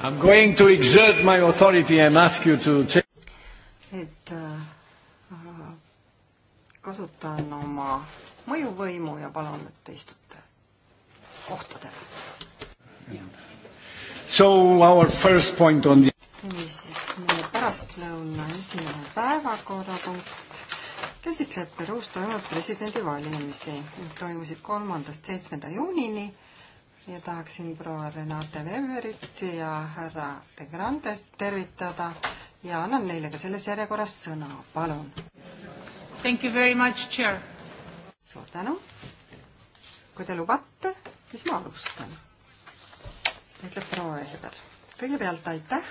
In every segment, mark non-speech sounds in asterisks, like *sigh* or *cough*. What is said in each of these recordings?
I am going to exert my authority and ask you to take et äh, kasutan oma mõjuvõimu ja palun, et te istute kohtadele. So our first point on the niisiis, meie pärastlõuna esimene päevakorrapunkt käsitleb Peruus toimunud presidendivalimisi. Need toimusid kolmandast seitsmenda juunini ja tahaksin proua Renate Veberit ja härra De Grandest tervitada ja annan neile ka selles järjekorras sõna, palun. Thank you very much, chair. suur tänu. kui te lubate, siis ma alustan, ütleb proua Veber. kõigepealt aitäh,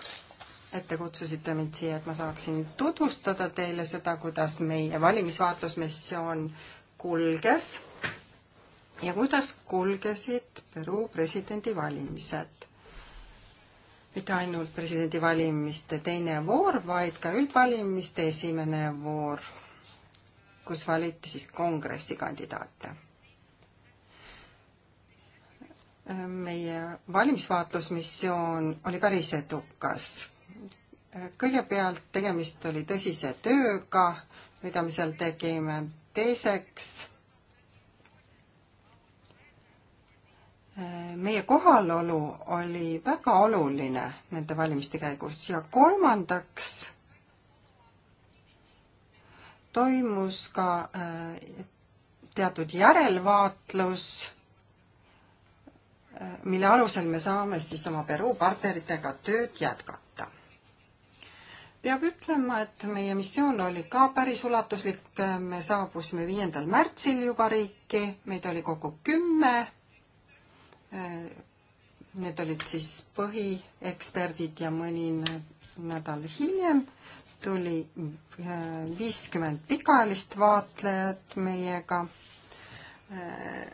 et te kutsusite mind siia, et ma saaksin tutvustada teile seda, kuidas meie valimisvaatlusmissioon kulges ja kuidas kulgesid Peru presidendivalimised. mitte ainult presidendivalimiste teine voor, vaid ka üldvalimiste esimene voor, kus valiti siis kongressi kandidaate. meie valimisvaatlusmissioon oli päris edukas. kõigepealt tegemist oli tõsise tööga, mida me seal tegime, teiseks meie kohalolu oli väga oluline nende valimiste käigus ja kolmandaks toimus ka äh, teatud järelvaatlus, äh, mille alusel me saame siis oma Peruu partneritega tööd jätkata. peab ütlema, et meie missioon oli ka päris ulatuslik, me saabusime viiendal märtsil juba riiki, meid oli kokku kümme Äh, need olid siis põhieksperdid ja mõni nädal hiljem tuli äh, viiskümmend pikaajalist vaatlejat meiega. Äh,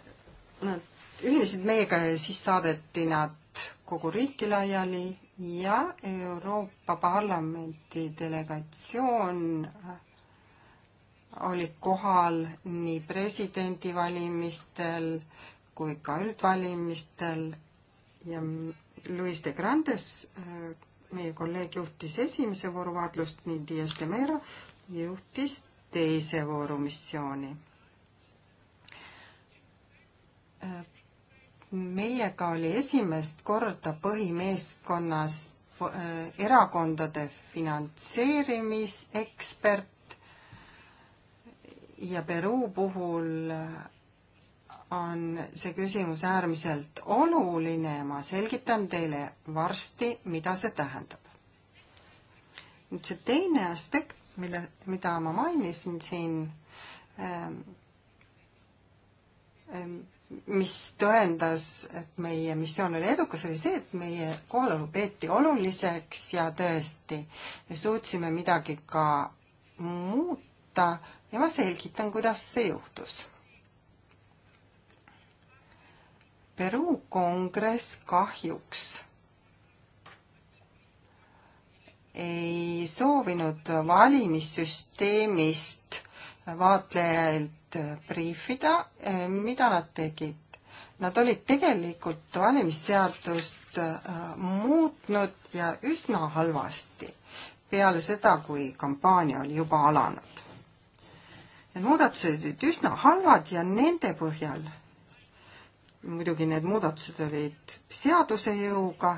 nad ühinesid meiega ja siis saadeti nad kogu riiki laiali ja Euroopa Parlamenti delegatsioon oli kohal nii presidendivalimistel kui ka üldvalimistel ja Luis de Grandes, äh, meie kolleeg, juhtis esimese vooru vaatlust ning Dias de Mera juhtis teise vooru missiooni. Äh, meiega oli esimest korda põhimeeskonnas äh, erakondade finantseerimisekspert ja Peruu puhul on see küsimus äärmiselt oluline ja ma selgitan teile varsti, mida see tähendab. nüüd see teine aspekt, mille, mida ma mainisin siin ähm,, ähm, mis tõendas, et meie missioon oli edukas, oli see, et meie kohalolu peeti oluliseks ja tõesti, me suutsime midagi ka muuta ja ma selgitan, kuidas see juhtus Peru kongress kahjuks ei soovinud valimissüsteemist vaatlejaid briifida, mida nad tegid. Nad olid tegelikult valimisseadust äh, muutnud ja üsna halvasti peale seda, kui kampaania oli juba alanud. Need muudatused olid üsna halvad ja nende põhjal muidugi need muudatused olid seaduse jõuga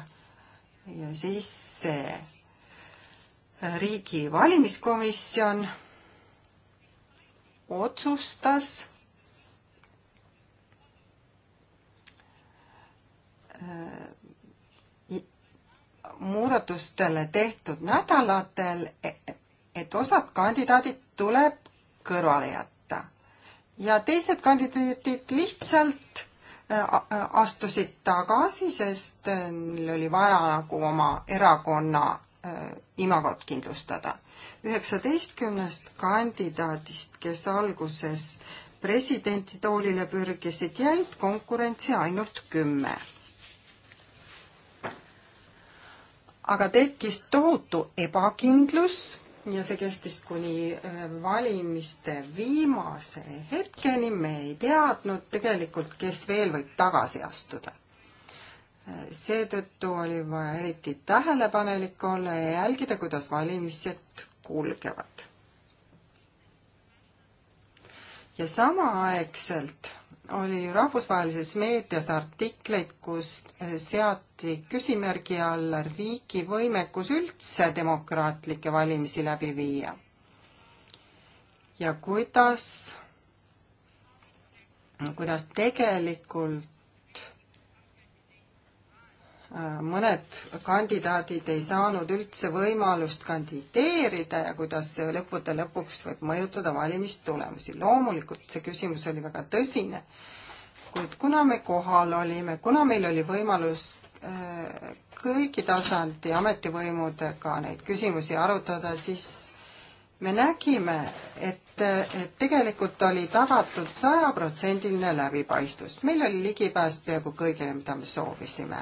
ja siis see äh, riigi valimiskomisjon otsustas äh, muudatustele tehtud nädalatel, e-, et osad kandidaadid tuleb kõrvale jätta ja teised kandidaadid lihtsalt Äh, äh, astusid tagasi, sest äh, neil oli vaja nagu oma erakonna imagot kindlustada. üheksateistkümnest kandidaadist, kes alguses presidenti toolile pürgisid, jäid konkurentsi ainult kümme. aga tekkis tohutu ebakindlus ja see kestis kuni äh, valimiste viimase hetkeni, me ei teadnud tegelikult, kes veel võib tagasi astuda. Äh, seetõttu oli vaja eriti tähelepanelik olla ja jälgida, kuidas valimised kulgevad. ja samaaegselt oli rahvusvahelises meedias artikleid, kus seati küsimärgi alla riigi võimekus üldse demokraatlikke valimisi läbi viia. ja kuidas, kuidas tegelikult Äh, mõned kandidaadid ei saanud üldse võimalust kandideerida ja kuidas see lõppude lõpuks võib mõjutada valimistulemusi. loomulikult see küsimus oli väga tõsine, kuid kuna me kohal olime, kuna meil oli võimalus äh, kõigi tasandi ametivõimudega neid küsimusi arutada, siis me nägime, et, et tegelikult oli tagatud sajaprotsendiline läbipaistvus. meil oli ligipääs peaaegu kõigile, mida me soovisime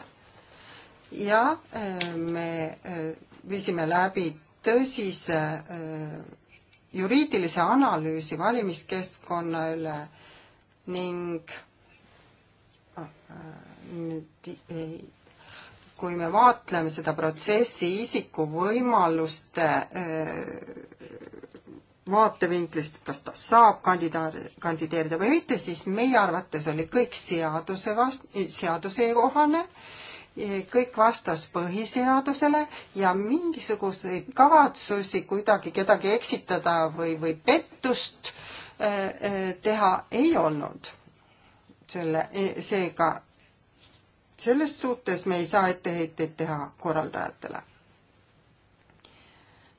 ja äh, me äh, viisime läbi tõsise äh, juriidilise analüüsi valimiskeskkonna üle ning nüüd kui me vaatleme seda protsessi isiku võimaluste vaatevinklist, kas ta saab kandidaar, kandideerida või mitte, siis meie arvates oli kõik seaduse vast-, seadusekohane äh, kõik vastas põhiseadusele ja mingisuguseid kavatsusi kuidagi kedagi eksitada või, või pettust äh, äh, teha ei olnud. selle, seega selles suhtes me ei saa etteheiteid teha korraldajatele.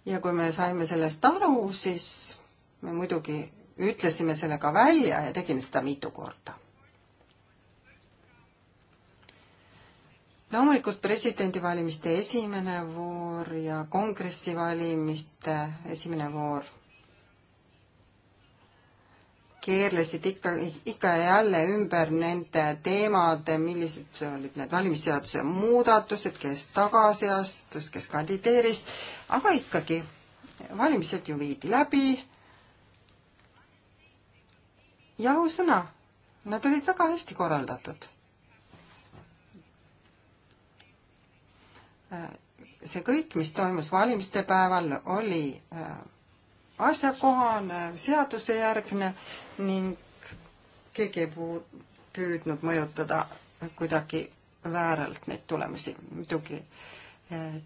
ja kui me saime sellest aru, siis me muidugi ütlesime selle ka välja ja tegime seda mitu korda. loomulikult presidendivalimiste esimene voor ja kongressivalimiste esimene voor keerlesid ikka, ikka ja jälle ümber nende teemade, millised olid need valimisseaduse muudatused, kes tagasi astus, kes kandideeris, aga ikkagi, valimised ju viidi läbi. ja ausõna, nad olid väga hästi korraldatud Äh, see kõik, mis toimus valimiste päeval, oli äh, asjakohane, seadusejärgne ning keegi ei püüdnud mõjutada kuidagi vääralt neid tulemusi. muidugi äh,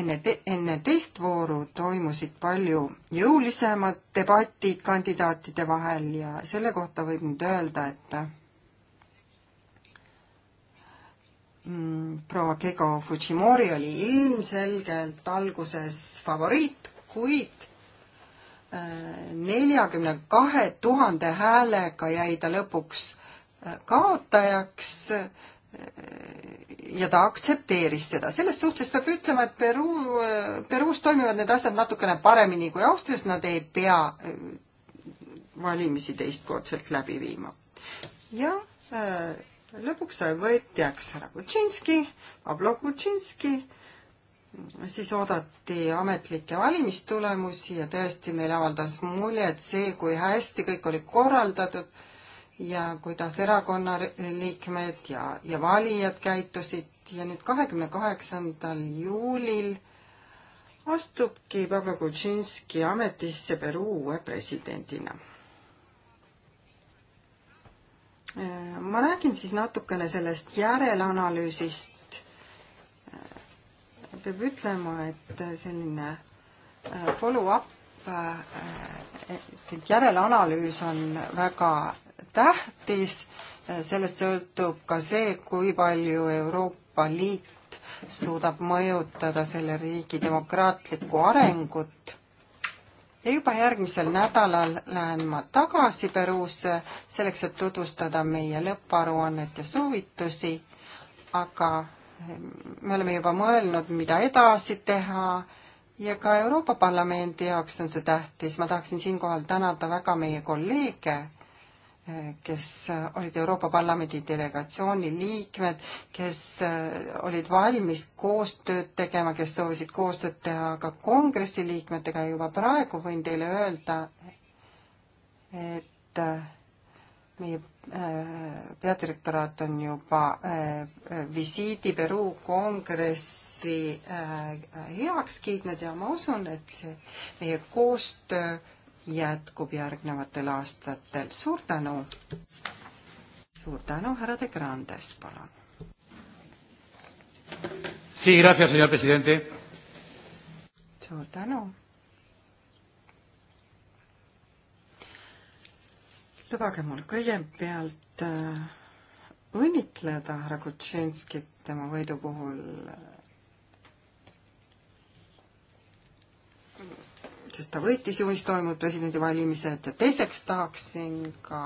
enne te,, enne teist vooru toimusid palju jõulisemad debatid kandidaatide vahel ja selle kohta võib nüüd öelda, et Mm, proua Keigo Fujimori oli ilmselgelt alguses favoriit, kuid äh, neljakümne kahe tuhande häälega jäi ta lõpuks äh, kaotajaks äh, ja ta aktsepteeris seda. selles suhtes peab ütlema, et Peru, Peruus toimivad need asjad natukene paremini kui Austrias, nad ei pea valimisi teistkordselt läbi viima. ja äh, lõpuks võetjaks härra Kutšinski, Pablo Kutšinski, siis oodati ametlikke valimistulemusi ja tõesti meile avaldas mulje, et see, kui hästi kõik oli korraldatud ja kuidas erakonna liikmed ja, ja valijad käitusid ja nüüd kahekümne kaheksandal juulil astubki Pablo Kuczynski ametisse Peruu uue presidendina ma räägin siis natukene sellest järelanalüüsist. peab ütlema, et selline äh, follow-up, äh, et järelanalüüs on väga tähtis, äh, sellest sõltub ka see, kui palju Euroopa Liit suudab mõjutada selle riigi demokraatlikku arengut ja juba järgmisel nädalal lähen ma tagasi Peruusse selleks, et tutvustada meie lõpparuannet ja soovitusi, aga ehm, me oleme juba mõelnud, mida edasi teha ja ka Euroopa Parlamendi jaoks on see tähtis. ma tahaksin siinkohal tänada väga meie kolleege kes olid Euroopa Parlamendi delegatsiooni liikmed, kes äh, olid valmis koostööd tegema, kes soovisid koostööd teha ka kongressi liikmetega ja juba praegu võin teile öelda, et äh, meie äh, peadirektoraat on juba visiidi Peruu kongressi heaks kiitnud ja ma usun, et see meie koostöö jätkub järgnevatel aastatel. suur tänu! suur tänu, härra De Grandes, palun! suur tänu! lubage mul kõigepealt äh, õnnitleda härra Kutšenskit tema võidu puhul äh, sest ta võitis juunis toimunud presidendivalimised ja teiseks tahaksin ka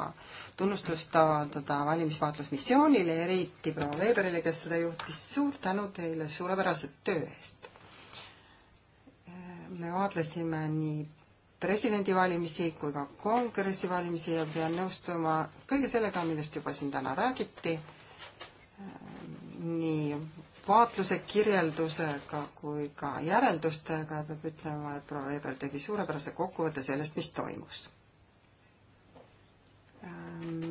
tunnustust avaldada valimisvaatlusmissioonile, eriti proua Weberile, kes seda juhtis. suur tänu teile suurepärase töö eest. me vaatlesime nii presidendivalimisi kui ka kongressivalimisi ja pean nõustuma kõige sellega, millest juba siin täna räägiti. nii vaatluse kirjeldusega kui ka järeldustega ja peab ütlema, et proua Weber tegi suurepärase kokkuvõtte sellest, mis toimus.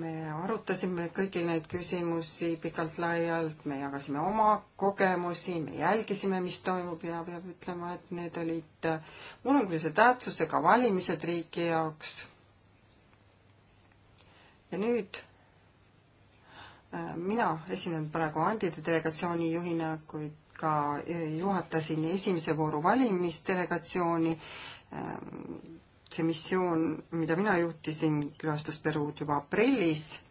me arutasime kõiki neid küsimusi pikalt-laialt, me jagasime oma kogemusi, me jälgisime, mis toimub ja peab ütlema, et need olid olulise tähtsusega valimised riigi jaoks. ja nüüd mina esinen praegu Andide delegatsiooni juhina, kuid ka e, juhatasin esimese vooru valimisdelegatsiooni. Ehm, see missioon, mida mina juhtisin, külastas Peruud juba aprillis.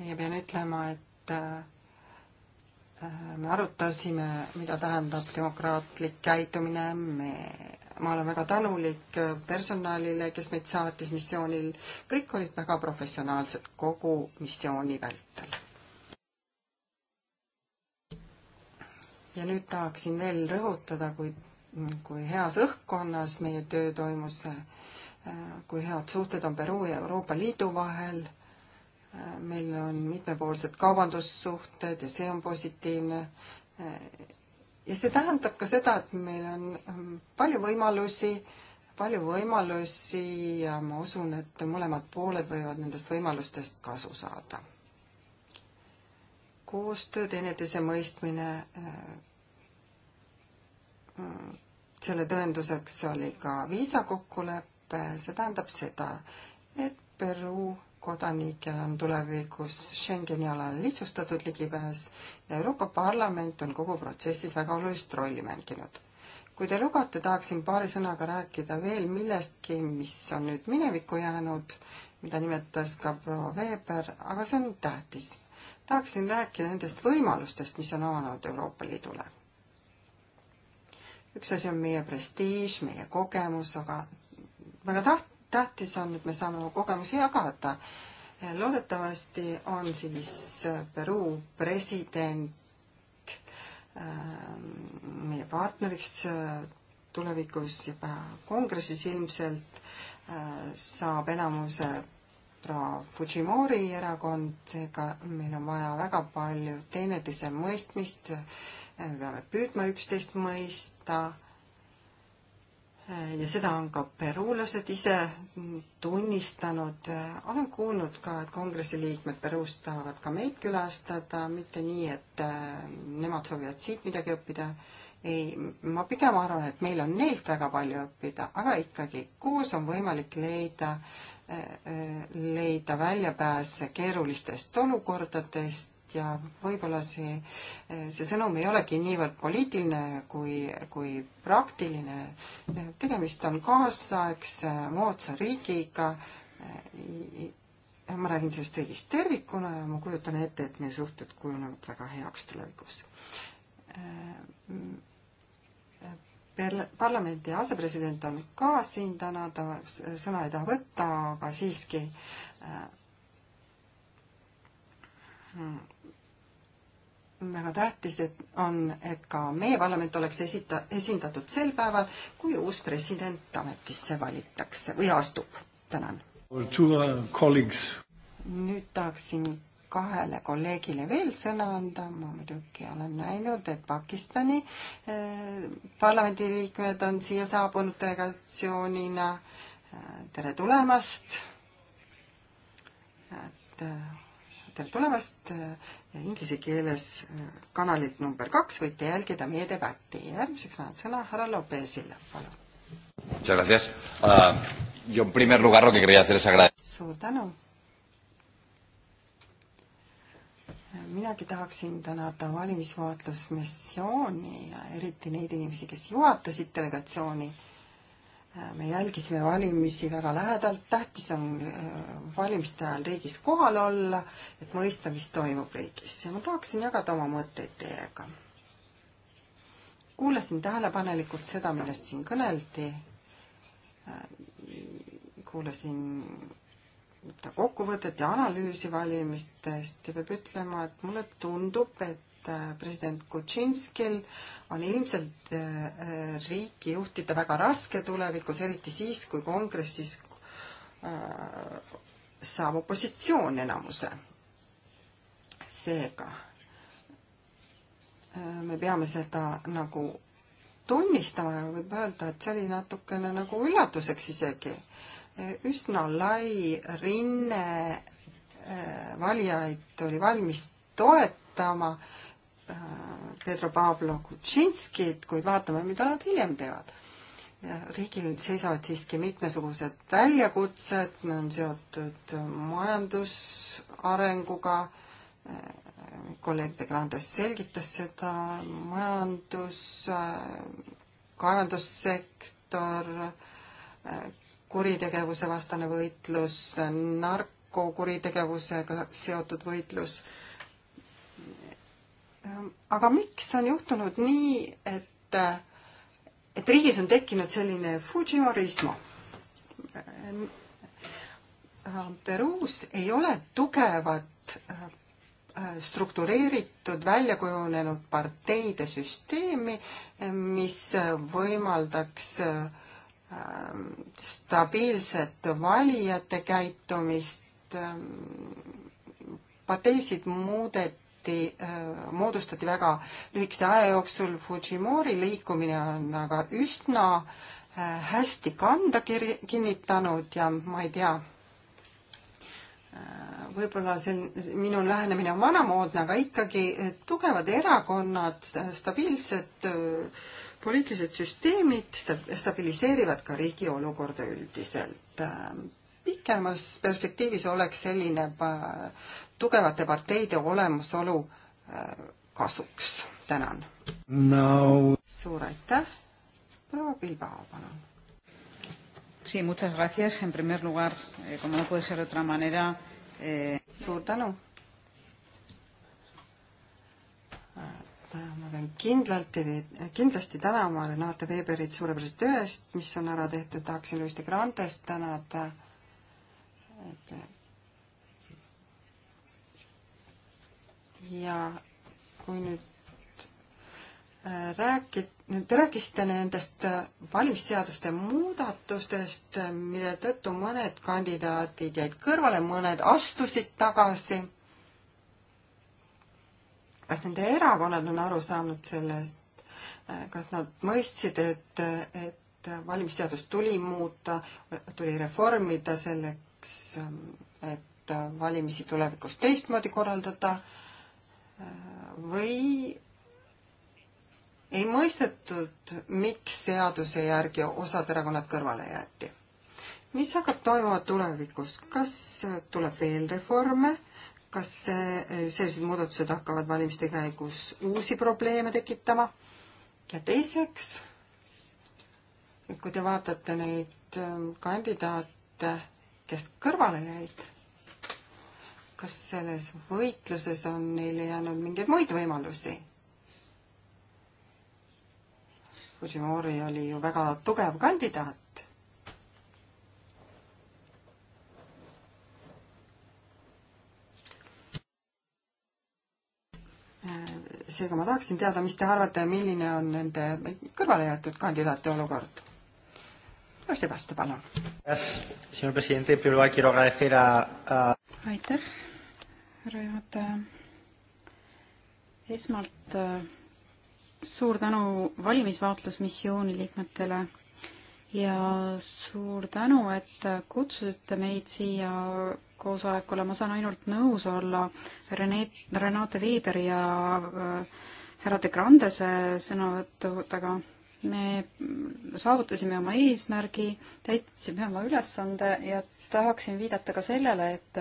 ja pean ütlema, et e, me arutasime, mida tähendab demokraatlik käitumine, me ma olen väga tänulik personalile, kes meid saatis missioonil. kõik olid väga professionaalsed kogu missiooni vältel. ja nüüd tahaksin veel rõhutada, kui, kui heas õhkkonnas meie töö toimus, kui head suhted on Peruu ja Euroopa Liidu vahel meil on mitmepoolsed kaubandussuhted ja see on positiivne ja see tähendab ka seda, et meil on ähm, palju võimalusi, palju võimalusi ja ma usun, et mõlemad pooled võivad nendest võimalustest kasu saada. koostöö, teineteise mõistmine, äh, äh, selle tõenduseks oli ka viisakokkulepe, see tähendab seda, et Peru kodanikel on tulevikus Schengeni alal lihtsustatud ligipääs ja Euroopa Parlament on kogu protsessis väga olulist rolli mänginud. kui te lubate, tahaksin paari sõnaga rääkida veel millestki, mis on nüüd minevikku jäänud, mida nimetas ka proua Veber, aga see on tähtis. tahaksin rääkida nendest võimalustest, mis on avanud Euroopa Liidule. üks asi on meie prestiiž, meie kogemus, aga väga taht-, tähtis on, et me saame oma kogemusi jagada. loodetavasti on siis Peruu president ähm, meie partneriks äh, tulevikus juba kongressis ilmselt äh, saab enamuse proua Fujimori erakond, seega meil on vaja väga palju teineteise mõistmist, me peame püüdma üksteist mõista ja seda on ka peruulased ise tunnistanud. olen kuulnud ka, et kongressi liikmed Peruust tahavad ka meid külastada, mitte nii, et äh, nemad soovivad siit midagi õppida. ei, ma pigem arvan, et meil on neilt väga palju õppida, aga ikkagi, koos on võimalik leida, äh, äh, leida väljapääse keerulistest olukordadest ja võib-olla see, see sõnum ei olegi niivõrd poliitiline kui, kui praktiline. tegemist on kaasaegse moodsa riigiga. ma räägin sellest riigist tervikuna ja ma kujutan ette, et meie suhted kujunevad väga heaks tulevikus perle-, parlamendi asepresident on ka siin täna, ta sõna ei taha võtta, aga siiski väga tähtis, et on, et ka meie parlament oleks esita-, esindatud sel päeval, kui uus president ametisse valitakse või astub. tänan. Uh, nüüd tahaksin kahele kolleegile veel sõna anda, ma muidugi olen näinud, et Pakistani äh, parlamendiliikmed on siia saabunud delegatsioonina. Äh, tere tulemast! Äh, et tere tulemast äh, inglise keeles äh, kanalilt number kaks, võite jälgida meie debatti. järgmiseks annan sõna härra Lopezile, palun. Ah, suur tänu. minagi tahaksin tänada valimisvaatlusmissiooni ja eriti neid inimesi, kes juhatasid delegatsiooni me jälgisime valimisi väga lähedalt, tähtis on äh, valimiste ajal riigis kohal olla, et mõista, mis toimub riigis ja ma tahaksin jagada oma mõtteid teiega. kuulasin tähelepanelikult seda, millest siin kõneldi. Äh, kuulasin kokkuvõtet ja analüüsi valimistest ja peab ütlema, et mulle tundub, et et äh, president Kuczynskil on ilmselt äh, äh, riiki juhtida väga raske tulevikus, eriti siis, kui kongressis saab opositsioon enamuse. seega me peame seda nagu tunnistama ja võib öelda, et see oli natukene nagu üllatuseks isegi. üsna lai rinne valijaid oli valmis toetama Äh, Pedro Pablo Kuczynskit, kuid vaatame, mida nad hiljem teevad. riigil seisavad siiski mitmesugused väljakutsed, on seotud majandusarenguga, kolleeg De Grandes selgitas seda, majandus, kaevandussektor, kuritegevuse vastane võitlus, narkokuritegevusega seotud võitlus Ehm, aga miks on juhtunud nii, et, eh, et riigis on tekkinud selline Fujimorismo? Ehm, ehm, Peruus ei ole tugevat eh, eh, struktureeritud väljakujunenud parteide süsteemi, mis võimaldaks stabiilset valijate käitumist. parteisid muudeti tehti, äh, moodustati väga lühikese aja jooksul, Fujimori liikumine on aga üsna äh, hästi kanda kir-, kinnitanud ja ma ei tea, äh, võib-olla see, minu lähenemine on vanamoodne, aga ikkagi tugevad erakonnad, stabiilsed poliitilised süsteemid stabiliseerivad ka riigi olukorda üldiselt. pikemas perspektiivis oleks selline tugevate parteide olemasolu äh, kasuks. tänan no.. suur aitäh. proua Bilbao, palun. Sí, muchas gracias. En primer lugar, eh, como no puede ser de otra manera. Eh... Suur tänu. ma pean kindlalt, kindlasti tänama Renate Veberit suurepärase töö eest, mis on ära tehtud, tahaksin Luis de Grandes tänada, et ja kui nüüd äh, rääki-, te rääkisite nendest äh, valimisseaduste muudatustest, äh, mille tõttu mõned kandidaadid jäid kõrvale, mõned astusid tagasi. kas nende erakonnad on aru saanud sellest, kas nad mõistsid, et, et valimisseadust tuli muuta, tuli reformida selleks, ähm, et valimisi tulevikus teistmoodi korraldada või ei mõistetud, miks seaduse järgi osad erakonnad kõrvale jäeti. mis hakkab toimuma tulevikus, kas tuleb veel reforme, kas sellised muudatused hakkavad valimiste käigus uusi probleeme tekitama? ja teiseks, kui te vaatate neid kandidaate, kes kõrvale jäid kas selles võitluses on neile jäänud mingeid muid võimalusi? Fujimori oli ju väga tugev kandidaat. seega ma tahaksin teada, mis te arvate, milline on nende kõrvale jäetud kandidaate olukord? Sebastián, palun. aitäh, härra juhataja. esmalt äh, suur tänu valimisvaatlusmissiooni liikmetele ja suur tänu, et kutsusite meid siia koosolekule, ma saan ainult nõus olla Rene, Renate Veederi ja äh, härra De Grandese sõnavõttudega. me saavutasime oma eesmärgi, täitsime oma ülesande ja tahaksin viidata ka sellele, et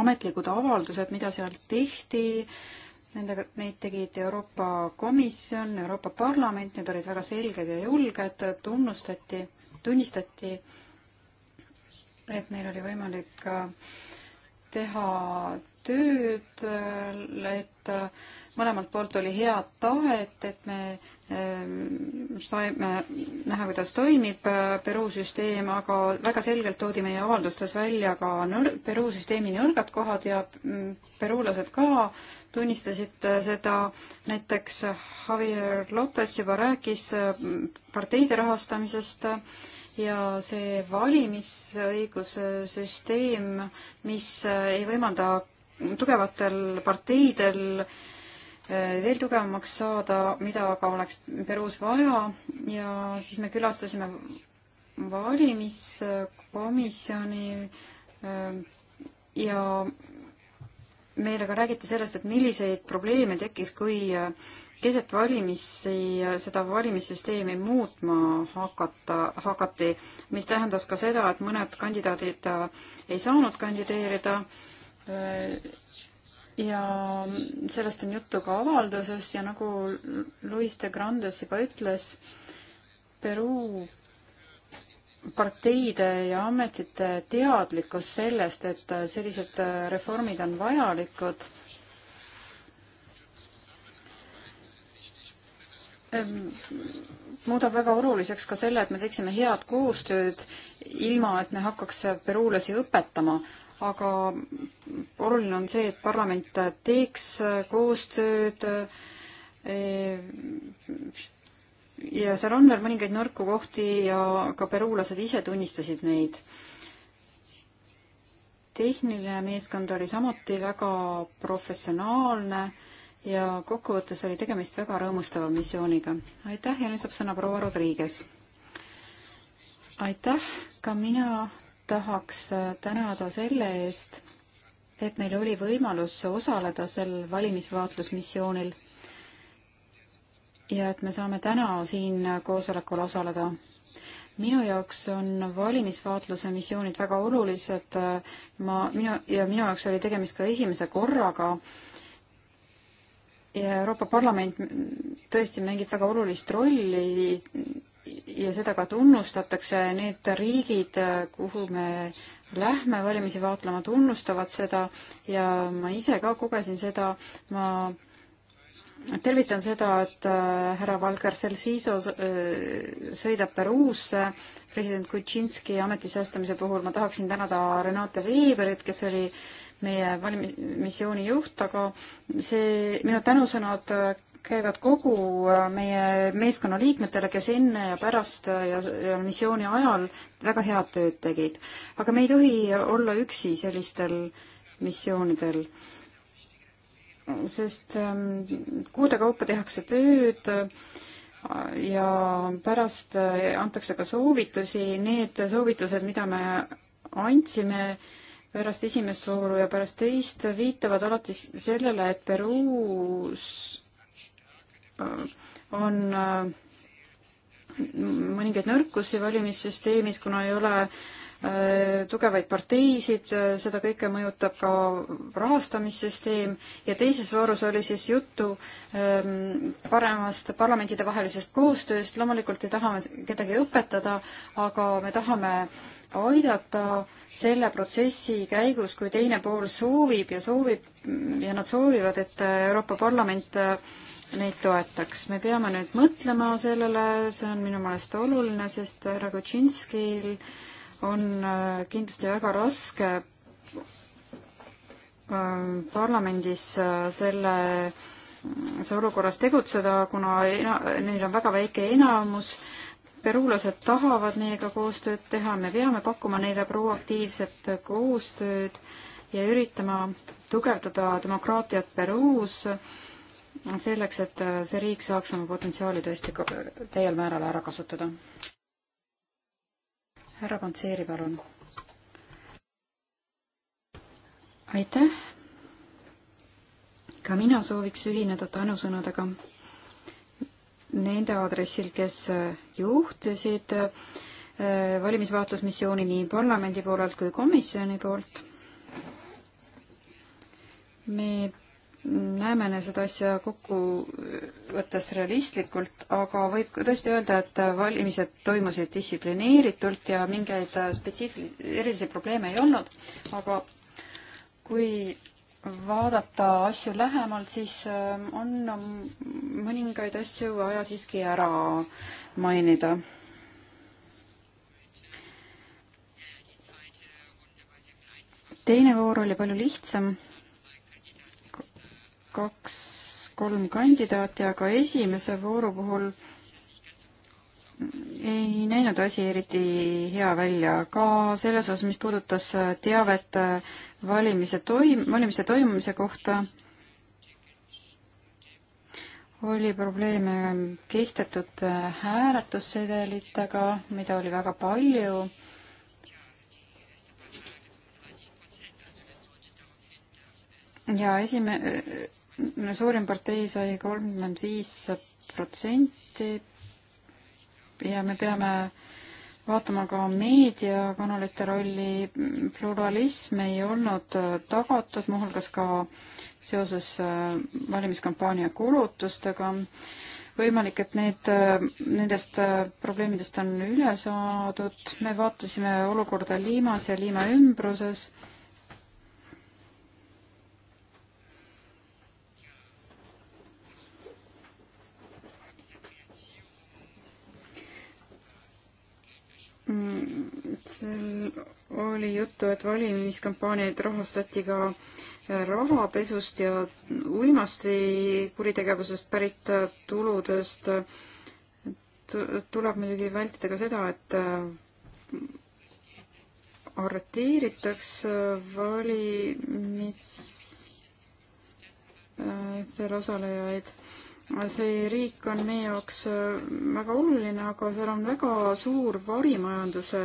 ametlikud avaldused, mida seal tehti, nendega, neid tegid Euroopa Komisjon, Euroopa Parlament, need olid väga selged ja julged, tunnustati, tunnistati, et neil oli võimalik äh, teha tööd, äh, et äh, mõlemalt poolt oli head tahet, et me ehm, saime näha, kuidas toimib äh, Peruu süsteem, aga väga selgelt toodi meie avaldustes välja ka nõr-, Peruu süsteemi nõrgad kohad ja mm, peruulased ka tunnistasid äh, seda, näiteks Javier Lopez juba rääkis äh, parteide rahastamisest ja see valimisõiguse süsteem, mis ei võimalda tugevatel parteidel äh, Äh, veel tugevamaks saada, mida aga oleks Peruus vaja ja siis me külastasime valimiskomisjoni äh, ja meile ka räägiti sellest, et milliseid probleeme tekiks, kui äh, keset valimisi seda valimissüsteemi muutma hakata, hakati, mis tähendas ka seda, et mõned kandidaadid ei saanud kandideerida ja sellest on juttu ka avalduses ja nagu Luis de Grandes juba ütles, Peruu parteide ja ametite teadlikkus sellest, et sellised reformid on vajalikud muudab väga oluliseks ka selle, et me teeksime head koostööd, ilma et me hakkaks peruulasi õpetama aga oluline on see, et parlament teeks koostööd ja seal on veel mõningaid nõrku kohti ja ka peruulased ise tunnistasid neid. tehniline meeskond oli samuti väga professionaalne ja kokkuvõttes oli tegemist väga rõõmustava missiooniga. aitäh ja nüüd saab sõna proua Rodriguez. aitäh, ka mina tahaks äh, tänada selle eest, et meil oli võimalus osaleda sel valimisvaatlusmissioonil ja et me saame täna siin koosolekul osaleda. minu jaoks on valimisvaatluse missioonid väga olulised, ma, minu, ja minu jaoks oli tegemist ka esimese korraga ja Euroopa Parlament tõesti mängib väga olulist rolli ja seda ka tunnustatakse, need riigid, kuhu me lähme valimisi vaatlema, tunnustavad seda ja ma ise ka kogesin seda, ma tervitan seda, et äh, härra Valgar Celsiso äh, sõidab Peruusse president Kuczynski ametisse astumise puhul, ma tahaksin tänada Renate Veberit, kes oli meie valimismissiooni juht, aga see, minu tänusõnad äh, käivad kogu äh, meie meeskonna liikmetele, kes enne ja pärast äh, ja, ja missiooni ajal väga head tööd tegid. aga me ei tohi olla üksi sellistel missioonidel, sest ähm, kuude kaupa tehakse tööd äh, ja pärast antakse ka soovitusi, need soovitused, mida me andsime, pärast esimest vooru ja pärast teist viitavad alati sellele, et Peruus Äh, on äh, mõningaid nõrkusi valimissüsteemis, kuna ei ole äh, tugevaid parteisid, seda kõike mõjutab ka rahastamissüsteem ja teises voorus oli siis juttu ähm, paremast parlamentidevahelisest koostööst, loomulikult ei taha me kedagi õpetada, aga me tahame aidata selle protsessi käigus, kui teine pool soovib ja soovib ja nad soovivad, et Euroopa Parlament äh, neid toetaks. me peame nüüd mõtlema sellele, see on minu meelest oluline, sest härra Kutšinskil on äh, kindlasti väga raske äh, parlamendis äh, selle, see olukorras tegutseda, kuna ena, neil on väga väike enamus. peruulased tahavad meiega koostööd teha, me peame pakkuma neile proaktiivset koostööd ja üritama tugevdada demokraatiat Peruus selleks, et äh, see riik saaks oma potentsiaali tõesti täiel määral ära kasutada. härra Pantseeri, palun. aitäh. ka mina sooviks ühineda tänusõnadega nende aadressil, kes äh, juhtisid äh, valimisvaatlusmissiooni nii parlamendi poolelt kui komisjoni poolt. me näeme me seda asja kokkuvõttes realistlikult, aga võib tõesti öelda, et valimised toimusid distsiplineeritult ja mingeid spetsiifilisi, erilisi probleeme ei olnud, aga kui vaadata asju lähemalt, siis äh, on mõningaid asju vaja siiski ära mainida teine voor oli palju lihtsam kaks-kolm kandidaati, aga esimese vooru puhul ei näinud asi eriti hea välja, ka selles osas, mis puudutas teavet valimise toim-, valimiste toimumise kohta, oli probleeme kehtetud hääletussedelitega, mida oli väga palju ja esime-, suurim partei sai kolmkümmend viis protsenti ja me peame vaatama ka meediakanalite rolli. pluralism ei olnud tagatud, muuhulgas ka seoses äh, valimiskampaania kulutustega. võimalik, et need, äh, nendest äh, probleemidest on üle saadud. me vaatasime olukorda Liimas ja Liima ümbruses Mm, seal oli juttu, et valimiskampaaniaid rahastati ka äh, rahapesust ja uimasti kuritegevusest pärit äh, tuludest. Äh, tuleb muidugi vältida ka seda, et arreteeritakse valimistel osalejaid see riik on meie jaoks äh, väga oluline, aga seal on väga suur varimajanduse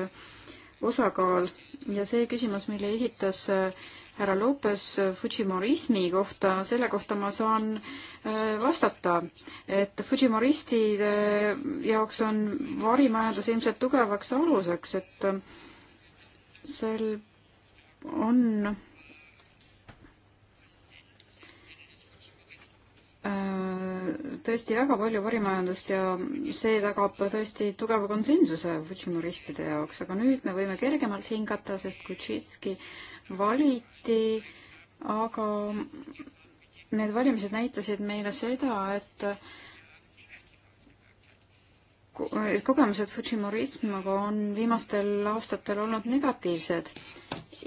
osakaal ja see küsimus, mille esitas äh, härra Lopes äh, Fujimorismi kohta, selle kohta ma saan vastata, et Fujimoristide jaoks on varimajandus ilmselt tugevaks aluseks, et seal on äh, tõesti väga palju varimajandust ja see tagab tõesti tugeva konsensuse futsimuristide jaoks, aga nüüd me võime kergemalt hingata, sest Kutšitski valiti, aga need valimised näitasid meile seda, et et kogemused futšimurismiga on viimastel aastatel olnud negatiivsed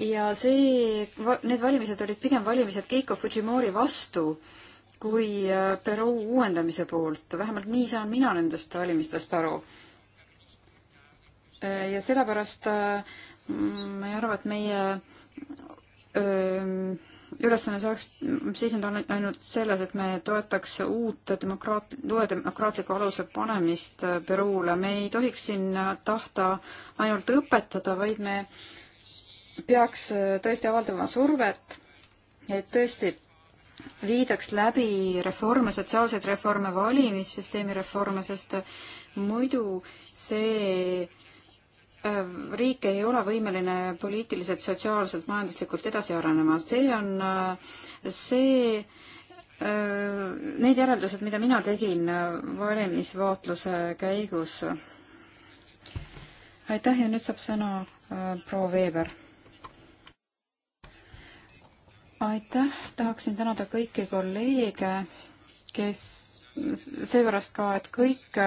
ja see, need valimised olid pigem valimised Keiko Fujimori vastu äh, kui äh, Peruu uuendamise poolt, vähemalt nii saan mina nendest valimistest aru. Äh, ja sellepärast äh, mm, ma ei arva, et meie öö, ähm, ülesanne saaks seisneda ainult selles, et me toetaks uut demokraat-, uue demokraatliku aluse panemist Peruule. me ei tohiks siin tahta ainult õpetada, vaid me peaks tõesti avaldama survet, et tõesti viidaks läbi reforme, sotsiaalseid reforme, valimissüsteemi reforme, sest äh, muidu see äh, riik ei ole võimeline poliitiliselt, sotsiaalselt, majanduslikult edasi arenema. see on äh, see, need järeldused, mida mina tegin valimisvaatluse käigus. aitäh ja nüüd saab sõna proua Veeber aitäh, tahaksin tänada kõiki kolleege, kes seepärast ka, et kõik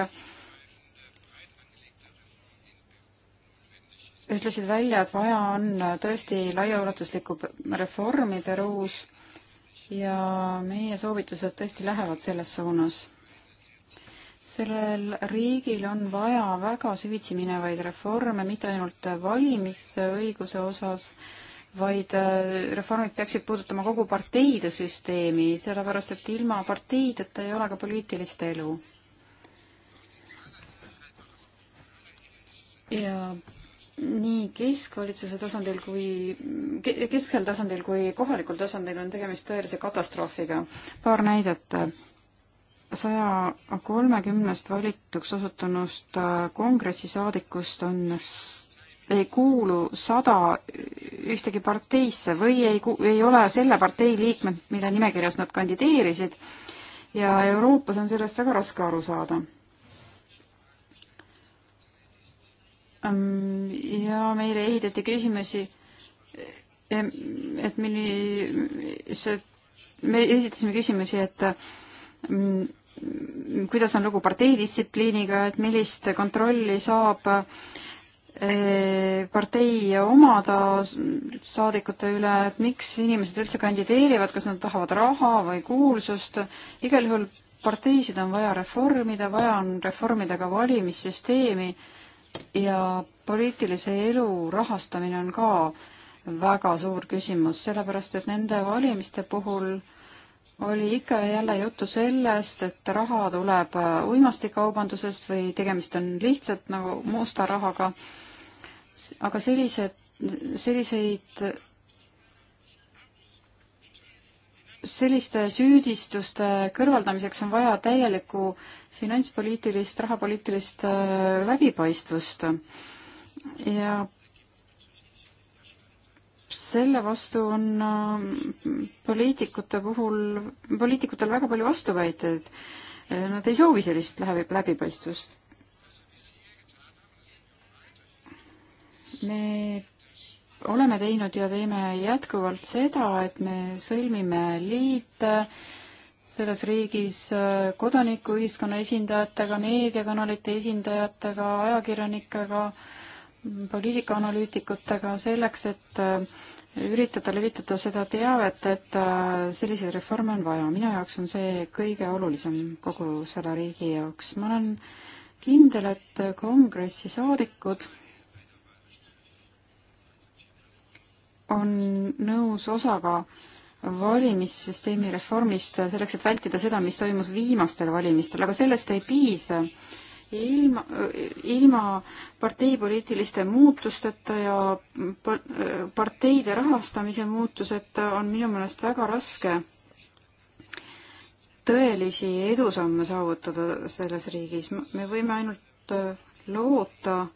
ütlesid välja, et vaja on tõesti laiaulatuslikku reformi Peruus ja meie soovitused tõesti lähevad selles suunas. sellel riigil on vaja väga süvitsi minevaid reforme, mitte ainult valimisõiguse osas, vaid äh, reformid peaksid puudutama kogu parteide süsteemi, sellepärast et ilma parteideta ei ole ka poliitilist elu. ja nii keskvalitsuse tasandil kui, keskel tasandil kui kohalikul tasandil on tegemist tõelise katastroofiga. paar näidet saja kolmekümnest valituks osutunust äh, kongressisaadikust on ei kuulu sada ühtegi parteisse või ei, ei ole selle partei liikmed, mille nimekirjas nad kandideerisid ja Euroopas on sellest väga raske aru saada. ja meile ehitati küsimusi, et millise, me esitasime küsimusi, et mm, kuidas on lugu parteidistsipliiniga, et millist kontrolli saab äh, partei omada saadikute üle, et miks inimesed üldse kandideerivad, kas nad tahavad raha või kuulsust, igal juhul parteisid on vaja reformida, vaja on reformida ka valimissüsteemi ja poliitilise elu rahastamine on ka väga suur küsimus, sellepärast et nende valimiste puhul oli ikka ja jälle juttu sellest, et raha tuleb uimastikaubandusest või tegemist on lihtsalt nagu musta rahaga aga sellised, selliseid, selliste süüdistuste kõrvaldamiseks on vaja täielikku finantspoliitilist, rahapoliitilist äh, läbipaistvust ja selle vastu on äh, poliitikute puhul, poliitikutel väga palju vastuväiteid. Nad ei soovi sellist läbi, läbipaistvust me oleme teinud ja teeme jätkuvalt seda, et me sõlmime liite selles riigis kodanikuühiskonna esindajatega, meediakanalite esindajatega, ajakirjanikega, poliitikaanalüütikutega selleks, et äh, üritada levitada seda teavet, et äh, selliseid reforme on vaja. minu jaoks on see kõige olulisem kogu selle riigi jaoks. ma olen kindel, et kongressi saadikud on nõus osaga valimissüsteemi reformist selleks, et vältida seda, mis toimus viimastel valimistel, aga sellest ei piisa. ilma, ilma parteipoliitiliste muutusteta ja parteide rahastamise muutuseta on minu meelest väga raske tõelisi edusamme saavutada selles riigis. me võime ainult äh, loota,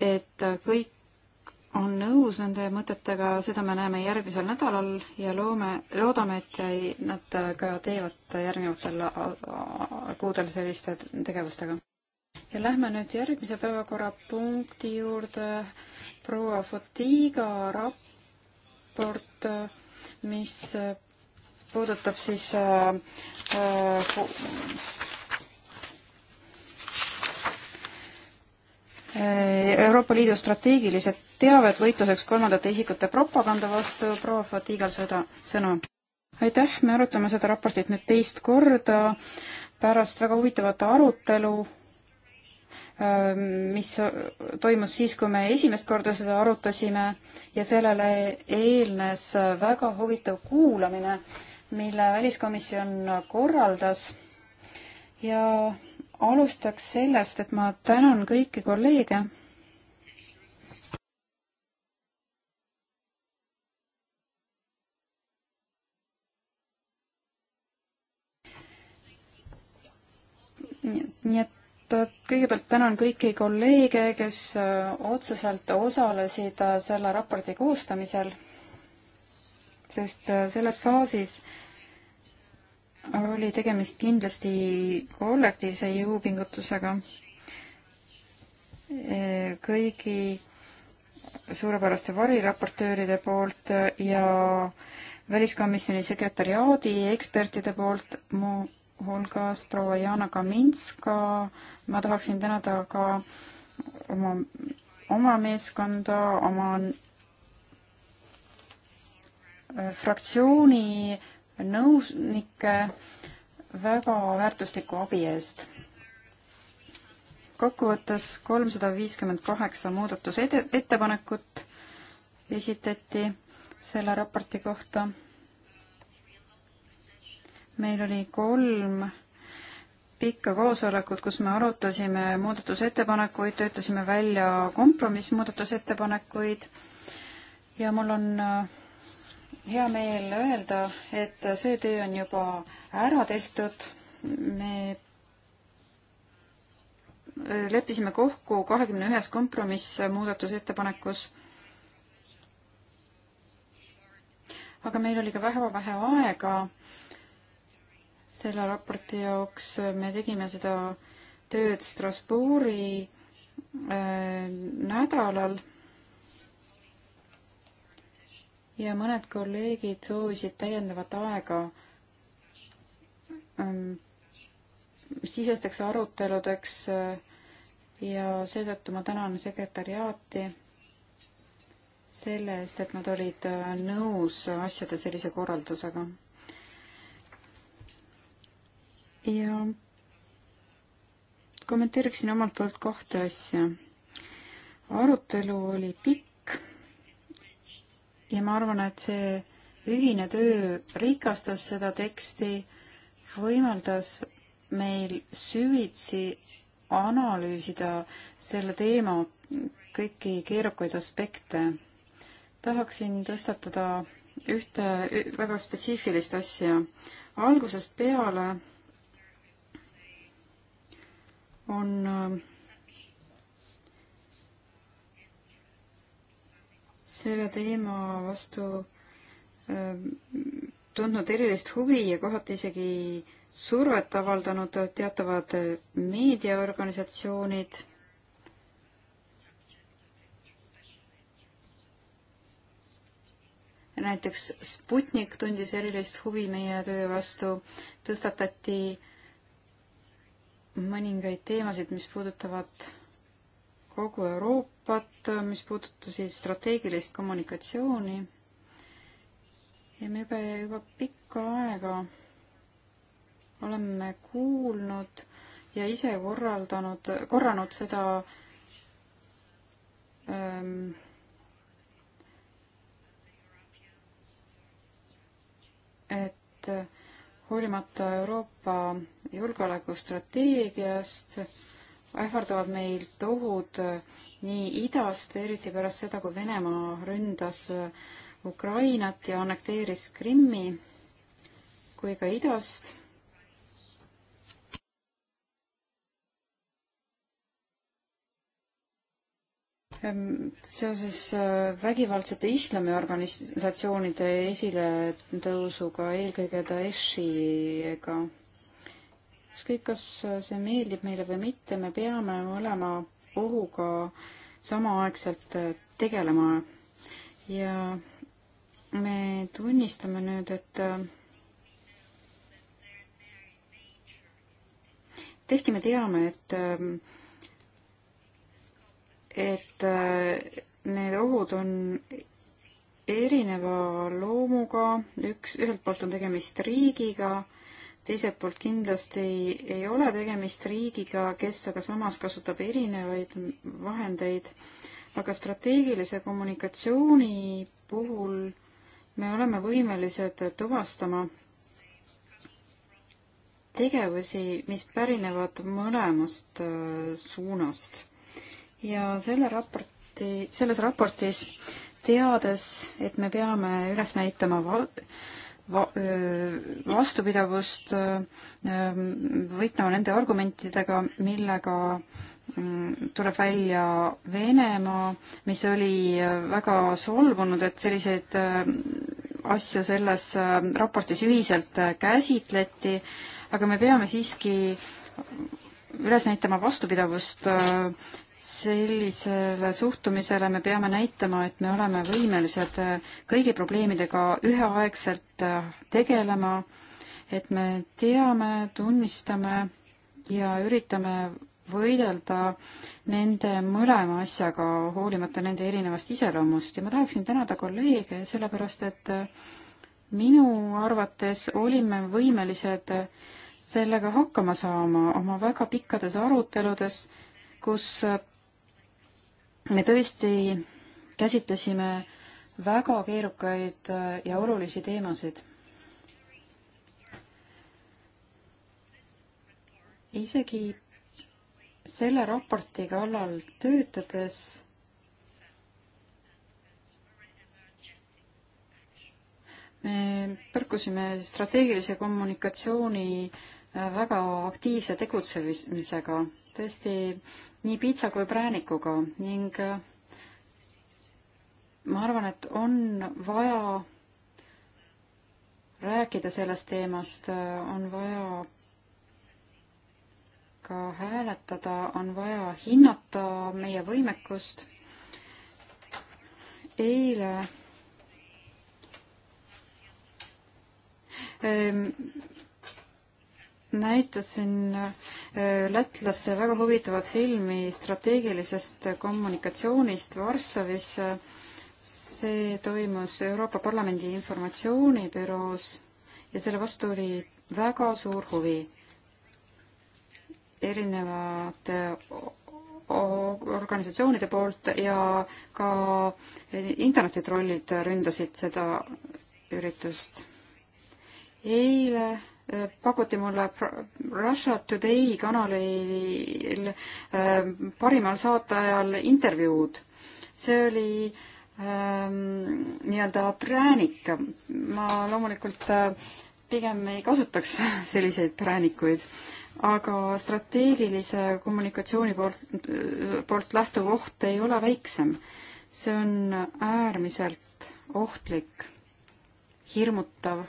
et kõik on nõus nende mõtetega, seda me näeme järgmisel nädalal ja loome, loodame, et nad ka teevad järgnevatel kuudel selliste tegevustega. ja lähme nüüd järgmise päevakorrapunkti juurde, proua Fotiga raport, mis puudutab siis äh, äh, Euroopa Liidu strateegilised teavet võitluseks kolmandate isikute propaganda vastu. proua Fatigal seda sõna. aitäh, me arutame seda raportit nüüd teist korda pärast väga huvitavat arutelu, ähm, mis toimus siis, kui me esimest korda seda arutasime ja sellele eelnes väga huvitav kuulamine, mille väliskomisjon korraldas ja alustaks sellest, et ma tänan kõiki kolleege nii et kõigepealt tänan kõiki kolleege, kes äh, otseselt osalesid äh, selle raporti koostamisel, sest äh, selles faasis oli tegemist kindlasti kollektiivse jõupingutusega kõigi suurepäraste variraportööride poolt ja väliskomisjoni sekretariaadi ekspertide poolt mu hulgas proua Jana Kaminska, ma tahaksin tänada ka oma, oma meeskonda, oma äh, fraktsiooni nõusnikke väga väärtusliku abi eest. kokkuvõttes kolmsada viiskümmend kaheksa muudatusettepanekut esitati selle raporti kohta meil oli kolm pikka koosolekut, kus me arutasime muudatusettepanekuid, töötasime välja kompromissmuudatusettepanekuid ja mul on äh, hea meel öelda, et see töö on juba ära tehtud. me äh, leppisime kokku kahekümne ühes kompromissmuudatusettepanekus. aga meil oli ka väga vähe aega selle raporti jaoks, me tegime seda tööd Strasbourgi äh, nädalal ja mõned kolleegid soovisid täiendavat aega ähm, sisesteks aruteludeks äh, ja seetõttu ma tänan sekretariaati selle eest, et nad olid äh, nõus asjade sellise korraldusega ja kommenteeriksin omalt poolt kahte asja. arutelu oli pikk ja ma arvan, et see ühine töö rikastas seda teksti, võimaldas meil süvitsi analüüsida selle teema kõiki keerukaid aspekte. tahaksin tõstatada ühte väga spetsiifilist asja. algusest peale on äh, selle teema vastu äh, tundnud erilist huvi ja kohati isegi survet avaldanud teatavad meediaorganisatsioonid. näiteks Sputnik tundis erilist huvi meie töö vastu, tõstatati äh, mõningaid teemasid, mis puudutavad kogu Euroopat, mis puudutasid strateegilist kommunikatsiooni. ja me juba, juba pikka aega oleme kuulnud ja ise korraldanud, korranud seda ähm, et äh, hoolimata Euroopa julgeolekustrateegiast ähvardavad meilt ohud nii idast, eriti pärast seda, kui Venemaa ründas Ukrainat ja annekteeris Krimmi, kui ka idast seoses äh, vägivaldsete islamiorganisatsioonide esiletõusuga, eelkõige Daeshiga. ükskõik, kas äh, see meeldib meile või mitte, me peame mõlema ohuga samaaegselt äh, tegelema ja me tunnistame nüüd, et tihti me teame, et ähm, et äh, need ohud on erineva loomuga, üks, ühelt poolt on tegemist riigiga, teiselt poolt kindlasti ei, ei ole tegemist riigiga, kes aga samas kasutab erinevaid vahendeid, aga strateegilise kommunikatsiooni puhul me oleme võimelised tuvastama tegevusi, mis pärinevad mõlemast äh, suunast ja selle raporti, selles raportis, teades, et me peame üles näitama val-, va-, vastupidavust, võitlema nende argumentidega, millega mm, tuleb välja Venemaa, mis oli väga solvunud, et selliseid asju selles raportis ühiselt käsitleti, aga me peame siiski üles näitama vastupidavust sellisele suhtumisele me peame näitama, et me oleme võimelised kõigi probleemidega üheaegselt tegelema, et me teame, tunnistame ja üritame võidelda nende mõlema asjaga, hoolimata nende erinevast iseloomust ja ma tahaksin tänada kolleege, sellepärast et minu arvates olime võimelised sellega hakkama saama oma väga pikkades aruteludes, kus me tõesti käsitlesime väga keerukaid ja olulisi teemasid. isegi selle raporti kallal töötades me põrkusime strateegilise kommunikatsiooni väga aktiivse tegutsemisega. tõesti, nii piitsa kui präänikuga ning äh, ma arvan, et on vaja rääkida sellest teemast, äh, on vaja ka hääletada, on vaja hinnata meie võimekust. eile ähm, näitasin äh, lätlaste väga huvitavat filmi strateegilisest kommunikatsioonist Varssavis. see toimus Euroopa Parlamendi informatsioonibüroos ja selle vastu oli väga suur huvi. erinevad äh, organisatsioonide poolt ja ka internetitrollid ründasid seda üritust. eile pakuti mulle Russia Today kanalil äh, parimal saateajal intervjuud. see oli ähm, nii-öelda präänik. ma loomulikult äh, pigem ei kasutaks *laughs* selliseid präänikuid, aga strateegilise kommunikatsiooni poolt, äh, poolt lähtuv oht ei ole väiksem. see on äärmiselt ohtlik, hirmutav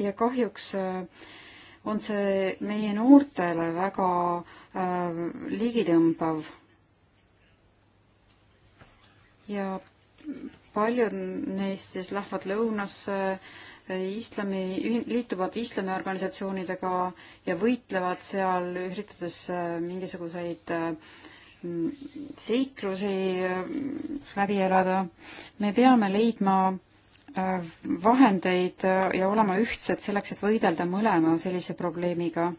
ja kahjuks äh, on see meie noortele väga äh, ligitõmbav. ja paljud neist siis lähevad lõunasse äh, islami, liituvad islamiorganisatsioonidega ja võitlevad seal, üritades äh, mingisuguseid äh, seiklusi läbi elada. me peame leidma vahendeid äh, ja olema ühtsed selleks, et võidelda mõlema sellise probleemiga.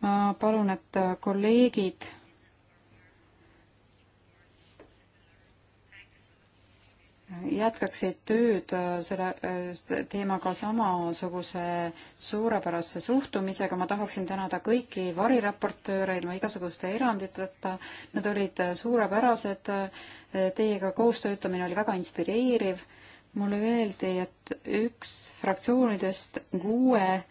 ma palun, et äh, kolleegid jätkaksid tööd äh, selle teemaga samasuguse suurepärase suhtumisega, ma tahaksin tänada kõiki variraportööre ilma igasuguste eranditeta, nad olid suurepärased, teiega koos töötamine oli väga inspireeriv mulle öeldi, et üks fraktsioonidest, kuue,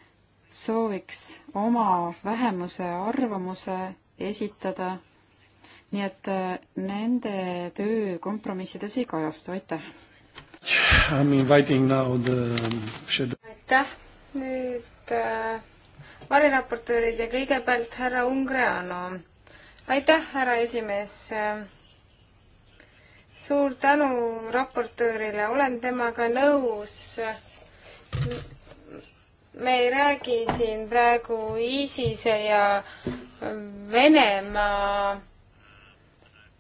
sooviks oma vähemuse arvamuse esitada. nii et äh, nende töö kompromissides ei kajastu, aitäh. aitäh, nüüd äh, variraportöörid ja kõigepealt härra Ungreanu. aitäh, härra esimees äh, suur tänu raportöörile, olen temaga nõus. me ei räägi siin praegu ISISe ja Venemaa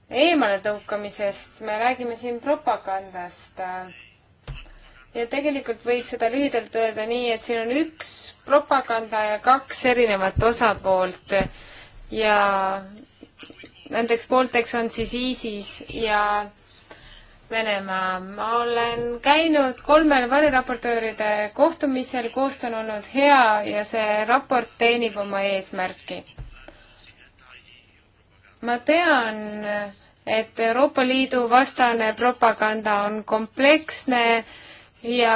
eemaletõukamisest, me räägime siin propagandast. ja tegelikult võib seda lühidalt öelda nii, et siin on üks propaganda ja kaks erinevat osapoolt ja nendeks poolteks on siis ISIS ja Venemaa. ma olen käinud kolmel variraportööride kohtumisel, koostöö on olnud hea ja see raport teenib oma eesmärki. ma tean, et Euroopa Liidu vastane propaganda on kompleksne ja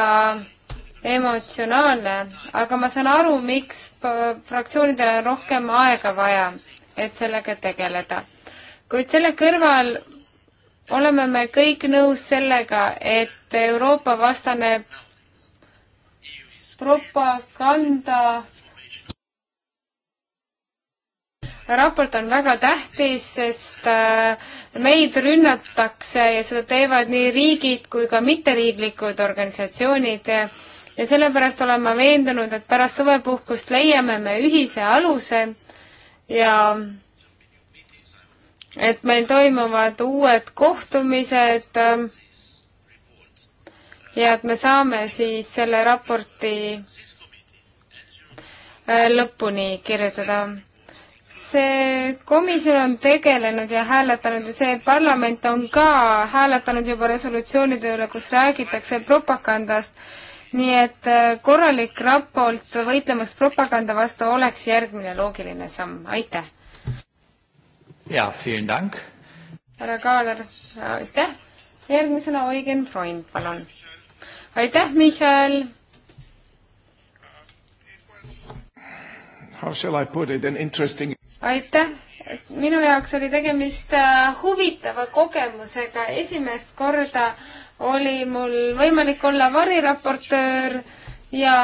emotsionaalne, aga ma saan aru, miks fraktsioonidel on rohkem aega vaja, et sellega tegeleda. kuid selle kõrval oleme me kõik nõus sellega, et Euroopa vastane propaganda raport on väga tähtis, sest äh, meid rünnatakse ja seda teevad nii riigid kui ka mitteriiklikud organisatsioonid ja sellepärast olen ma veendunud, et pärast suvepuhkust leiame me ühise aluse ja et meil toimuvad uued kohtumised ähm, ja et me saame siis selle raporti äh, lõpuni kirjutada. see komisjon on tegelenud ja hääletanud ja see parlament on ka hääletanud juba resolutsioonide üle, kus räägitakse propagandast, nii et äh, korralik raport võitlemaks propaganda vastu oleks järgmine loogiline samm, aitäh! jaa, vielen dank. härra Kaaler, aitäh. järgmisena Eugen Freund, palun. aitäh, Michal. How shall I put it, an interesting aitäh, minu jaoks oli tegemist äh, huvitava kogemusega, esimest korda oli mul võimalik olla variraportöör ja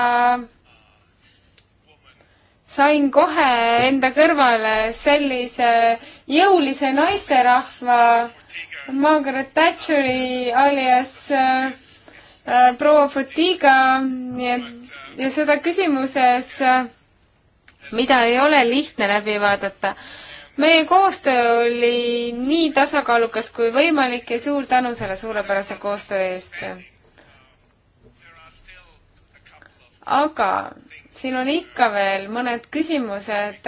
sain kohe enda kõrvale sellise jõulise naisterahva Margaret Thatcheri alias äh, äh, proua Fatiga ja, ja seda küsimuses äh,, mida ei ole lihtne läbi vaadata. meie koostöö oli nii tasakaalukas kui võimalik ja suur tänu selle suurepärase koostöö eest. aga siin on ikka veel mõned küsimused,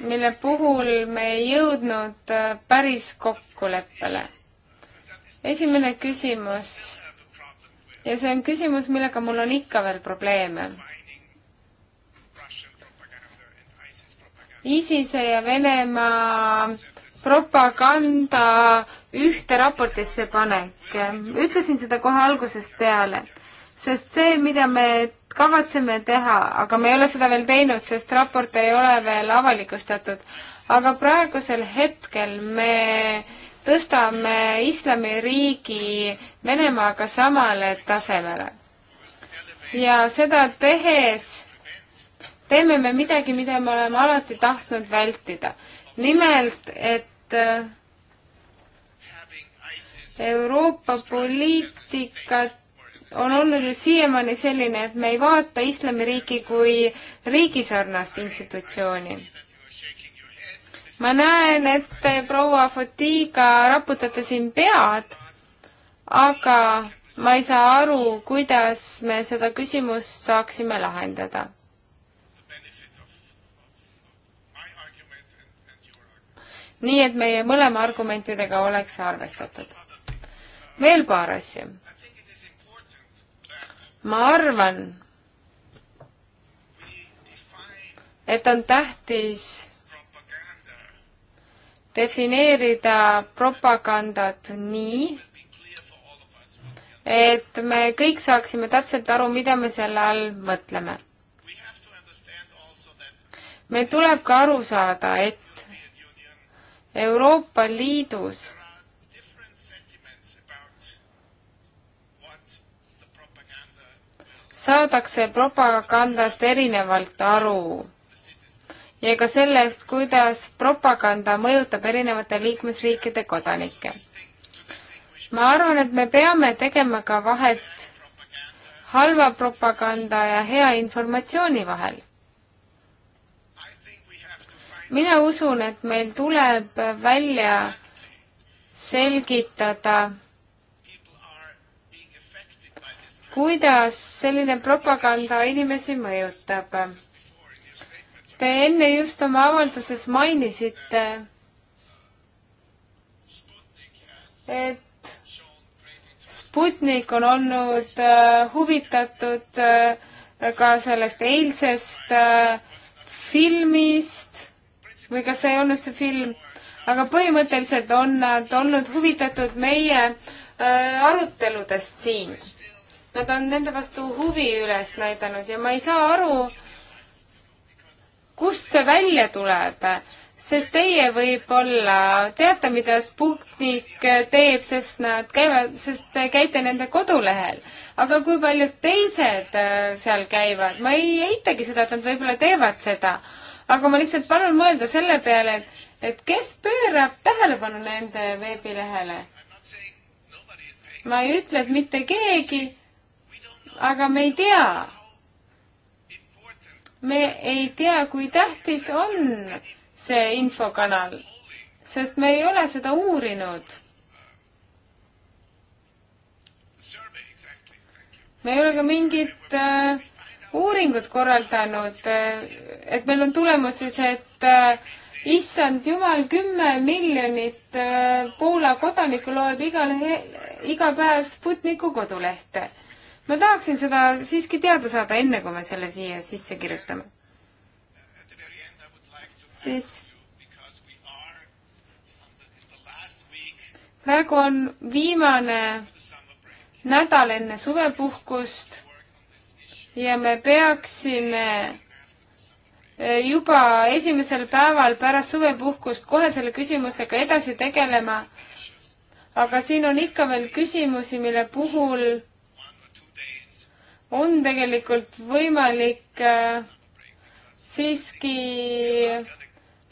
mille puhul me ei jõudnud äh, päris kokkuleppele. esimene küsimus ja see on küsimus, millega mul on ikka veel probleeme. ISISe ja Venemaa propaganda ühte raportisse panek. ütlesin seda kohe algusest peale, sest see, mida me kavatseme teha, aga me ei ole seda veel teinud, sest raport ei ole veel avalikustatud. aga praegusel hetkel me tõstame islamiriigi Venemaaga samale tasemele. ja seda tehes teeme me midagi, mida me oleme alati tahtnud vältida. nimelt, et äh, Euroopa poliitikat on olnud ju siiamaani selline, et me ei vaata islamiriiki kui riigisarnast institutsiooni. ma näen, et te, proua Fatiga, raputate siin pead, aga ma ei saa aru, kuidas me seda küsimust saaksime lahendada. nii et meie mõlema argumentidega oleks arvestatud. veel paar asja ma arvan, et on tähtis defineerida propagandat nii, et me kõik saaksime täpselt aru, mida me selle all mõtleme. meil tuleb ka aru saada, et Euroopa Liidus saadakse propagandast erinevalt aru ja ka sellest, kuidas propaganda mõjutab erinevate liikmesriikide kodanikke. ma arvan, et me peame tegema ka vahet halva propaganda ja hea informatsiooni vahel. mina usun, et meil tuleb välja selgitada kuidas selline propaganda inimesi mõjutab. Te enne just oma avalduses mainisite, et Sputnik on olnud äh, huvitatud äh, ka sellest eilsest äh, filmist või kas see ei olnud see film, aga põhimõtteliselt on nad olnud huvitatud meie aruteludest siin Nad on nende vastu huvi üles näidanud ja ma ei saa aru, kust see välja tuleb, sest teie võib-olla teate, mida Sputnik teeb, sest nad käivad, sest te käite nende kodulehel. aga kui paljud teised äh, seal käivad, ma ei eitagi seda, et nad võib-olla teevad seda aga ma lihtsalt palun mõelda selle peale, et, et kes pöörab tähelepanu nende veebilehele. ma ei ütle, et mitte keegi, aga me ei tea. me ei tea, kui tähtis on see infokanal, sest me ei ole seda uurinud. me ei ole ka mingit äh, uuringut korraldanud äh,, et meil on tulemuses, et äh, issand jumal, kümme miljonit äh, Poola kodanikku loeb igal, iga päev Sputniku kodulehte ma tahaksin seda siiski teada saada, enne kui me selle siia sisse kirjutame. siis praegu on viimane nädal enne suvepuhkust ja me peaksime eh, juba esimesel päeval pärast suvepuhkust kohe selle küsimusega edasi tegelema. aga siin on ikka veel küsimusi, mille puhul on tegelikult võimalik äh, siiski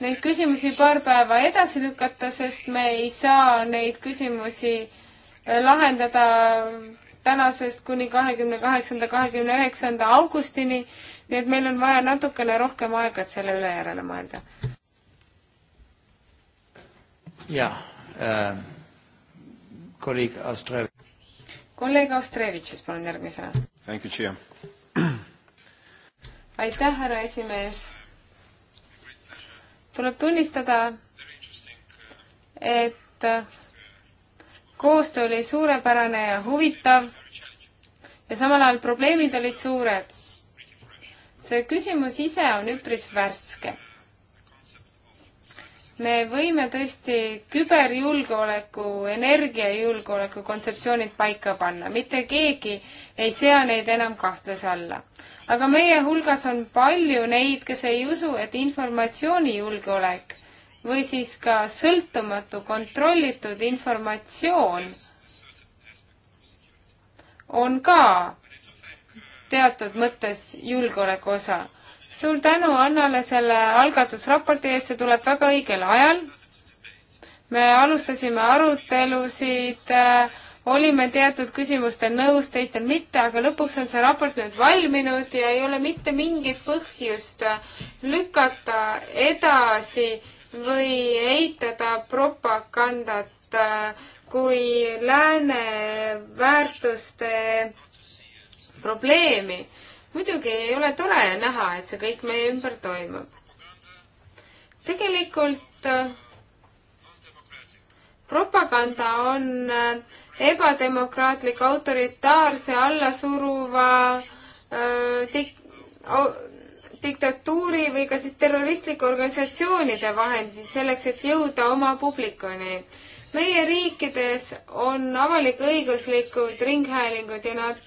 neid küsimusi paar päeva edasi lükata, sest me ei saa neid küsimusi äh, lahendada tänasest kuni kahekümne kaheksanda, kahekümne üheksanda augustini. nii et meil on vaja natukene rohkem aega, et selle üle järele mõelda. jaa äh,, kolleeg Astrev kolleeg Austrevitšis, palun järgmisena. *clears throat* aitäh, härra esimees. tuleb tunnistada, et koostöö oli suurepärane ja huvitav ja samal ajal probleemid olid suured. see küsimus ise on üpris värske me võime tõesti küberjulgeoleku, energiajulgeoleku kontseptsioonid paika panna, mitte keegi ei sea neid enam kahtluse alla. aga meie hulgas on palju neid, kes ei usu, et informatsioonijulgeolek või siis ka sõltumatu kontrollitud informatsioon on ka teatud mõttes julgeoleku osa suur tänu Annale selle algatusraporti eest, see tuleb väga õigel ajal. me alustasime arutelusid, äh, olime teatud küsimustel nõus, teistel mitte, aga lõpuks on see raport nüüd valminud ja ei ole mitte mingit põhjust lükata edasi või eitada propagandat äh, kui lääne väärtuste probleemi muidugi ei ole tore näha, et see kõik meie ümber toimub. tegelikult äh, propaganda on äh, ebademokraatlik, autoritaarse, allasuruva äh, dik-, diktatuuri või ka siis terroristlike organisatsioonide vahend selleks, et jõuda oma publikuni. meie riikides on avalik-õiguslikud ringhäälingud ja nad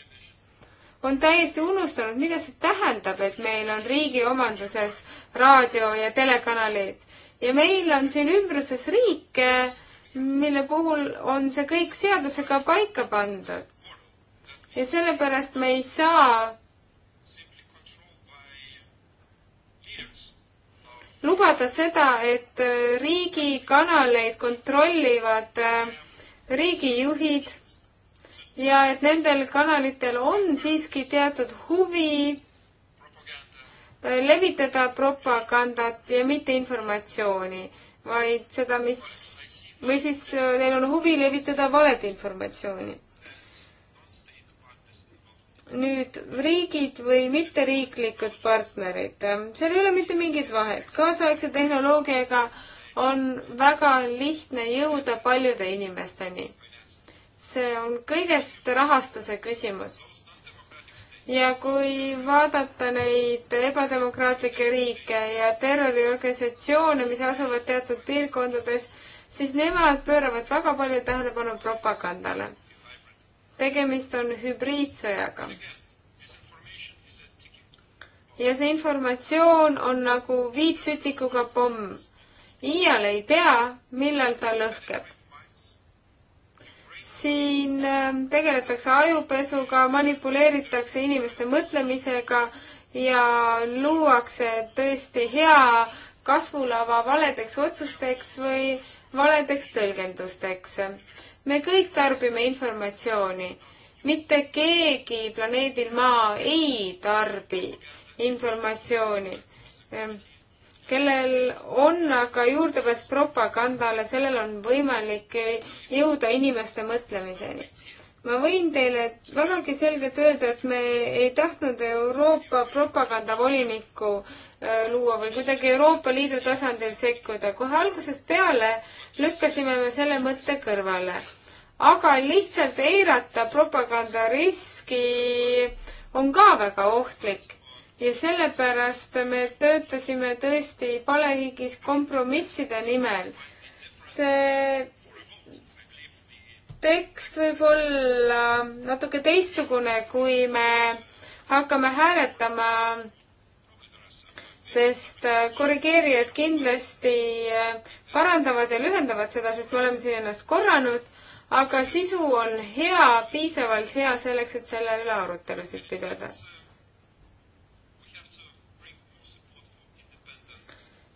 on täiesti unustanud, mida see tähendab, et meil on riigi omanduses raadio- ja telekanalid. ja meil on siin ümbruses riike, mille puhul on see kõik seadusega paika pandud. ja sellepärast me ei saa lubada seda, et riigikanaleid kontrollivad äh, riigijuhid ja et nendel kanalitel on siiski teatud huvi äh, levitada propagandat ja mitte informatsiooni, vaid seda, mis, või siis äh, neil on huvi levitada valet informatsiooni. nüüd riigid või mitteriiklikud partnerid, äh, seal ei ole mitte mingit vahet, kaasaegse tehnoloogiaga on väga lihtne jõuda paljude inimesteni see on kõigest rahastuse küsimus. ja kui vaadata neid ebademokraatlikke riike ja terroriorganisatsioone, mis asuvad teatud piirkondades, siis nemad pööravad väga palju tähelepanu propagandale. tegemist on hübriidsõjaga. ja see informatsioon on nagu viitsütikuga pomm. iial ei tea, millal ta lõhkeb siin ähm, tegeletakse ajupesuga, manipuleeritakse inimeste mõtlemisega ja luuakse tõesti hea kasvulava valedeks otsusteks või valedeks tõlgendusteks. me kõik tarbime informatsiooni. mitte keegi planeedil Maa ei tarbi informatsiooni ähm, kellel on aga juurdepääs propagandale, sellel on võimalik jõuda inimeste mõtlemiseni. ma võin teile vägagi selgelt öelda, et me ei tahtnud Euroopa propagandavolinikku äh, luua või kuidagi Euroopa Liidu tasandil sekkuda. kohe algusest peale lükkasime me selle mõtte kõrvale. aga lihtsalt eirata propagandariski on ka väga ohtlik ja sellepärast me töötasime tõesti palehigis kompromisside nimel. see tekst võib olla natuke teistsugune, kui me hakkame hääletama, sest äh, korrigeerijad kindlasti äh, parandavad ja lühendavad seda, sest me oleme siin ennast korranud, aga sisu on hea, piisavalt hea selleks, et selle üle arutelusid pidada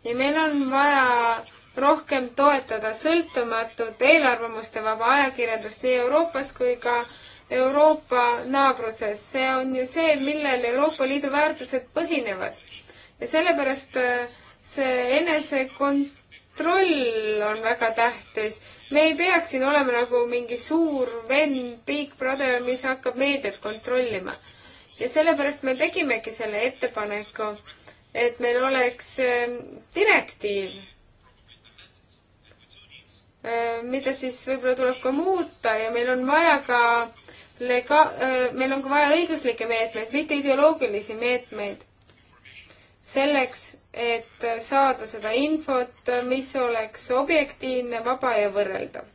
ja meil on vaja rohkem toetada sõltumatut eelarvamuste vaba ajakirjandust nii Euroopas kui ka Euroopa naabruses. see on ju see, millel Euroopa Liidu väärtused põhinevad. ja sellepärast äh, see enesekontroll on väga tähtis. me ei peaks siin olema nagu mingi suur vend, big brother, mis hakkab meediat kontrollima. ja sellepärast me tegimegi selle ettepaneku et meil oleks ähm, direktiiv, äh, mida siis võib-olla tuleb ka muuta ja meil on vaja ka lega-, äh, meil on ka vaja õiguslikke meetmeid, mitte ideoloogilisi meetmeid. selleks, et saada seda infot, mis oleks objektiivne, vaba ja võrreldav.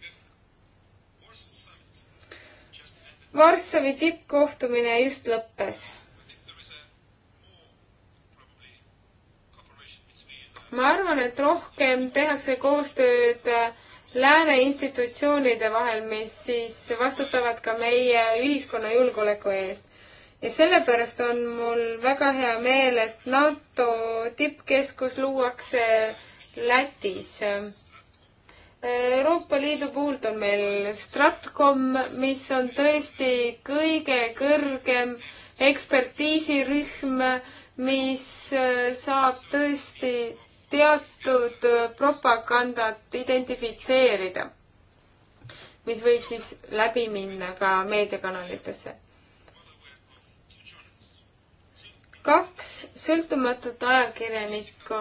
Varssavi tippkohtumine just lõppes ma arvan, et rohkem tehakse koostööd äh, lääne institutsioonide vahel, mis siis vastutavad ka meie ühiskonna julgeoleku eest. ja sellepärast on mul väga hea meel, et NATO tippkeskus luuakse Lätis. Euroopa Liidu puhult on meil Stratcom, mis on tõesti kõige kõrgem ekspertiisirühm, mis äh, saab tõesti teatud äh, propagandat identifitseerida, mis võib siis läbi minna ka meediakanalitesse. kaks sõltumatut ajakirjanikku,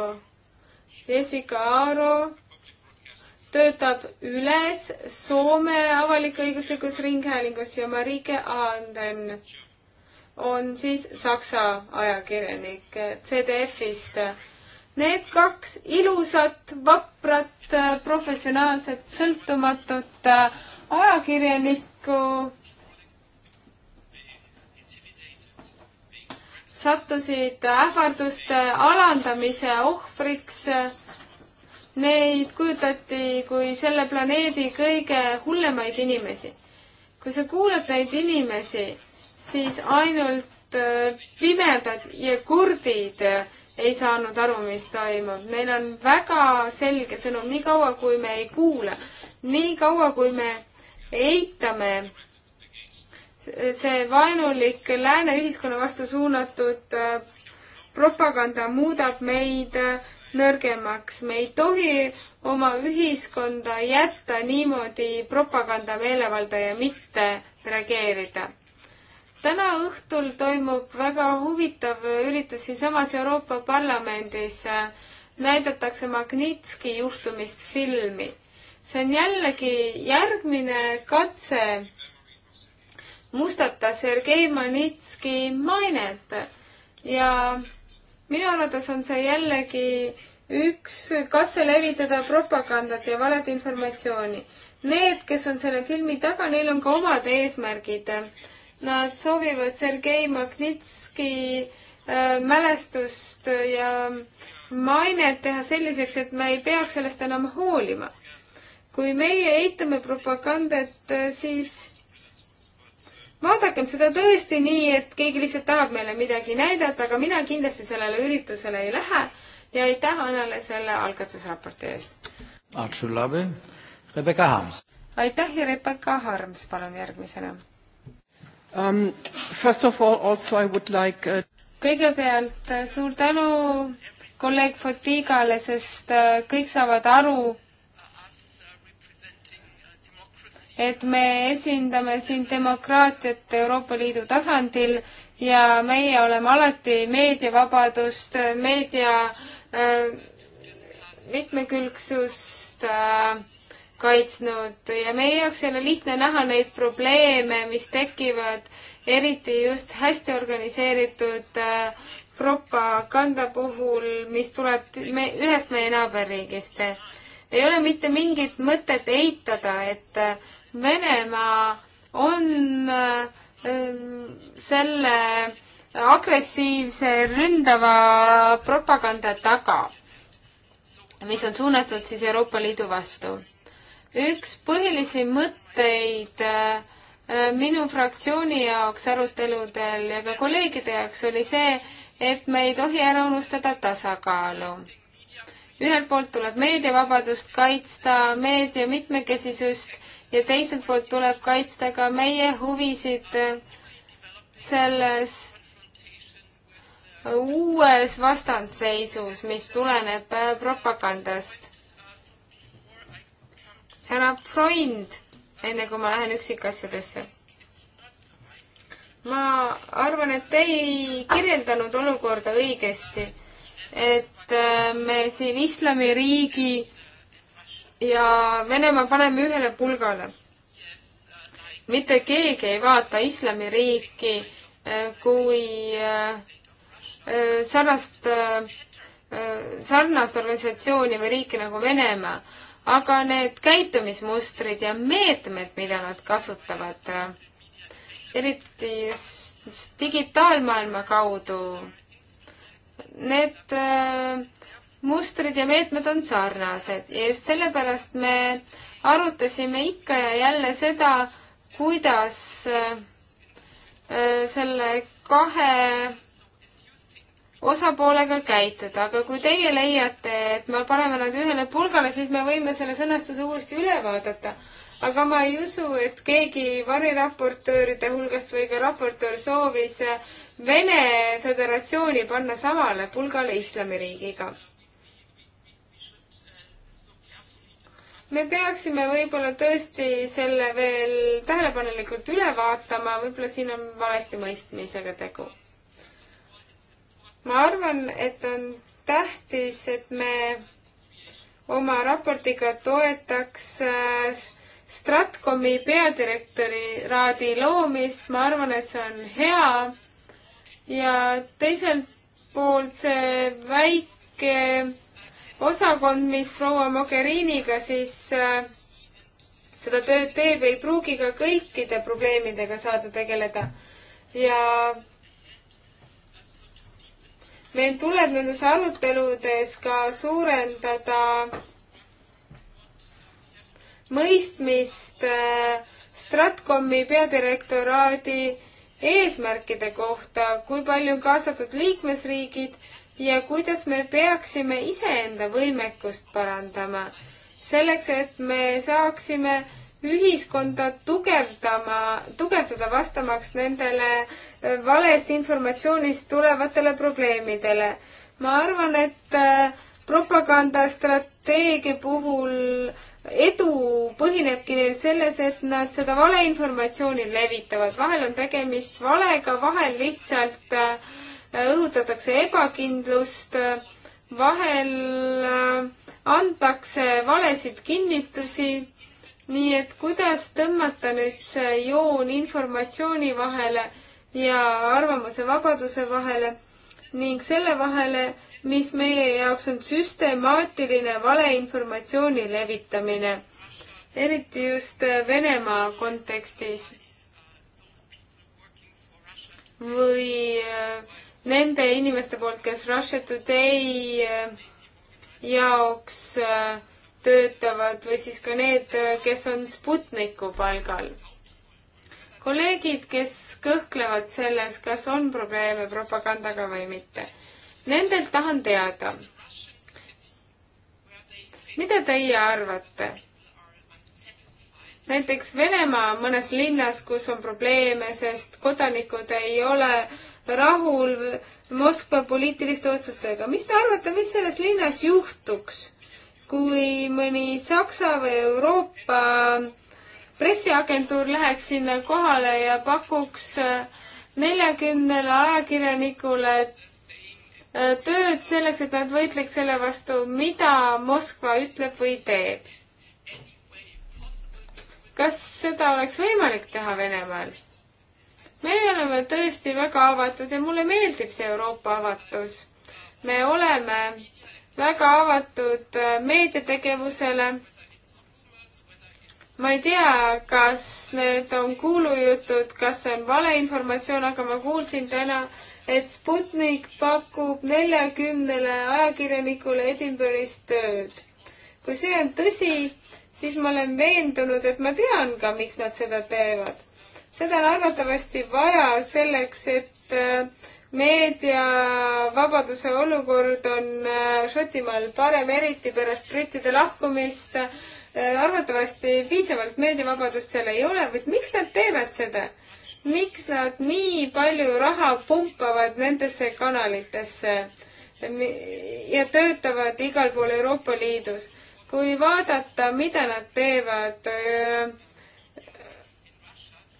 Jessica Aaro töötab üles Soome avalik-õiguslikus ringhäälingus ja Marike Aanden on siis Saksa ajakirjanik CDF-ist Need kaks ilusat, vaprat, äh, professionaalset, sõltumatut äh, ajakirjanikku sattusid ähvarduste alandamise ohvriks. Neid kujutati kui selle planeedi kõige hullemaid inimesi. kui sa kuulad neid inimesi, siis ainult äh, pimedad ja kurdid ei saanud aru, mis toimub. meil on väga selge sõnum, niikaua kui me ei kuula, niikaua kui me eitame see vaenulik lääne ühiskonna vastu suunatud äh, propaganda muudab meid äh, nõrgemaks. me ei tohi oma ühiskonda jätta niimoodi propaganda meelevalda ja mitte reageerida täna õhtul toimub väga huvitav üritus siinsamas Euroopa Parlamendis. näidatakse Magnitski juhtumist filmi. see on jällegi järgmine katse mustata Sergei Magnitski mainet ja minu arvates on see jällegi üks katse levitada propagandat ja valet informatsiooni. Need, kes on selle filmi taga, neil on ka omad eesmärgid Nad soovivad Sergei Magnitski äh, mälestust ja mainet teha selliseks, et me ei peaks sellest enam hoolima. kui meie eitame propagandat, äh, siis vaadakem seda tõesti nii, et keegi lihtsalt tahab meile midagi näidata, aga mina kindlasti sellele üritusele ei lähe ja aitäh Annele selle algatusraporti eest. Rebecca Harms. aitäh ja Rebecca Harms, palun järgmisena um,. First of all also I would like uh... kõigepealt uh, suur tänu kolleeg Fotigale, sest uh, kõik saavad aru, et me esindame siin demokraatiat Euroopa Liidu tasandil ja meie oleme alati meediavabadust, meedia äh, mitmekülgsust äh, kaitsnud ja meie jaoks ei ole lihtne näha neid probleeme, mis tekivad eriti just hästi organiseeritud äh, propaganda puhul, mis tuleb me, ühest meie naaberriigist. ei ole mitte mingit mõtet eitada, et äh, Venemaa on äh, selle agressiivse ründava propaganda taga, mis on suunatud siis Euroopa Liidu vastu üks põhilisi mõtteid äh, minu fraktsiooni jaoks aruteludel ja ka kolleegide jaoks oli see, et me ei tohi ära unustada tasakaalu. ühelt poolt tuleb meediavabadust kaitsta, meedia mitmekesisust ja teiselt poolt tuleb kaitsta ka meie huvisid selles uues vastandseisus, mis tuleneb propagandast härra Freund, enne kui ma lähen üksikasjadesse. ma arvan, et te ei kirjeldanud olukorda õigesti, et äh, me siin islamiriigi ja Venemaa paneme ühele pulgale. mitte keegi ei vaata islamiriiki äh, kui äh, sarnast, sarnast organisatsiooni või riiki nagu Venemaa aga need käitumismustrid ja meetmed, mida nad kasutavad, eriti just digitaalmaailma kaudu, need äh, mustrid ja meetmed on sarnased ja just sellepärast me arutasime ikka ja jälle seda, kuidas äh, äh, selle kahe osapoolega käituda, aga kui teie leiate, et me paneme nad ühele pulgale, siis me võime selle sõnastuse uuesti üle vaadata. aga ma ei usu, et keegi variraportööride hulgast või ka raportöör soovis Vene Föderatsiooni panna samale pulgale islamiriigiga. me peaksime võib-olla tõesti selle veel tähelepanelikult üle vaatama, võib-olla siin on valesti mõistmisega tegu ma arvan, et on tähtis, et me oma raportiga toetaks äh, Stratkomi peadirektori raadi loomist, ma arvan, et see on hea. ja teiselt poolt see väike osakond, mis proua Mogheriniga siis äh, seda tööd teeb, ei pruugi ka kõikide probleemidega saada tegeleda. ja meil tuleb nendes aruteludes ka suurendada mõistmist äh, Stratkomi peadirektoraadi eesmärkide kohta, kui palju on kaasatud liikmesriigid ja kuidas me peaksime iseenda võimekust parandama selleks, et me saaksime ühiskonda tugevdama, tugevdada vastamaks nendele äh, valest informatsioonist tulevatele probleemidele. ma arvan, et äh, propagandastrateegia puhul edu põhinebki neil selles, et nad seda valeinformatsiooni levitavad. vahel on tegemist valega, vahel lihtsalt äh, õhutatakse ebakindlust, vahel antakse valesid kinnitusi nii et kuidas tõmmata nüüd see joon informatsiooni vahele ja arvamuse vabaduse vahele ning selle vahele, mis meie jaoks on süstemaatiline valeinformatsiooni levitamine, eriti just Venemaa kontekstis või äh, nende inimeste poolt, kes Russia Today äh, jaoks äh, töötavad või siis ka need, kes on Sputniku palgal. kolleegid, kes kõhklevad selles, kas on probleeme propagandaga või mitte, nendelt tahan teada. mida teie arvate? näiteks Venemaa mõnes linnas, kus on probleeme, sest kodanikud ei ole rahul Moskva poliitiliste otsustega. mis te arvate, mis selles linnas juhtuks, kui mõni Saksa või Euroopa pressiagentuur läheks sinna kohale ja pakuks äh, neljakümnele ajakirjanikule äh, tööd selleks, et nad võitleks selle vastu, mida Moskva ütleb või teeb. kas seda oleks võimalik teha Venemaal? me oleme tõesti väga avatud ja mulle meeldib see Euroopa avatus. me oleme väga avatud äh, meediategevusele. ma ei tea, kas need on kuulujutud, kas see on valeinformatsioon, aga ma kuulsin täna, et Sputnik pakub neljakümnele ajakirjanikule Edinburgh'is tööd. kui see on tõsi, siis ma olen veendunud, et ma tean ka, miks nad seda teevad. seda on arvatavasti vaja selleks, et äh, meediavabaduse olukord on äh, Šotimaal parem, eriti pärast brittide lahkumist. Äh, arvatavasti piisavalt meediavabadust seal ei ole, vaid miks nad teevad seda? miks nad nii palju raha pumpavad nendesse kanalitesse ja töötavad igal pool Euroopa Liidus? kui vaadata, mida nad teevad äh,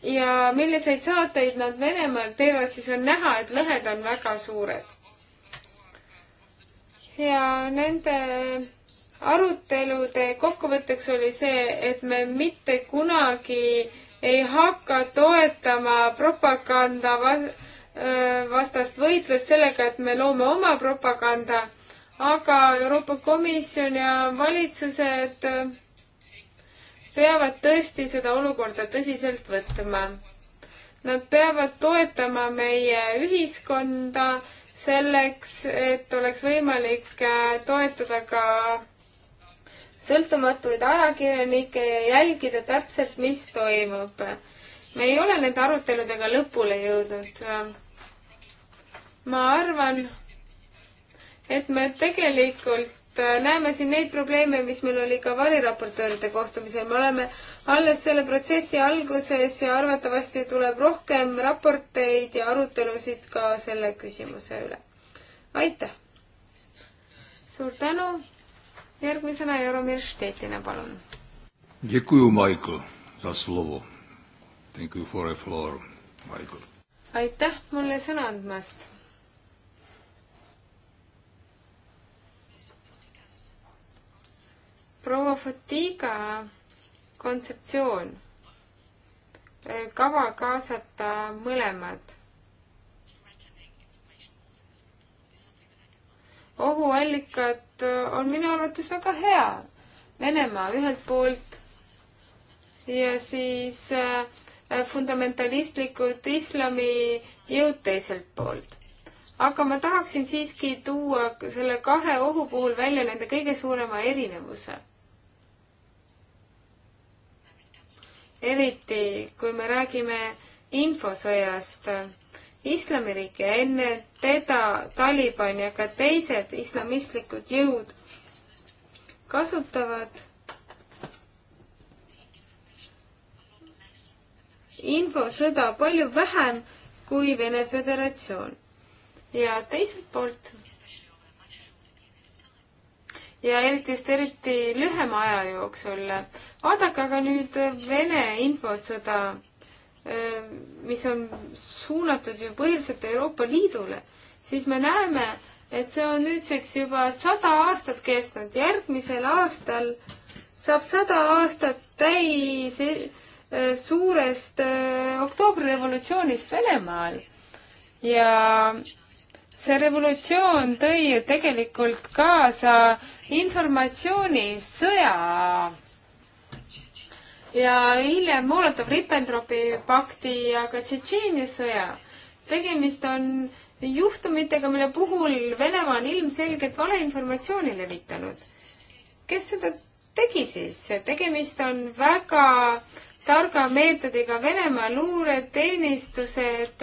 ja milliseid saateid nad Venemaal teevad, siis on näha, et lõhed on väga suured. ja nende arutelude kokkuvõtteks oli see, et me mitte kunagi ei hakka toetama propaganda vastast võitlust sellega, et me loome oma propaganda, aga Euroopa Komisjon ja valitsused peavad tõesti seda olukorda tõsiselt võtma. Nad peavad toetama meie ühiskonda selleks, et oleks võimalik äh, toetada ka sõltumatuid ajakirjanikke ja jälgida täpselt, mis toimub. me ei ole nende aruteludega lõpule jõudnud. ma arvan, et me tegelikult Äh, näeme siin neid probleeme, mis meil oli ka variraportööride kohtumisel, me oleme alles selle protsessi alguses ja arvatavasti tuleb rohkem raporteid ja arutelusid ka selle küsimuse üle. aitäh! suur tänu! järgmisena Jaromir Štetina, palun! aitäh mulle sõna andmast! proua Fatiga kontseptsioon, kava kaasata mõlemad. ohuallikad on minu arvates väga hea. Venemaa ühelt poolt ja siis äh, fundamentalistlikud islami jõud teiselt poolt aga ma tahaksin siiski tuua selle kahe ohu puhul välja nende kõige suurema erinevuse. eriti kui me räägime infosõjast. islamiriik ja enne teda Taliban ja ka teised islamistlikud jõud kasutavad infosõda palju vähem kui Vene Föderatsioon. ja teiselt poolt ja eriti just eriti lühema aja jooksul. vaadake aga nüüd Vene infosõda, äh, mis on suunatud ju põhiliselt Euroopa Liidule, siis me näeme, et see on nüüdseks juba sada aastat kestnud, järgmisel aastal saab sada aastat täis äh, suurest äh, oktoobrirevolutsioonist Venemaal ja see revolutsioon tõi ju tegelikult kaasa informatsioonisõja ja hiljem Molotov-Ribbentropi pakti ja ka Tšetšeenia sõja. tegemist on juhtumitega, mille puhul Venemaa on ilmselgelt valeinformatsiooni levitanud. kes seda tegi siis? tegemist on väga targa meetodiga Venemaa luureteenistused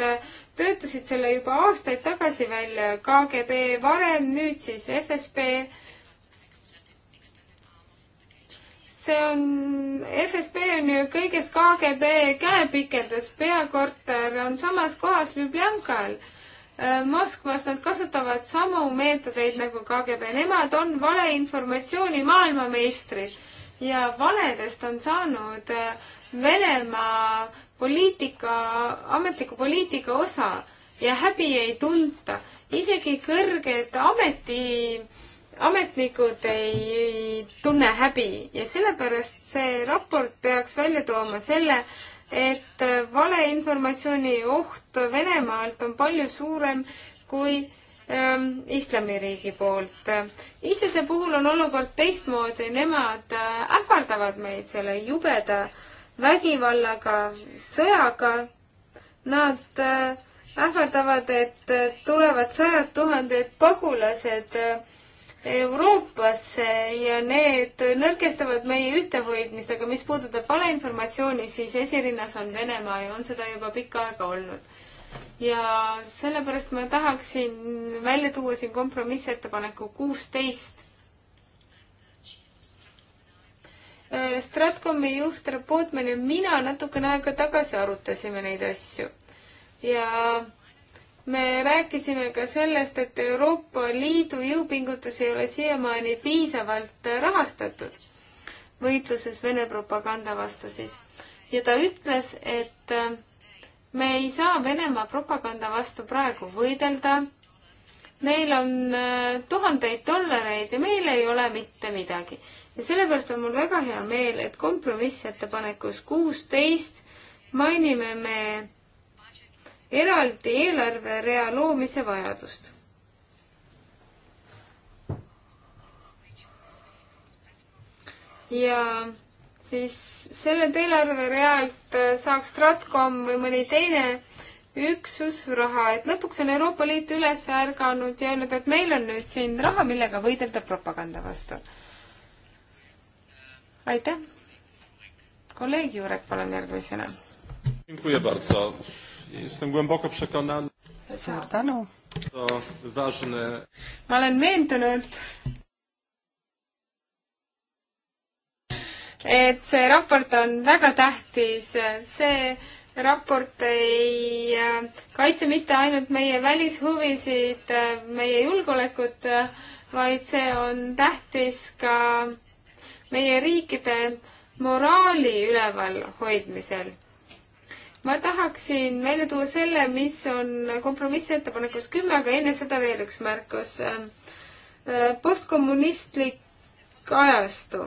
töötasid selle juba aastaid tagasi välja, KGB varem, nüüd siis FSB. see on, FSB on ju kõigest KGB käepikendus, peakorter on samas kohas Ljubljankal äh, Moskvas nad kasutavad samu meetodeid nagu KGB, nemad on valeinformatsiooni maailmameistrid ja valedest on saanud äh, Venemaa poliitika, ametliku poliitika osa ja häbi ei tunta. isegi kõrged ameti, ametnikud ei tunne häbi ja sellepärast see raport peaks välja tooma selle, et valeinformatsiooni oht Venemaalt on palju suurem kui ähm, islamiriigi poolt. ISISe puhul on olukord teistmoodi, nemad äh, ähvardavad meid selle jubeda äh, vägivallaga, sõjaga. Nad äh, ähvardavad, et äh, tulevad sajad tuhanded pagulased äh, Euroopasse ja need nõrgestavad meie ühtehoidmist, aga mis puudutab valeinformatsiooni, siis esirinnas on Venemaa ja on seda juba pikka aega olnud. ja sellepärast ma tahaksin välja tuua siin kompromissettepaneku kuusteist, Äh, Stratkomi juht Rapotman ja mina natukene aega tagasi arutasime neid asju ja me rääkisime ka sellest, et Euroopa Liidu jõupingutusi ei ole siiamaani piisavalt äh, rahastatud võitluses Vene propaganda vastu siis. ja ta ütles, et äh, me ei saa Venemaa propaganda vastu praegu võidelda. meil on tuhandeid dollareid ja meil ei ole mitte midagi ja sellepärast on mul väga hea meel, et kompromissettepanekus kuusteist mainime me eraldi eelarverea loomise vajadust. ja siis sellelt eelarverealt saaks Stratcom või mõni teine üksus raha, et lõpuks on Euroopa Liit üles ärganud ja öelnud, et meil on nüüd siin raha, millega võidelda propaganda vastu aitäh! kolleeg Jurek, palun järgmisena. suur tänu! ma olen veendunud, et see raport on väga tähtis, see raport ei äh, kaitse mitte ainult meie välishuvisid, äh, meie julgeolekut, vaid see on tähtis ka meie riikide moraali üleval hoidmisel. ma tahaksin välja tuua selle, mis on kompromissettepanekus kümme, aga enne seda veel üks märkus. postkommunistlik ajastu.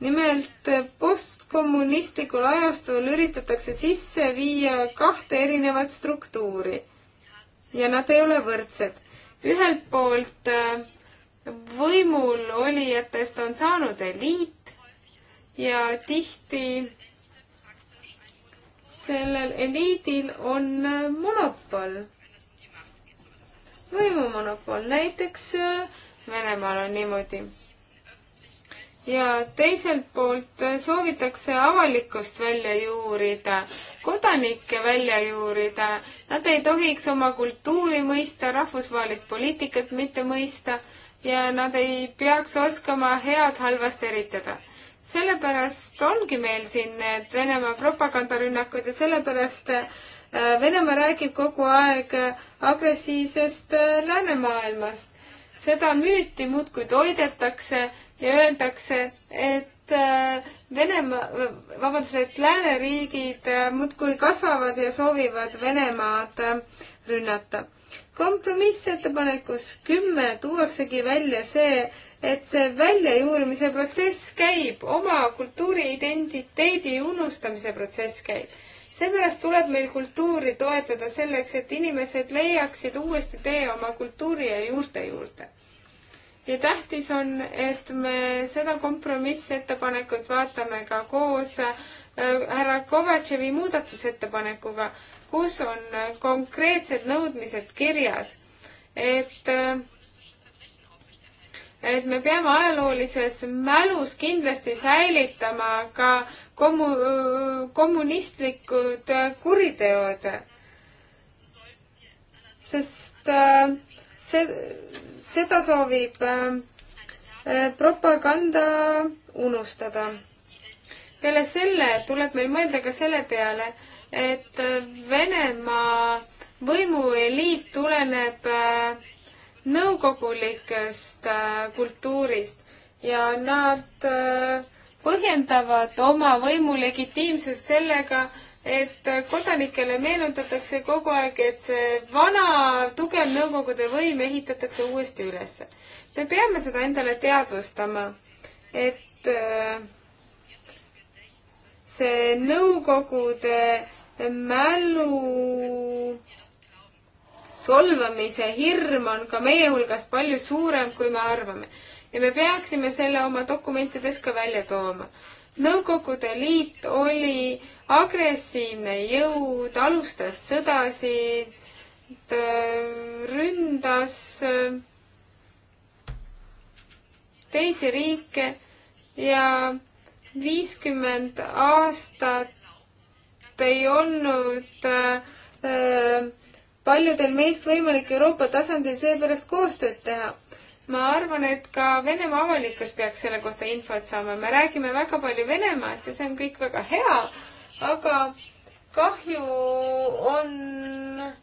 nimelt postkommunistlikul ajastul üritatakse sisse viia kahte erinevat struktuuri ja nad ei ole võrdsed. ühelt poolt äh, võimul olijatest on saanud eliit ja tihti sellel eliidil on monopol, võimumonopol, näiteks äh, Venemaal on niimoodi. ja teiselt poolt soovitakse avalikkust välja juurida, kodanikke välja juurida, nad ei tohiks oma kultuuri mõista, rahvusvahelist poliitikat mitte mõista ja nad ei peaks oskama head halvast eritada. sellepärast ongi meil siin need Venemaa propagandarünnakud ja sellepärast äh, Venemaa räägib kogu aeg agressiivsest äh, läänemaailmast. seda müüti muudkui toidetakse ja öeldakse, et äh, Venemaa, vabandust, et lääneriigid muudkui kasvavad ja soovivad Venemaad rünnata kompromissettepanekus kümme tuuaksegi välja see, et see väljajuurimise protsess käib, oma kultuuriidentiteedi unustamise protsess käib. seepärast tuleb meil kultuuri toetada selleks, et inimesed leiaksid uuesti tee oma kultuuri ja juurte juurde. ja tähtis on, et me seda kompromissettepanekut vaatame ka koos äh, härra Kovatševi muudatusettepanekuga, kus on konkreetsed nõudmised kirjas, et et me peame ajaloolises mälus kindlasti säilitama ka kommu-, kommunistlikud kuriteod. sest see, seda soovib eh, propaganda unustada. peale selle tuleb meil mõelda ka selle peale, et Venemaa võimueliit tuleneb äh, nõukogulikest äh, kultuurist ja nad äh, põhjendavad oma võimu legitiimsust sellega, et kodanikele meenutatakse kogu aeg, et see vana tugev Nõukogude võim ehitatakse uuesti üles. me peame seda endale teadvustama, et see Nõukogude mälu solvamise hirm on ka meie hulgas palju suurem, kui me arvame. ja me peaksime selle oma dokumentides ka välja tooma. Nõukogude Liit oli agressiivne jõud, alustas sõdasid, ründas teisi riike ja viiskümmend aastat ei olnud äh, äh, paljudel meist võimalik Euroopa tasandil seepärast koostööd teha. ma arvan, et ka Venemaa avalikkus peaks selle kohta infot saama. me räägime väga palju Venemaast ja see on kõik väga hea, aga kahju on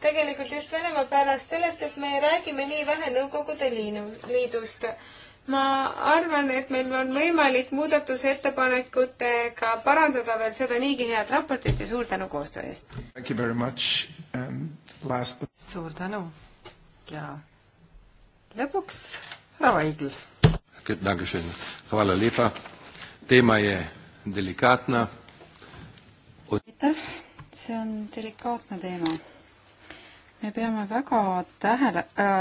tegelikult just Venemaa pärast sellest, et me räägime nii vähe Nõukogude Liinu, Liidust ma arvan, et meil on võimalik muudatusettepanekutega parandada veel seda niigi head raportit ja suur tänu koostöö eest! Um, last... suur tänu ja lõpuks härra Vaigel. aitäh, see on delikaatne teema. me peame väga tähele äh,, äh,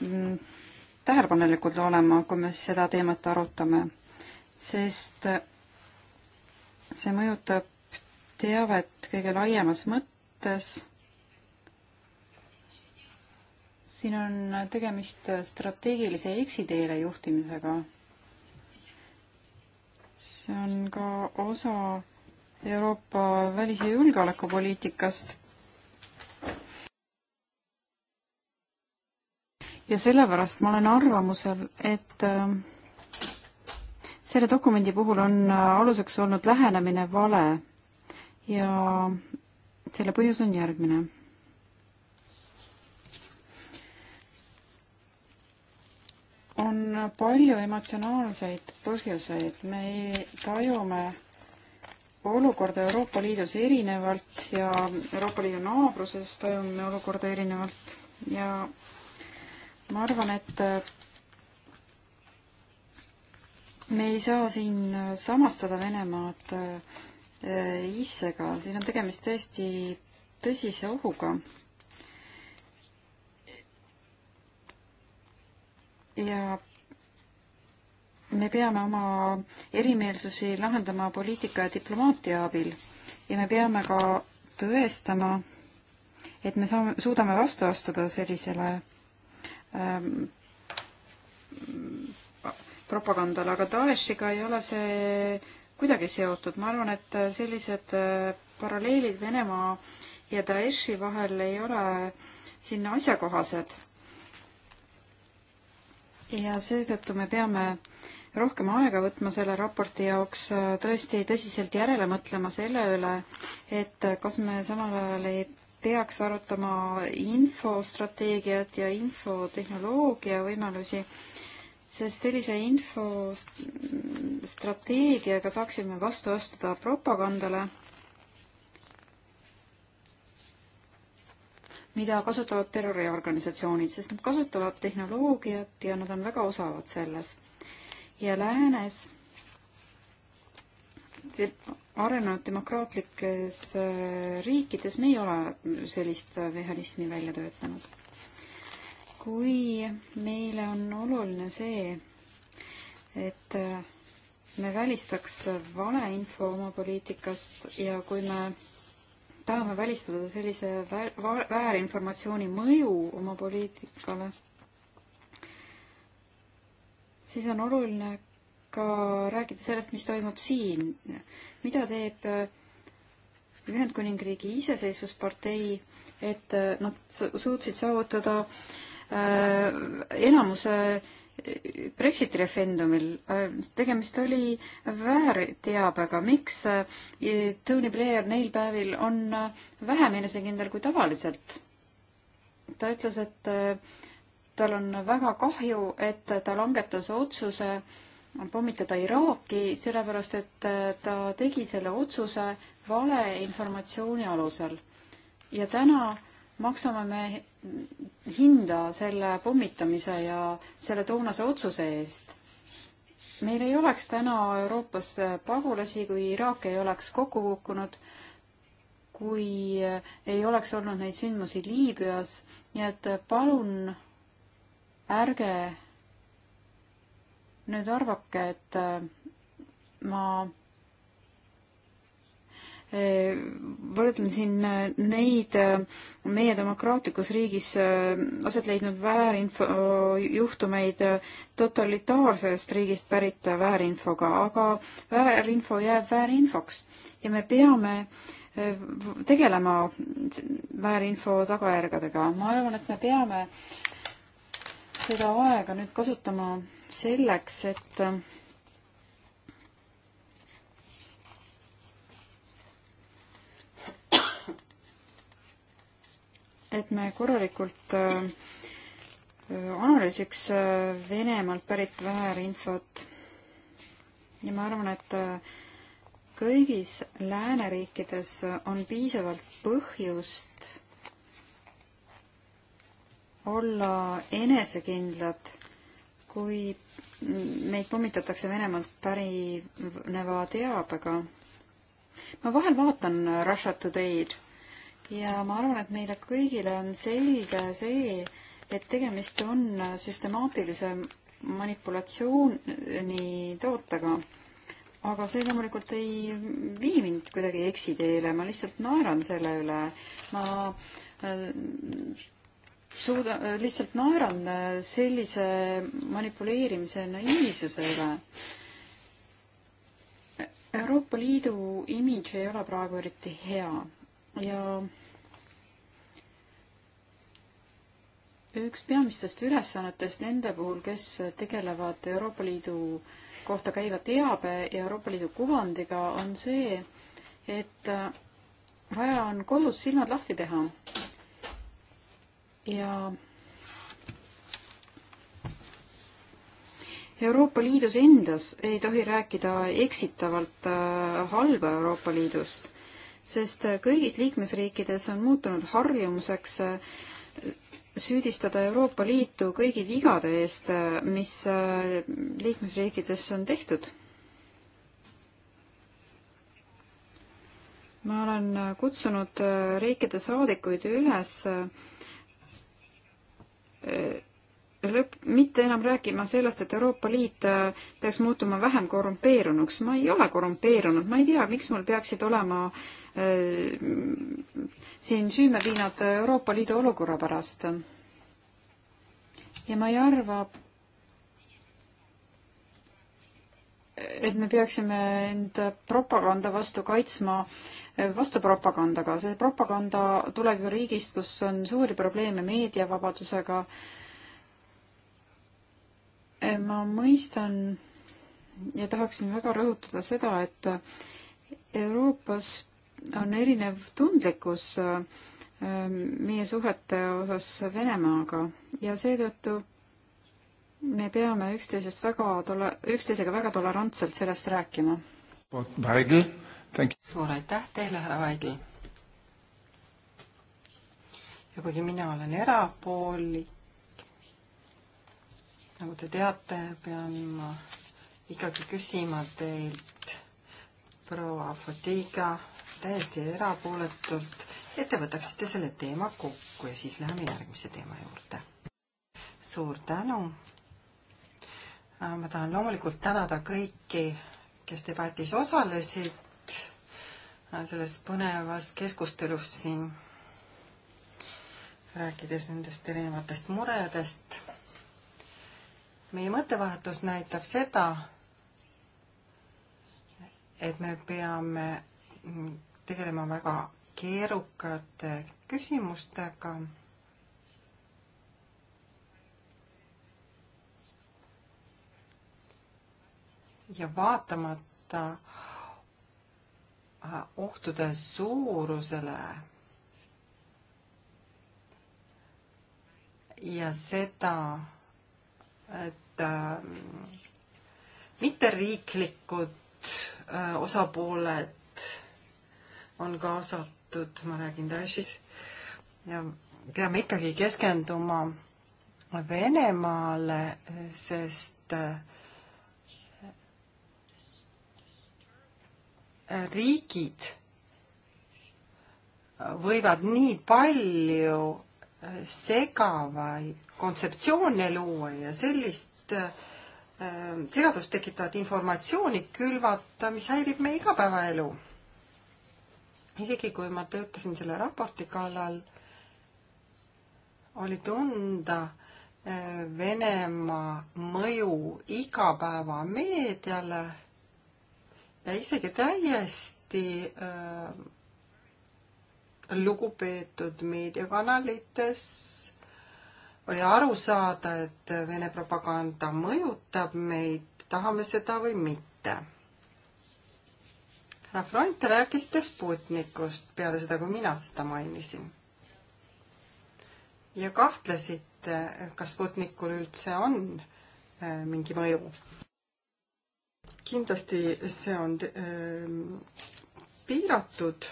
mm, tähelepanelikud olema, kui me seda teemat arutame, sest see mõjutab teavet kõige laiemas mõttes. siin on tegemist strateegilise eksiteele juhtimisega. see on ka osa Euroopa välis- ja julgeolekupoliitikast ja sellepärast ma olen arvamusel, et äh, selle dokumendi puhul on äh, aluseks olnud lähenemine vale ja selle põhjus on järgmine. on palju emotsionaalseid põhjuseid, me tajume olukorda Euroopa Liidus erinevalt ja Euroopa Liidu naabruses tajume olukorda erinevalt ja ma arvan, et äh, me ei saa siin äh, samastada Venemaad äh, IS-ega, siin on tegemist tõesti tõsise ohuga. ja me peame oma erimeelsusi lahendama poliitika ja diplomaatia abil ja me peame ka tõestama, et me saame, suudame vastu astuda sellisele äh, Ähm, propagandale, aga Daeshiga ei ole see kuidagi seotud. ma arvan, et sellised äh, paralleelid Venemaa ja Daeshi vahel ei ole siin asjakohased. ja seetõttu me peame rohkem aega võtma selle raporti jaoks, äh, tõesti tõsiselt järele mõtlema selle üle, et kas me samal ajal ei peaks arutama infostrateegiat ja infotehnoloogia võimalusi, sest sellise infostrateegiaga saaksime vastu astuda propagandale, mida kasutavad terroriorganisatsioonid, sest nad kasutavad tehnoloogiat ja nad on väga osavad selles. ja läänes arenenud demokraatlikes äh, riikides me ei ole sellist äh, mehhanismi välja töötanud. kui meile on oluline see, et äh, me välistaks valeinfo oma poliitikast ja kui me tahame välistada sellise väärinformatsiooni mõju oma poliitikale, siis on oluline ka rääkida sellest, mis toimub siin. mida teeb äh, Ühendkuningriigi iseseisvuspartei, et äh, nad suutsid saavutada äh, enamuse Brexiti referendumil tegemist oli väärteabega, miks Tony Blair neil päevil on vähem enesekindel kui tavaliselt? ta ütles, et tal on väga kahju, et ta langetas otsuse äh, pommitada Iraaki, sellepärast et äh, ta tegi selle otsuse valeinformatsiooni alusel. ja täna maksame me hinda selle pommitamise ja selle toonase otsuse eest. meil ei oleks täna Euroopas äh, pagulasi, kui Iraak ei oleks kokku kukkunud, kui äh, ei oleks olnud neid sündmusi Liibüas, nii et palun ärge nüüd arvake, et äh, ma äh, võrdlen siin äh, neid meie demokraatlikus riigis aset leidnud väärinfo juhtumeid totalitaarsest riigist pärit väärinfoga, aga väärinfo jääb väärinfoks ja me peame tegelema väärinfo tagajärgedega. ma arvan, et me peame peaks seda aega nüüd kasutama selleks, et et me korralikult äh, analüüsiks äh, Venemaalt pärit väärinfot ja ma arvan, et äh, kõigis lääneriikides on piisavalt põhjust olla enesekindlad, kui meid pommitatakse Venemaalt pärineva teabega. ma vahel vaatan Russia Today'd ja ma arvan, et meile kõigile on selge see, et tegemist on süstemaatilise manipulatsiooni tootega. aga see loomulikult ei vii mind kuidagi eksiteele, ma lihtsalt naeran selle üle. ma äh, suuda, lihtsalt naeran sellise manipuleerimise naiivsuse üle. Euroopa Liidu imidž ei ole praegu eriti hea ja üks peamistest ülesannetest nende puhul, kes tegelevad Euroopa Liidu kohta käiva teabe ja Euroopa Liidu kuvandiga, on see, et vaja on kodus silmad lahti teha ja Euroopa Liidus endas ei tohi rääkida eksitavalt äh, halba Euroopa Liidust, sest äh, kõigis liikmesriikides on muutunud harjumuseks äh, süüdistada Euroopa Liitu kõigi vigade eest, mis liikmesriikides on tehtud. ma olen kutsunud riikide saadikuid üles lõpp, äh, mitte enam rääkima sellest, et Euroopa Liit äh, peaks muutuma vähem korrumpeerunuks. ma ei ole korrumpeerunud, ma ei tea, miks mul peaksid olema äh, siin süümepiinad Euroopa Liidu olukorra pärast. ja ma ei arva, et me peaksime end propaganda vastu kaitsma äh, vastupropagandaga. see propaganda tuleb ju riigist, kus on suuri probleeme meediavabadusega. ma mõistan ja tahaksin väga rõhutada seda, et Euroopas on erinev tundlikkus ähm, meie suhete osas Venemaaga ja seetõttu me peame üksteisest väga tole-, üksteisega väga tolerantselt sellest rääkima. Weigel suur aitäh teile, härra Vaigel. ja kuigi mina olen erapoolik, nagu te teate, pean ma ikkagi küsima teilt, proua Fatiga, täiesti erapooletult, et te võtaksite selle teema kokku ja siis läheme järgmise teema juurde. suur tänu. Äh, ma tahan loomulikult tänada kõiki, kes debatis osalesid selles põnevas keskustelus siin, rääkides nendest erinevatest muredest. meie mõttevahetus näitab seda, et me peame tegelema väga keerukate küsimustega ja vaatamata Äh, ohtude suurusele ja seda, et äh, mitteriiklikud äh, osapooled on kaasatud, ma räägin Daeshis, ja peame ikkagi keskenduma Venemaale, sest äh, riigid võivad nii palju segavaid kontseptsioone luua ja sellist ähm, segadust tekitavat informatsiooni külvata, mis häirib meie igapäevaelu. isegi kui ma töötasin selle raporti kallal, oli tunda äh, Venemaa mõju igapäevameediale ja isegi täiesti äh, lugupeetud meediakanalites oli aru saada, et Vene propaganda mõjutab meid, tahame seda või mitte. härra Front rääkis Sputnikust peale seda, kui mina seda mainisin. ja kahtlesite, kas Sputnikul üldse on äh, mingi mõju kindlasti see on ehm, piiratud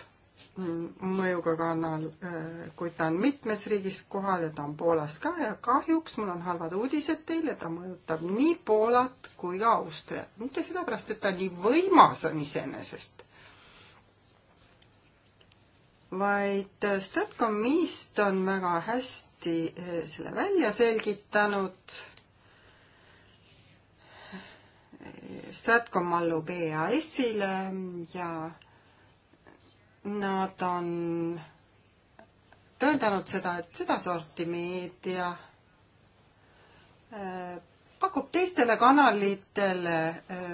mm, mõjuga kannal, ehm, kuid ta on mitmes riigis kohal ja ta on Poolas ka ja kahjuks mul on halvad uudised teile, ta mõjutab nii Poolat kui ka Austriat. mitte sellepärast, et ta nii võimas on iseenesest, vaid eh, Stratcom East on väga hästi eh, selle välja selgitanud Stratcom allub EAS-ile ja nad on tõendanud seda, et sedasorti meedia äh, pakub teistele kanalitele äh,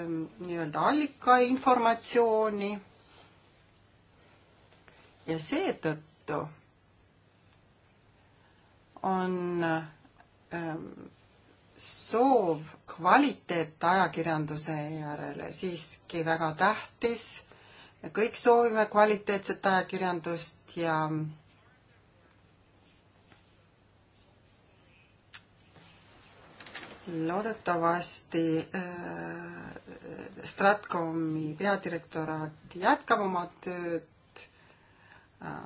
nii-öelda allikainformatsiooni ja seetõttu on ähm, soov kvaliteetajakirjanduse järele siiski väga tähtis. me kõik soovime kvaliteetset ajakirjandust ja loodetavasti äh, Stratkomi peadirektoraat jätkab oma tööd äh,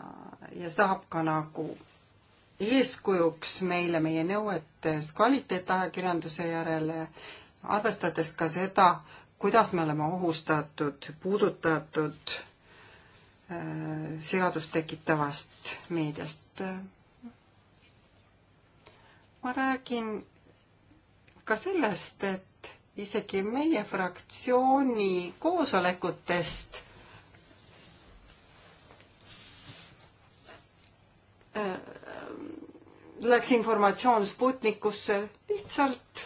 ja saab ka nagu eeskujuks meile meie nõuetes kvaliteetajakirjanduse järele, arvestades ka seda, kuidas me oleme ohustatud, puudutatud äh, segadust tekitavast meediast. ma räägin ka sellest, et isegi meie fraktsiooni koosolekutest äh, läks informatsioon Sputnikusse lihtsalt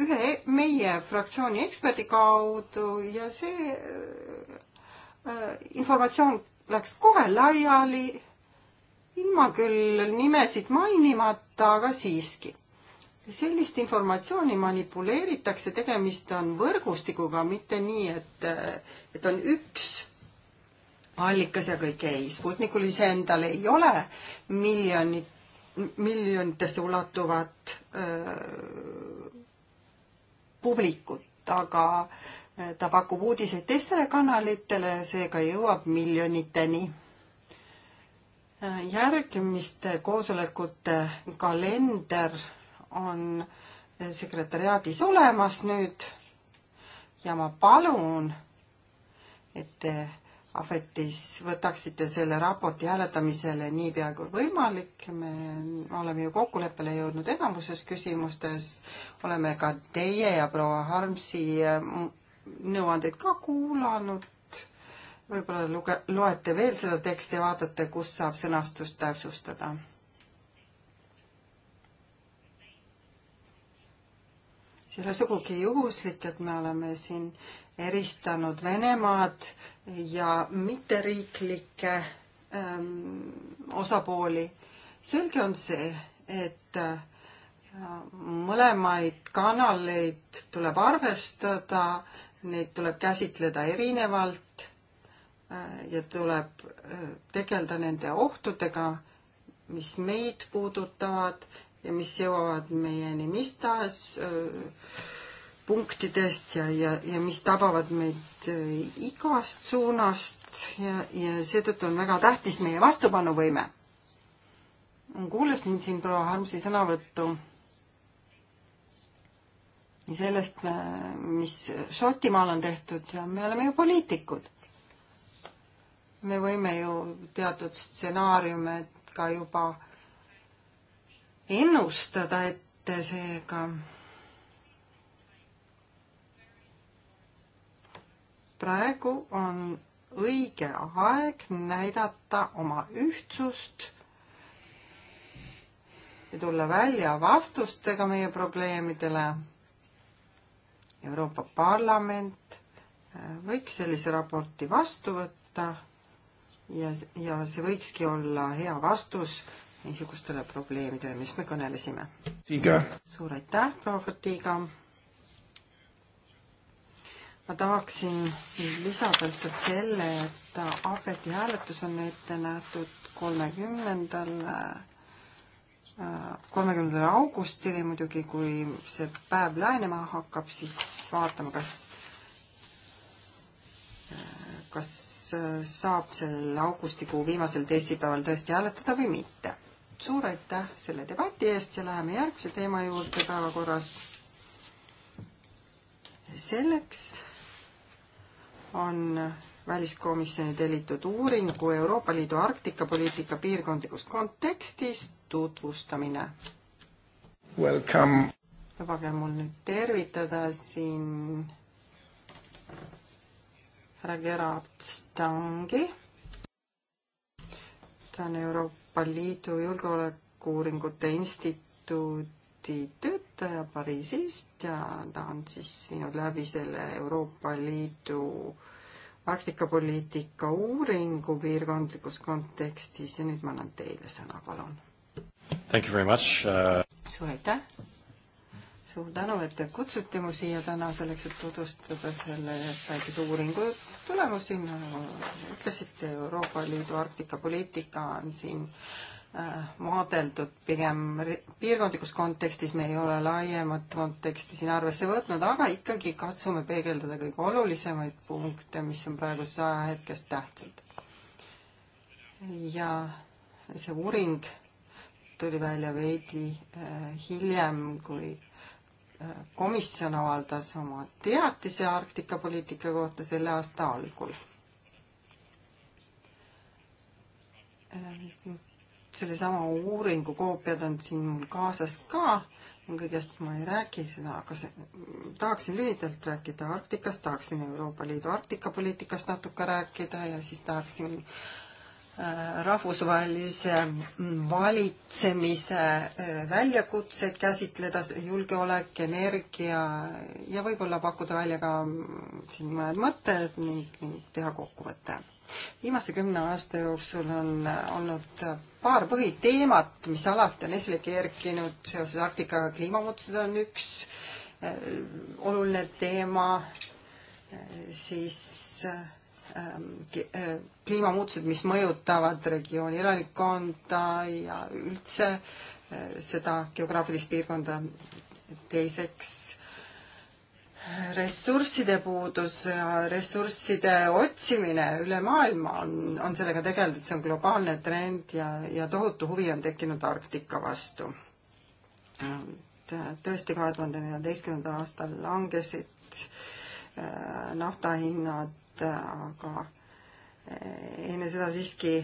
ühe meie fraktsiooni eksperdi kaudu ja see äh, informatsioon läks kohe laiali, ilma küll nimesid mainimata, aga siiski. sellist informatsiooni manipuleeritakse, tegemist on võrgustikuga, mitte nii, et, äh, et on üks allikas ja kõik ei. Sputnikul iseendal ei ole miljonit miljonitesse ulatuvat publikut, aga ta pakub uudiseid teistele kanalitele, seega jõuab miljoniteni. järgmiste koosolekute kalender on sekretäriaadis olemas nüüd ja ma palun, et te Afetis võtaksite selle raporti hääletamisele niipea kui võimalik. me oleme ju kokkuleppele jõudnud enamuses küsimustes, oleme ka teie ja proua Harmsi äh, nõuandeid ka kuulanud. võib-olla luge-, loete veel seda teksti ja vaatate, kus saab sõnastust täpsustada. see ei ole sugugi juhuslik, et me oleme siin äh, eristanud Venemaad ja mitteriiklikke ähm, osapooli. selge on see, et äh, mõlemaid kanaleid tuleb arvestada, neid tuleb käsitleda erinevalt äh, ja tuleb äh, tegeleda nende ohtudega, mis meid puudutavad ja mis jõuavad meieni mis tahes äh, punktidest ja, ja, ja mis tabavad meid äh, igast suunast ja, ja seetõttu on väga tähtis meie vastupanuvõime. kuulasin siin proua Harmsi sõnavõttu sellest, äh, mis Šotimaal on tehtud ja me oleme ju poliitikud. me võime ju teatud stsenaariume ka juba ennustada ette seega praegu on õige aeg näidata oma ühtsust ja tulla välja vastustega meie probleemidele. Euroopa Parlament äh, võiks sellise raporti vastu võtta ja, ja see võikski olla hea vastus niisugustele probleemidele, millest me kõnelesime. suur aitäh, proua Fatiga! ma tahaksin lisada lihtsalt selle, et Ahveti hääletus on ette nähtud kolmekümnendal, äh, kolmekümnendal augustil ja muidugi, kui see päev läänema hakkab, siis vaatame, kas, kas äh, saab sellel augustikuu viimasel teisipäeval tõesti hääletada või mitte. suur aitäh selle debati eest ja läheme järgmise teema juurde päevakorras selleks on väliskomisjoni tellitud uuringu Euroopa Liidu Arktikapoliitika piirkondlikust kontekstist tutvustamine. lubage mul nüüd tervitada siin härra Gerard Stangi. ta on Euroopa Liidu Julgeolekuuuringute Instituudi töötaja Pariisist ja ta on siis viinud läbi selle Euroopa Liidu Arktikapoliitika uuringu piirkondlikus kontekstis ja nüüd ma annan teile sõna, palun. Thank you very much uh.... suur aitäh. suur tänu, et te kutsute mu siia täna selleks, et tutvustada selle väikese uuringu tulemusi, nagu ütlesite, Euroopa Liidu Arktikapoliitika on siin uh, vaadeldud äh, pigem piirkondlikus kontekstis, me ei ole laiemat konteksti siin arvesse võtnud, aga ikkagi katsume peegeldada kõige olulisemaid punkte, mis on praeguses ajahetkes tähtsad. ja see uuring tuli välja veidi äh, hiljem, kui äh, komisjon avaldas oma teatise Arktika poliitika kohta selle aasta algul sellesama uuringu koopiad on siin mul kaasas ka, kõigest ma ei räägi seda, aga see, tahaksin lühidalt rääkida Arktikast, tahaksin Euroopa Liidu Arktikapoliitikast natuke rääkida ja siis tahaksin äh, rahvusvahelise mm, valitsemise äh, väljakutseid käsitleda, julgeolek, energia ja võib-olla pakkuda välja ka mm, siin mõned mõtted ning, ning teha kokkuvõte. viimase kümne aasta jooksul on äh, olnud paar põhiteemat, mis alati on esile kerkinud seoses Arktikaga, kliimamuutused on üks äh, oluline teema, äh, siis ähm, äh, kliimamuutused, mis mõjutavad regiooni elanikkonda ja üldse seda geograafilist piirkonda. teiseks ressursside puudus ja ressursside otsimine üle maailma on, on sellega tegeldud, see on globaalne trend ja, ja tohutu huvi on tekkinud Arktika vastu. Äh, tõesti, kahe tuhande neljateistkümnendal aastal langesid äh, nafta hinnad, aga äh, enne seda siiski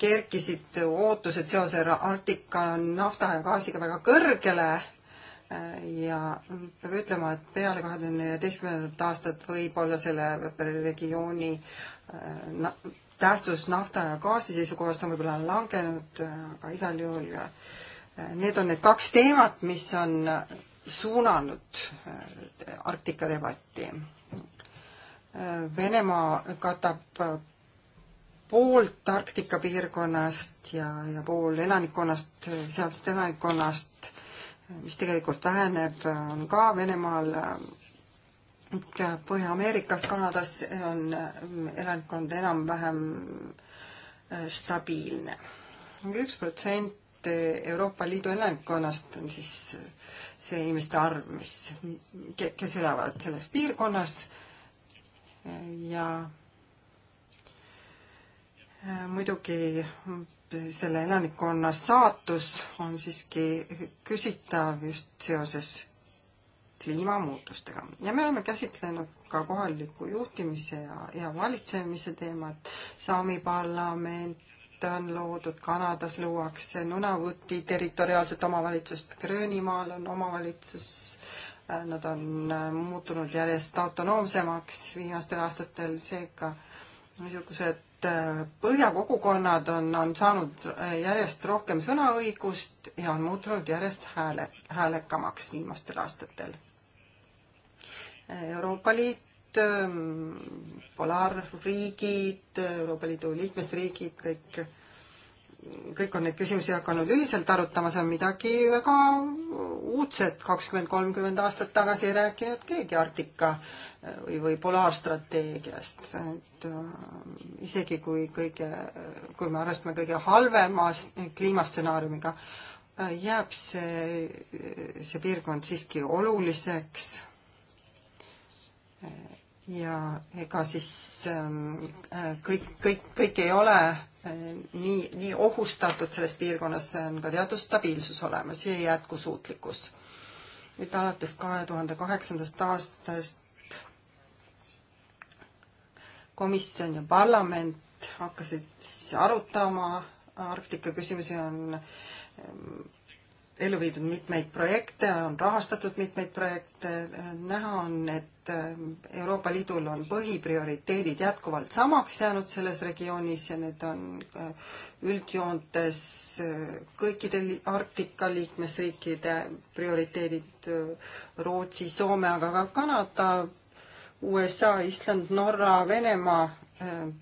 kerkisid ootused seoses Arktika nafta ja gaasiga väga kõrgele ja peab ütlema, et peale kahe tuhande neljateistkümnendat aastat võib-olla selle regiooni äh, na tähtsus nafta ja gaasi seisukohast on võib-olla langenud, äh, aga igal juhul äh, need on need kaks teemat, mis on suunanud Arktika debatti. Venemaa katab poolt Arktika piirkonnast ja, ja pool elanikkonnast, sealsest elanikkonnast mis tegelikult väheneb, on ka Venemaal, Põhja-Ameerikas, Kanadas on elanikkond enam-vähem äh, stabiilne. üks protsent Euroopa Liidu elanikkonnast on siis äh, see inimeste arv, mis, kes elavad selles piirkonnas äh, ja muidugi selle elanikkonna saatus on siiski küsitav just seoses kliimamuutustega ja me oleme käsitlenud ka kohaliku juhtimise ja, ja valitsemise teemat. Saami parlament on loodud, Kanadas luuakse Nunavuti territoriaalset omavalitsust, Gröönimaal on omavalitsus, nad on äh, muutunud järjest autonoomsemaks viimastel aastatel, seega niisugused Äh, Põhja kogukonnad on, on saanud äh, järjest rohkem sõnaõigust ja on muutunud järjest hääle, häälekamaks viimastel aastatel. Euroopa Liit, ähm, polaarriigid, Euroopa Liidu liikmesriigid, kõik kõik on neid küsimusi hakanud ühiselt arutama, see on midagi väga uudset, kakskümmend, kolmkümmend aastat tagasi ei rääkinud keegi Arktika äh, või, või polaarstrateegiast. et äh, isegi kui kõige, kui me arvestame kõige halvema kliimastsenaariumiga, äh, jääb see, see piirkond siiski oluliseks ja ega siis ähm, kõik, kõik, kõik ei ole nii, nii ohustatud selles piirkonnas, on ka teatud stabiilsus olemas ja jätkusuutlikkus. nüüd alates kahe tuhande kaheksandast aastast komisjon ja parlament hakkasid siis arutama Arktika küsimusi, on ellu viidud mitmeid projekte, on rahastatud mitmeid projekte, näha on, et äh, Euroopa Liidul on põhiprioriteedid jätkuvalt samaks jäänud selles regioonis ja need on äh, üldjoontes äh, kõikide Arktika liikmesriikide prioriteedid Rootsi, Soome, aga ka Kanada, USA, Island, Norra, Venemaa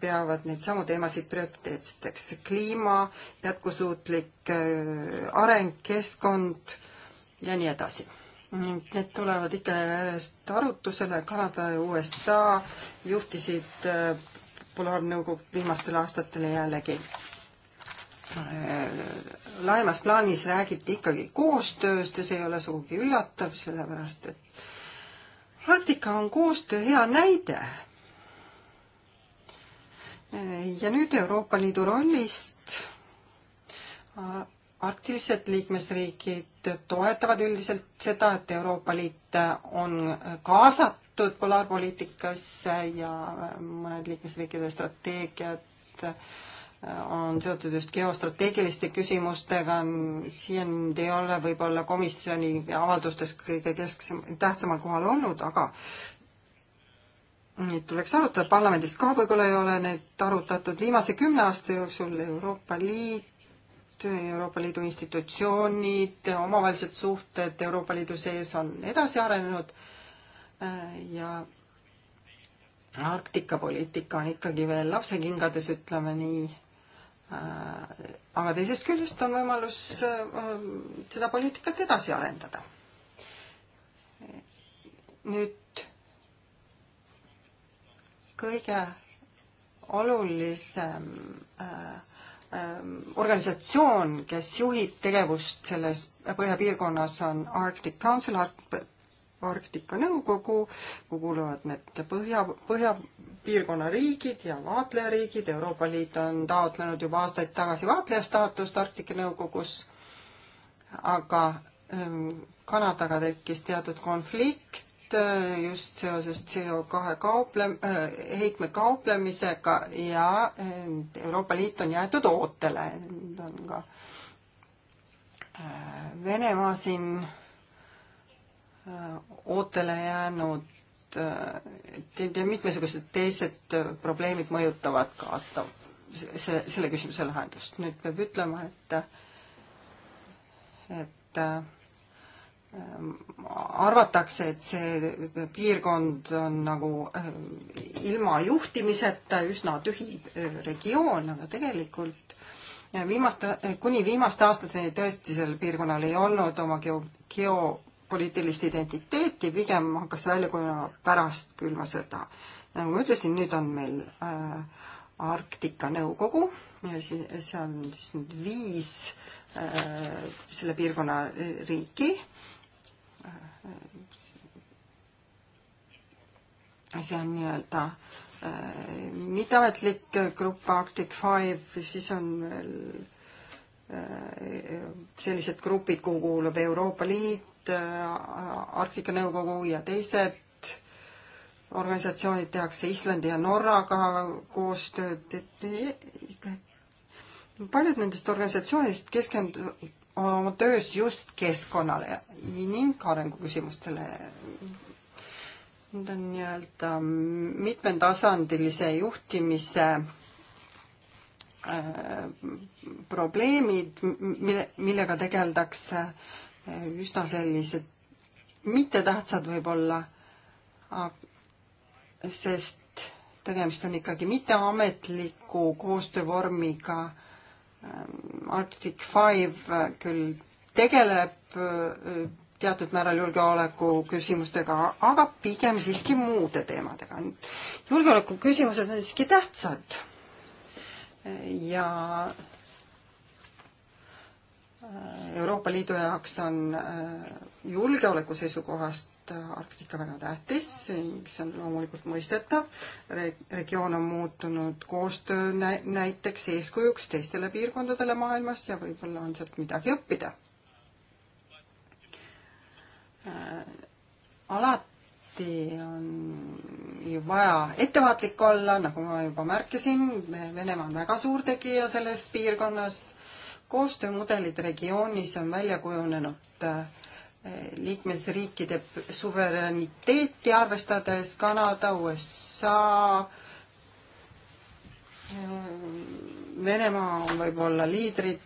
peavad neid samu teemasid prioriteetseteks. kliima, jätkusuutlik äh, areng, keskkond ja nii edasi. Need tulevad ikka järjest arutusele, Kanada ja USA juhtisid äh, polaarnõukogu viimastel aastatel jällegi. Äh, laiemas plaanis räägiti ikkagi koostööst ja see ei ole sugugi üllatav, sellepärast et Arktika on koostöö hea näide ja nüüd Euroopa Liidu rollist. arktilised liikmesriigid toetavad üldiselt seda, et Euroopa Liit on kaasatud polaarpoliitikasse ja mõned liikmesriikide strateegiad on seotud just geostrateegiliste küsimustega, siiani ei ole võib-olla komisjoni avaldustes kõige kesksem, tähtsamal kohal olnud, aga Neid tuleks arutada, parlamendis ka võib-olla ei ole neid arutatud. viimase kümne aasta jooksul Euroopa Liit, Euroopa Liidu institutsioonid, omavahelised suhted Euroopa Liidu sees on edasi arenenud ja Arktika poliitika on ikkagi veel lapsekingades, ütleme nii. aga teisest küljest on võimalus äh, seda poliitikat edasi arendada. nüüd kõige olulisem äh, äh, organisatsioon, kes juhib tegevust selles põhjapiirkonnas, on Arctic Council, Arktika Nõukogu, kuhu kuuluvad need põhja, põhjapiirkonna riigid ja vaatlejariigid. Euroopa Liit on taotlenud juba aastaid tagasi vaatleja staatust Arktika Nõukogus, aga ähm, Kanadaga tekkis teatud konflikt Äh, just seoses CO2 kauple- äh,, heitme kauplemisega ja äh, Euroopa Liit on jäetud ootele, on ka äh, Venemaa siin ootele jäänud ja mitmesugused teised probleemid mõjutavad ka selle, selle küsimuse lahendust. nüüd peab ütlema, et, et Ehm, arvatakse, et see piirkond on nagu ehm, ilma juhtimiseta üsna tühi ehm, regioon, aga tegelikult viimaste, kuni viimaste aastateni tõesti sellel piirkonnal ei olnud oma geo, geopoliitilist identiteeti, pigem hakkas välja kujunema pärast külma sõda. nagu ma ütlesin, nüüd on meil äh, Arktika Nõukogu ja siis, see on siis nüüd viis äh, selle piirkonna e-, riiki see on nii-öelda äh, mitteametlik grupp Arctic Five, siis on veel äh, sellised grupid, kuhu kuulub Euroopa Liit, äh, Arktika Nõukogu ja teised organisatsioonid, tehakse Islandi ja Norraga koostööd, et paljud nendest organisatsioonidest keskenduvad oma töös just keskkonnale ning arenguküsimustele. Need on nii-öelda mitmetasandilise juhtimise äh, probleemid, mille, millega tegeldakse äh, üsna sellised mittetähtsad võib-olla, sest tegemist on ikkagi mitteametliku koostöövormiga. Äh, Arctic Five küll tegeleb teatud määral julgeoleku küsimustega, aga pigem siiski muude teemadega. julgeoleku küsimused on siiski tähtsad. ja Euroopa Liidu jaoks on äh, julgeoleku seisukohast Arktika väga tähtis, see on loomulikult mõistetav Re. regioon on muutunud koostöö nä näiteks eeskujuks teistele piirkondadele maailmas ja võib-olla on sealt midagi õppida Äh, alati on ju vaja ettevaatlik olla, nagu ma juba märkisin, Venemaa on väga suur tegija selles piirkonnas. koostöömudelid regioonis on välja kujunenud äh, liikmesriikide suverääniteeti arvestades Kanada, USA, äh, Venemaa on võib-olla liidrid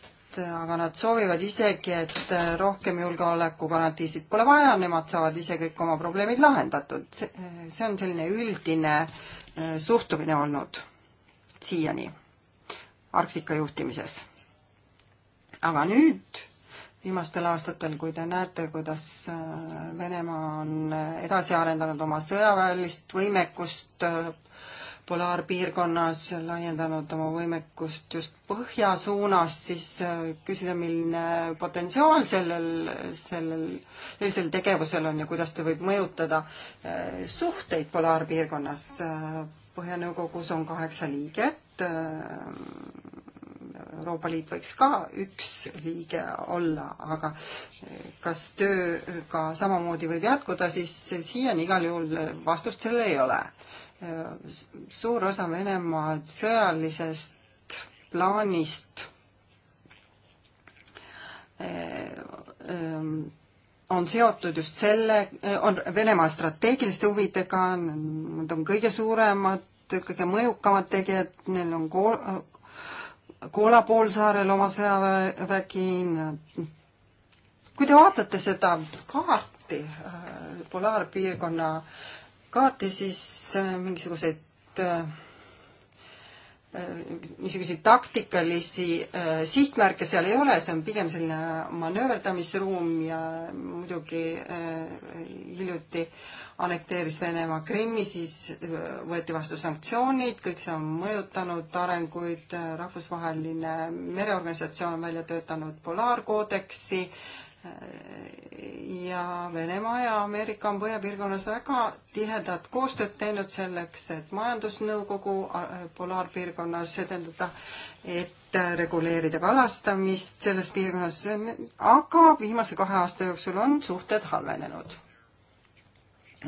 aga nad soovivad isegi, et äh, rohkem julgeolekugarantiisid pole vaja, nemad saavad ise kõik oma probleemid lahendatud. see äh, on selline üldine äh, suhtumine olnud siiani Arktika juhtimises. aga nüüd viimastel aastatel, kui te näete, kuidas Venemaa on edasi arendanud oma sõjaväelist võimekust, polaarpiirkonnas laiendanud oma võimekust just põhja suunas, siis äh, küsida, milline potentsiaal sellel, sellel, sellisel tegevusel on ja kuidas ta võib mõjutada äh, suhteid polaarpiirkonnas. Äh, Põhjanõukogus on kaheksa liiget. Euroopa Liit võiks ka üks liige olla, aga kas töö ka samamoodi võib jätkuda, siis siiani igal juhul vastust sellele ei ole suur osa Venemaa sõjalisest plaanist ehm, on seotud just selle, on Venemaa strateegiliste huvidega, nad on kõige suuremad, kõige mõjukamad tegijad, neil on kool, Koola poolsaarel oma sõjavägi. kui te vaatate seda kaarti, eh, polaarpiirkonna äh, kaarti, siis äh, mingisuguseid äh, äh, niisuguseid taktikalisi sihtmärke seal ei ole, see on pigem selline manööverdamisruum ja muidugi hiljuti annekteeris Venemaa Krimmi, siis võeti vastu sanktsioonid, kõik see on mõjutanud arenguid, rahvusvaheline mereorganisatsioon on välja töötanud polaarkoodeksi äh,, ja Venemaa ja Ameerika on põhjapiirkonnas väga tihedat koostööd teinud selleks, et majandusnõukogu äh, polaarpiirkonnas edendada, et äh, reguleerida kalastamist selles piirkonnas, aga viimase kahe aasta jooksul on suhted halvenenud.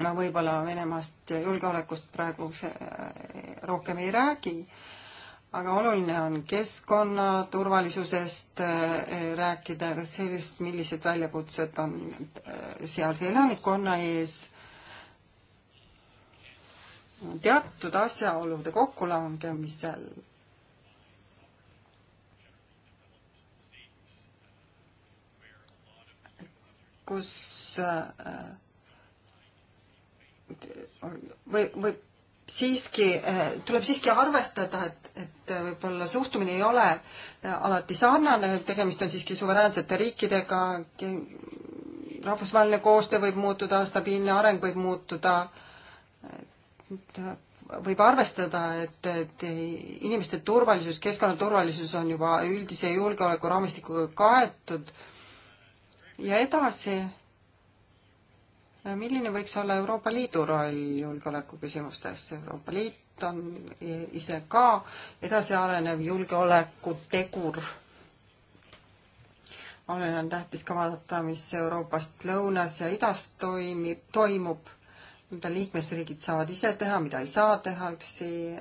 ma võib-olla Venemaast ja julgeolekust praegu äh, rohkem ei räägi aga oluline on keskkonna turvalisusest äh, rääkida, sellest, millised väljakutsed on äh, sealse elanikkonna ees. teatud asjaolude kokkulangemisel kus äh, või, või siiski, eh, tuleb siiski arvestada, et, et eh, võib-olla suhtumine ei ole eh, alati sarnane, tegemist on siiski suveräänsete riikidega, rahvusvaheline koostöö võib muutuda, stabiilne areng võib muutuda, et võib arvestada, et, et inimeste turvalisus, keskkonna turvalisus on juba üldise julgeolekuraamistikuga kaetud ja edasi milline võiks olla Euroopa Liidu roll julgeolekuküsimustes? Euroopa Liit on ise ka edasiarenev julgeolekutegur. oluline on tähtis ka vaadata, mis Euroopast lõunas ja idas toimib, toimub, mida liikmesriigid saavad ise teha, mida ei saa teha üksi,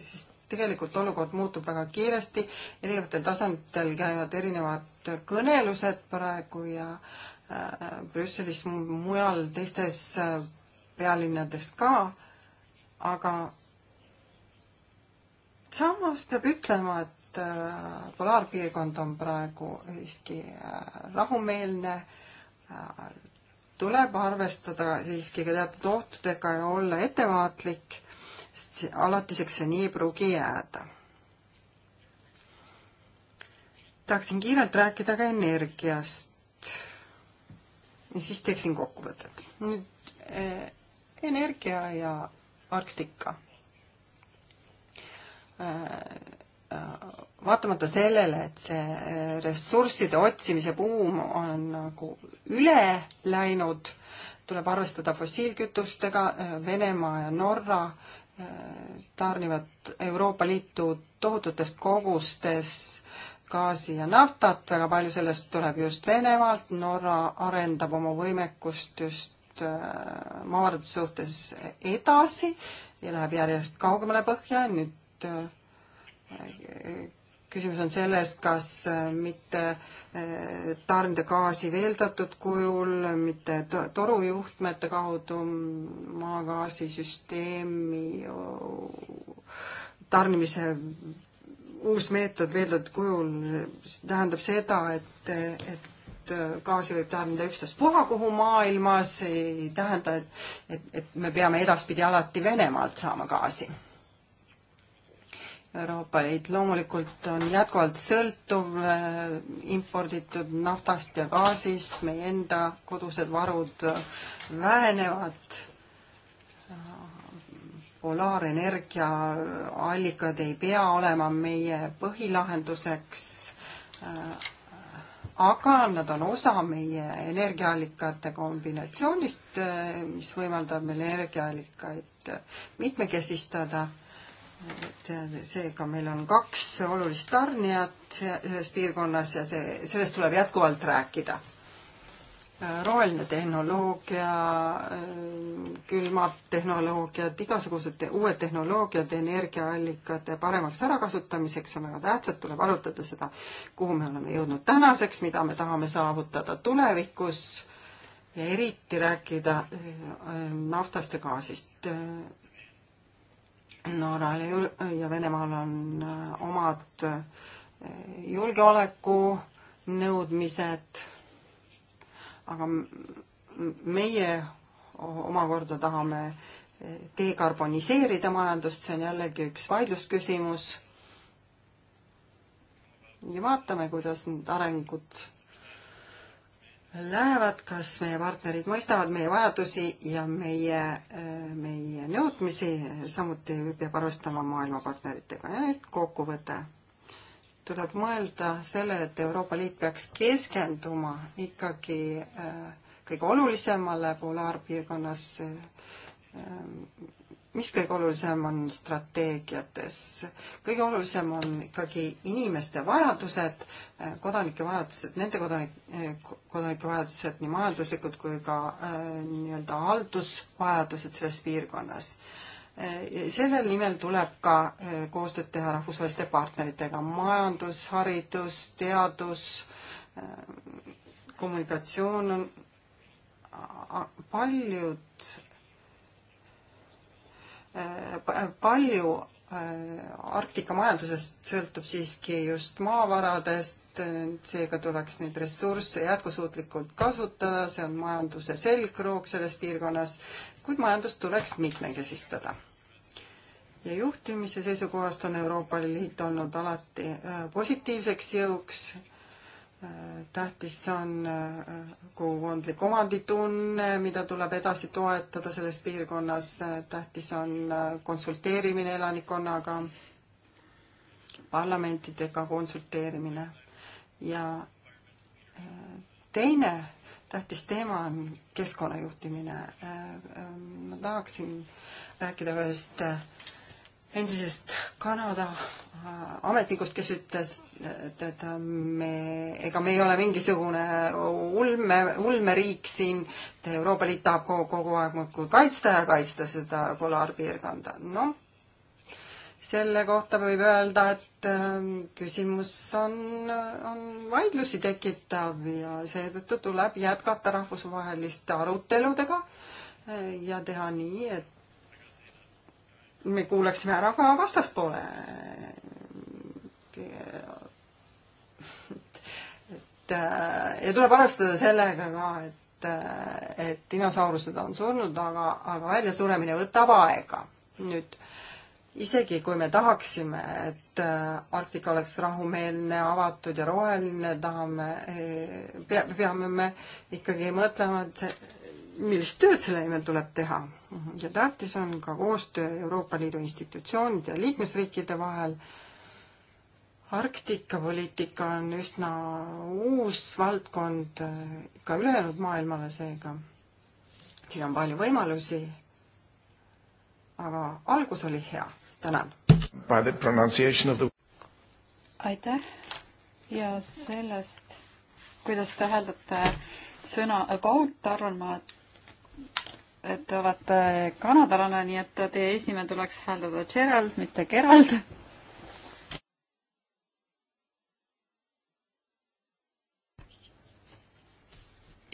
sest tegelikult olukord muutub väga kiiresti, erinevatel tasanditel käivad erinevad kõnelused praegu ja äh, Äh, Brüsselis, mujal teistes äh, pealinnades ka, aga samas peab ütlema, et äh, polaarpiirkond on praegu siiski rahumeelne, tuleb arvestada siiski ka teatud ohtudega ja olla ettevaatlik, sest alatiseks see nii ei pruugi jääda tahaksin kiirelt rääkida ka energiast siis teeksin kokkuvõtet. nüüd eh, energia ja Arktika eh, eh vaatamata sellele, et see eh, ressursside otsimise buum on nagu üle läinud, tuleb arvestada fossiilkütustega, eh, Venemaa ja Norra tarnivad Euroopa Liitu tohututes kogustes gaasi ja naftat, väga palju sellest tuleb just Venemaalt, Norra arendab oma võimekust just äh, maavardade suhtes edasi ja läheb järjest kaugemale põhja, nüüd äh, küsimus on selles, kas äh, mitte tarnida gaasi veeldatud kujul, mitte torujuhtmete kaudu maagaasisüsteemi tarnimise uus meetod veeldatud kujul tähendab seda, et, et äh, gaasi võib tarnida ükstaspuha kuhu maailmas, ei tähenda, et, et, et me peame edaspidi alati Venemaalt saama gaasi. Euroopa Liit loomulikult on jätkuvalt sõltuv äh, imporditud naftast ja gaasist, meie enda kodused varud äh, vähenevad polaarenergia allikad ei pea olema meie põhilahenduseks, äh, aga nad on osa meie energiaallikate kombinatsioonist, äh, mis võimaldab meil energiaallikaid mitmekesistada. et äh, seega meil on kaks olulist tarnijat selles piirkonnas ja see, sellest tuleb jätkuvalt rääkida roheline tehnoloogia, külmatehnoloogiad, igasugused te uued tehnoloogiad energiaallikate paremaks ärakasutamiseks on väga tähtsad, tuleb arutada seda, kuhu me oleme jõudnud tänaseks, mida me tahame saavutada tulevikus ja eriti rääkida äh, naftast ja gaasist. Norral ja Venemaal on äh, omad äh, julgeolekunõudmised aga meie omakorda tahame dekarboniseerida majandust, see on jällegi üks vaidlusküsimus. ja vaatame, kuidas need arengud lähevad, kas meie partnerid mõistavad meie vajadusi ja meie, meie nõudmisi, samuti peab arvestama maailma partneritega ja nüüd kokkuvõte tuleb mõelda sellele, et Euroopa Liit peaks keskenduma ikkagi äh, kõige olulisemale polaarpiirkonnas, äh, mis kõige olulisem on strateegiates? kõige olulisem on ikkagi inimeste vajadused, äh, kodanike vajadused, nende kodanik, kodanike vajadused, nii majanduslikud kui ka nii-öelda haldusvajadused selles piirkonnas Äh, sellel nimel tuleb ka äh, koostööd teha rahvusvaheliste partneritega, majandus, haridus, teadus, äh, kommunikatsioon on paljud, palju Arktika majandusest sõltub siiski just maavaradest, seega tuleks neid ressursse jätkusuutlikult kasutada, see on majanduse selgroog selles piirkonnas, kuid majandust tuleks mitmekesistada ja juhtimise seisukohast on Euroopa Liit olnud alati äh, positiivseks jõuks. Äh, tähtis on äh, kogukondlik omanditunne, mida tuleb edasi toetada selles piirkonnas, tähtis on konsulteerimine elanikkonnaga, parlamentidega konsulteerimine ja teine tähtis teema on keskkonnajuhtimine. ma tahaksin rääkida ühest endisest Kanada äh, ametnikust, kes ütles, et, et me, ega me ei ole mingisugune ulme, ulmeriik siin, et Euroopa Liit tahab kogu, kogu aeg muudkui kaitsta ja kaitsta seda polaarpiirkonda. noh, selle kohta võib öelda, et ähm, küsimus on, on vaidlusi tekitav ja seetõttu tuleb jätkata rahvusvaheliste aruteludega äh, ja teha nii, et me kuulaksime ära ka vastaspoole. et, et ja tuleb arvestada sellega ka, et, et dinosaurused on surnud, aga, aga väljasuremine võtab aega. nüüd isegi kui me tahaksime, et Arktika oleks rahumeelne, avatud ja roheline, tahame, peame me ikkagi mõtlema, et see, millist tööd selle nimel tuleb teha Mhm. ja tähtis on ka koostöö Euroopa Liidu institutsioonide ja liikmesriikide vahel. Arktika poliitika on üsna uus valdkond äh, ka ülejäänud maailmale, seega siin on palju võimalusi. aga algus oli hea, tänan. The... aitäh ja sellest, kuidas te hääldate sõna about, arvan ma, et et te olete kanadalane, nii et teie esimene tuleks hääldada Gerald, mitte Gerald.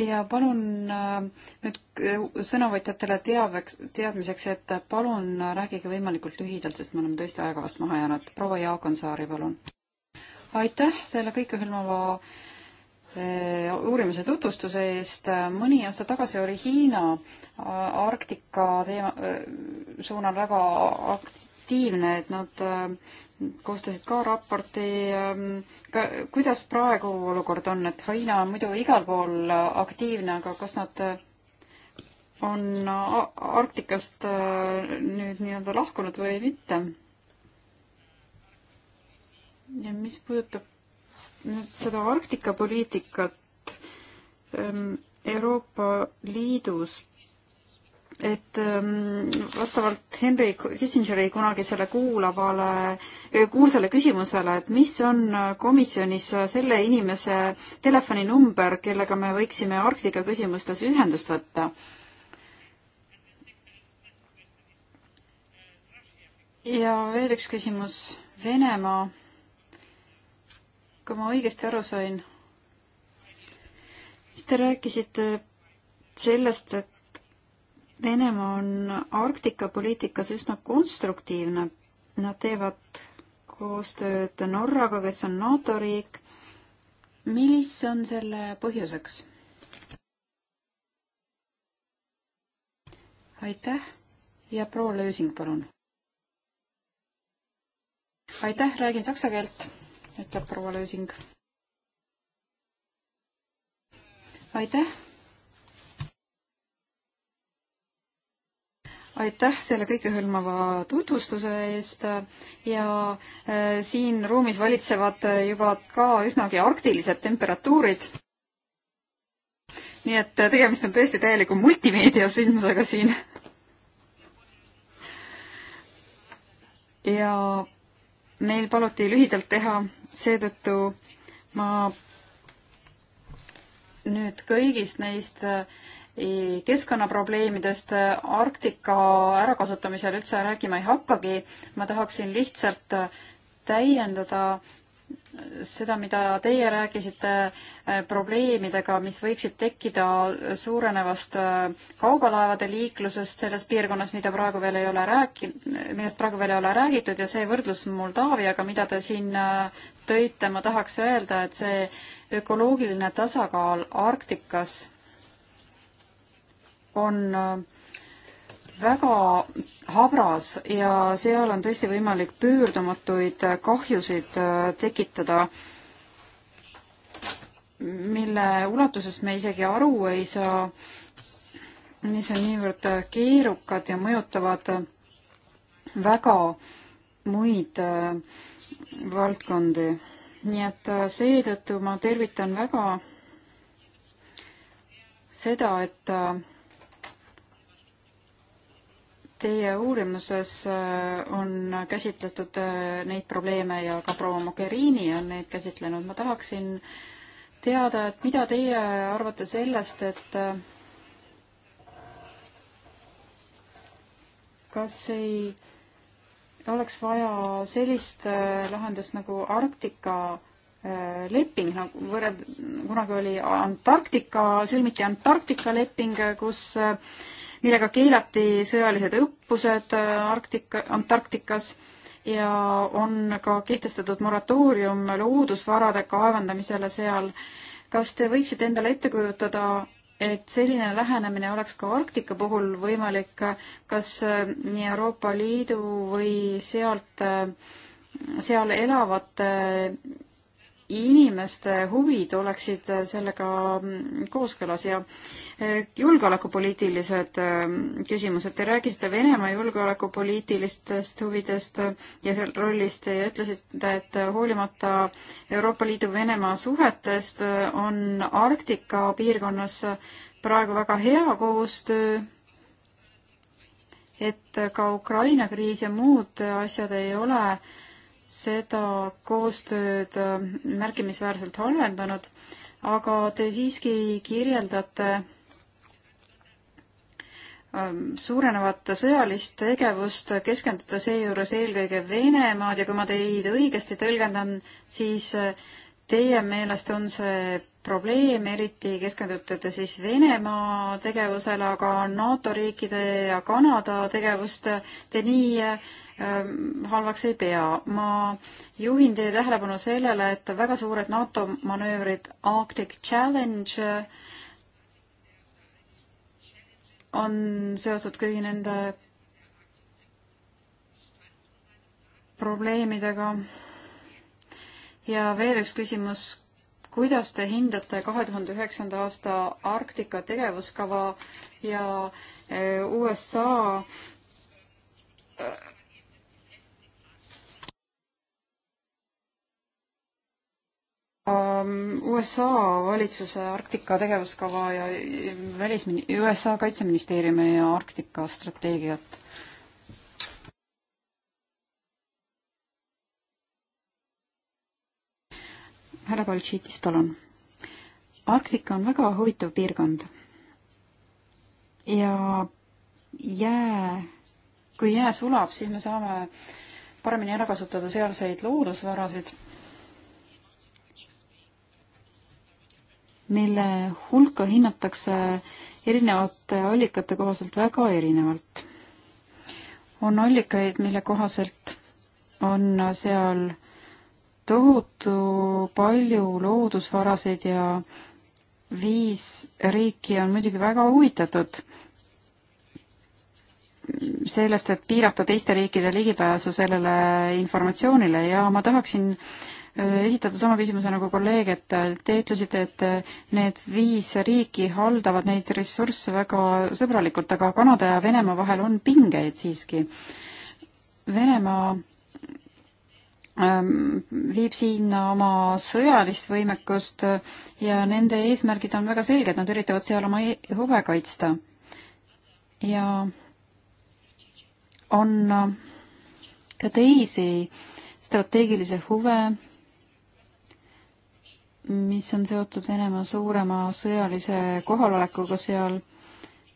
ja palun äh, nüüd äh, sõnavõtjatele teaveks, teadmiseks, et palun rääkige võimalikult lühidalt, sest me oleme tõesti ajakavast maha jäänud. proua Jaagonsaari, palun. aitäh selle kõikehõlmava äh, Äh, uurimuse tutvustuse eest. mõni aasta tagasi oli Hiina äh, Arktika teema, äh, suunal väga aktiivne, et nad koostasid ka raporti. Ähm, kuidas praegu olukord on, et Hiina on muidu igal pool aktiivne, aga kas nad on Arktikast nüüd nii-öelda lahkunud või mitte? ja mis puudutab nüüd seda Arktika poliitikat ähm, Euroopa Liidus, et ähm, vastavalt Henry Kissingeri kunagisele kuulavale, äh, kuulsale küsimusele, et mis on äh, komisjonis äh, selle inimese telefoninumber, kellega me võiksime Arktika küsimustes ühendust võtta ja veel üks küsimus. Venemaa kui ma õigesti aru sain, siis te rääkisite sellest, et Venemaa on Arktika poliitikas üsna konstruktiivne. Nad teevad koostööd Norraga, kes on NATO riik. mis on selle põhjuseks? aitäh ja proua Lösing, palun. aitäh, räägin saksa keelt ütleb proua Lösing. aitäh. aitäh selle kõikehõlmava tutvustuse eest ja äh, siin ruumis valitsevad juba ka üsnagi arktilised temperatuurid. nii et äh, tegemist on tõesti täieliku multimeediasündmusega siin. ja meil paluti lühidalt teha, seetõttu ma nüüd kõigist neist eh, keskkonnaprobleemidest Arktika ärakasutamisel üldse rääkima ei hakkagi. ma tahaksin lihtsalt täiendada seda, mida teie rääkisite äh, probleemidega, mis võiksid tekkida suurenevast äh, kaubalaevade liiklusest selles piirkonnas, mida praegu veel ei ole rääki-, millest praegu veel ei ole räägitud ja see võrdlus Moldaaviaga, mida te siin äh, tõite, ma tahaks öelda, et see ökoloogiline tasakaal Arktikas on väga habras ja seal on tõesti võimalik pöördumatuid kahjusid äh, tekitada, mille ulatusest me isegi aru ei saa, mis on niivõrd äh, keerukad ja mõjutavad äh, väga muid valdkondi. nii et seetõttu ma tervitan väga seda, et Teie uurimuses äh, on käsitletud äh, neid probleeme ja ka proua Mogherini on neid käsitlenud. ma tahaksin teada, et mida teie arvate sellest, et äh, kas ei oleks vaja sellist lahendust nagu Arktika leping, nagu võrreld-, kunagi oli Antarktika, sõlmiti Antarktika leping, kus äh, millega keelati sõjalised õppused äh, Arktika, Antarktikas ja on ka kehtestatud moratoorium loodusvarade kaevandamisele seal. kas te võiksite endale ette kujutada, et selline lähenemine oleks ka Arktika puhul võimalik, kas äh, nii Euroopa Liidu või sealt, äh, seal elavate inimeste huvid oleksid sellega kooskõlas ja eh, julgeolekupoliitilised eh, küsimused. Te rääkisite Venemaa julgeolekupoliitilistest huvidest eh, ja seal rollist ja ütlesite, et hoolimata Euroopa Liidu-Venemaa suhetest on Arktika piirkonnas praegu väga hea koostöö et ka Ukraina kriis ja muud asjad ei ole äh, seda koostööd äh, märkimisväärselt halvendanud, aga te siiski kirjeldate ähm, suurenevat sõjalist tegevust, keskenduda seejuures eelkõige Venemaad ja kui ma teid õigesti tõlgendan, siis äh, teie meelest on see probleem, eriti keskendute te siis Venemaa tegevusele, aga NATO riikide ja Kanada tegevust te nii äh, Ehm, halvaks ei pea. ma juhin teie tähelepanu sellele, et väga suured NATO manöövrid Arctic Challenge eh, on seotud kõigi nende probleemidega. ja veel üks küsimus, kuidas te hindate kahe tuhande üheksanda aasta Arktika tegevuskava ja eh, USA eh, Ähm, USA valitsuse Arktika tegevuskava ja välismin-, USA kaitseministeeriumi ja Arktika strateegiat. härra Baltšiitis, palun. Arktika on väga huvitav piirkond ja jää, kui jää sulab, siis me saame paremini ära kasutada sealseid loodusvarasid mille hulka hinnatakse erinevate allikate kohaselt väga erinevalt. on allikaid, mille kohaselt on seal tohutu palju loodusvarasid ja viis riiki on muidugi väga huvitatud sellest, et piirata teiste riikide ligipääsu sellele informatsioonile ja ma tahaksin Äh, esitada sama küsimuse nagu kolleeg, et äh, te ütlesite, et äh, need viis riiki haldavad neid ressursse väga sõbralikult, aga Kanada ja Venemaa vahel on pingeid siiski. Venemaa ähm, viib sinna oma sõjalist võimekust ja nende eesmärgid on väga selged, nad üritavad seal oma e-, huve kaitsta. ja on ka teisi strateegilisi huve, mis on seotud Venemaa suurema sõjalise kohalolekuga seal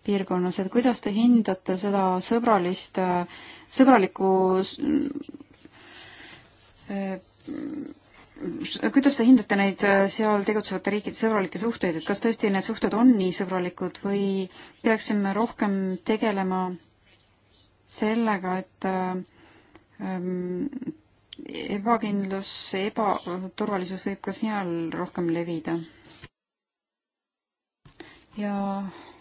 piirkonnas, et kuidas te hindate seda sõbralist, sõbralikku kuidas te hindate neid seal tegutsevate riikide sõbralikke suhteid, et kas tõesti need suhted on nii sõbralikud või peaksime rohkem tegelema sellega, et ähm, ebakindlus, ebaturvalisus võib ka seal rohkem levida. ja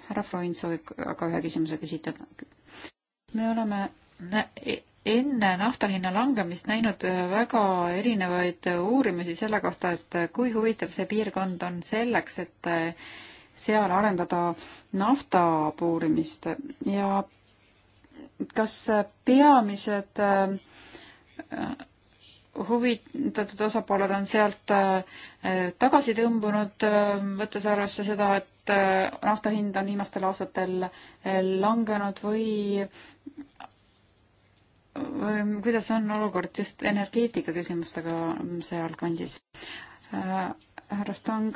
härra Freund soovib ka ühe küsimuse küsida. me oleme enne naftahinna langemist näinud väga erinevaid uurimusi selle kohta, et kui huvitav see piirkond on selleks, et seal arendada nafta puurimist ja kas peamised huvitatud osapooled on sealt äh, äh, tagasi tõmbunud, äh, võttes arvesse seda, et nafta hind on viimastel aastatel langenud või kuidas on olukord just energeetika küsimustega sealkandis? härra Stang,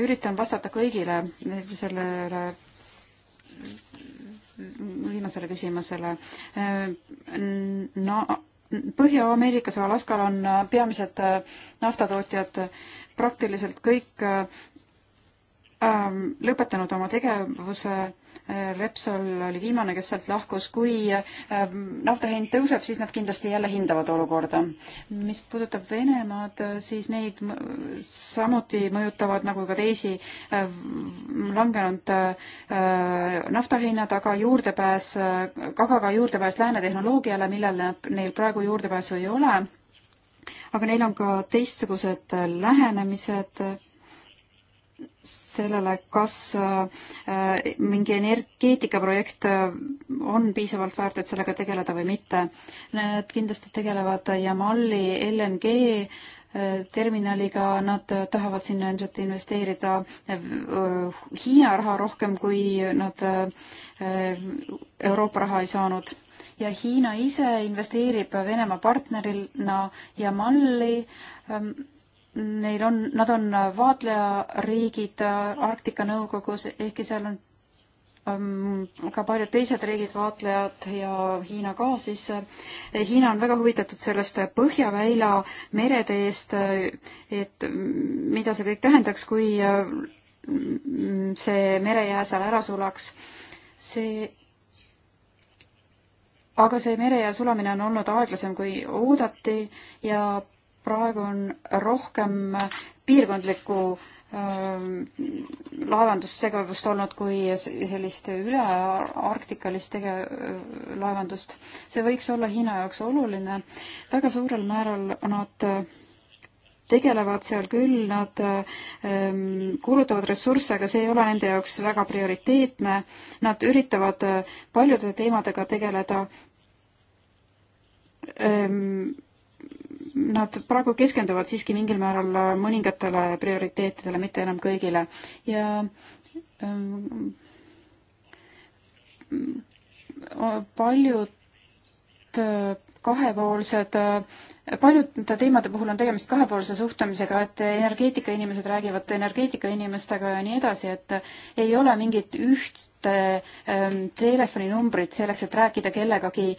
üritan vastata kõigile sellele viimasele küsimusele. Na-, Põhja-Ameerikas ja Alaskal on äh, peamised äh, naftatootjad äh, praktiliselt kõik ähm, lõpetanud oma tegevuse Repsol oli viimane, kes sealt lahkus, kui ähm, nafta hind tõuseb, siis nad kindlasti jälle hindavad olukorda. mis puudutab Venemaad, siis neid samuti mõjutavad nagu ka teisi äh, langenud äh, naftahinnad, aga juurdepääs, aga ka juurdepääs lääne tehnoloogiale, millele neil praegu juurdepääsu ei ole. aga neil on ka teistsugused lähenemised sellele, kas äh, mingi energeetikaprojekt äh, on piisavalt väärt, et sellega tegeleda või mitte. Nad kindlasti tegelevad Jamali LNG äh, terminaliga, nad tahavad sinna ilmselt investeerida Hiina raha rohkem, kui nad Euroopa raha ei saanud. ja Hiina ise investeerib Venemaa partnerina Jamalli ähm, neil on, nad on vaatlejariigid Arktika Nõukogus, ehkki seal on ähm, ka paljud teised riigid vaatlejad ja Hiina ka, siis Hiina on väga huvitatud sellest põhjaväila mereteest, et mida see kõik tähendaks, kui mm, see merejää seal ära sulaks. see aga see merejää sulamine on olnud aeglasem, kui oodati ja praegu on rohkem piirkondlikku ähm, laevandustegevust olnud kui sellist ülearktikalist tege-, laevandust. see võiks olla Hiina jaoks oluline. väga suurel määral nad tegelevad seal küll, nad ähm, kulutavad ressursse, aga see ei ole nende jaoks väga prioriteetne. Nad üritavad paljude teemadega tegeleda ähm, nad praegu keskenduvad siiski mingil määral mõningatele prioriteetidele, mitte enam kõigile ja ähm, paljud äh, kahepoolsed, äh, paljude teemade puhul on tegemist kahepoolse suhtlemisega, et energeetikainimesed räägivad energeetikainimestega ja nii edasi, et äh, ei ole mingit üht ähm, telefoninumbrit selleks, et rääkida kellegagi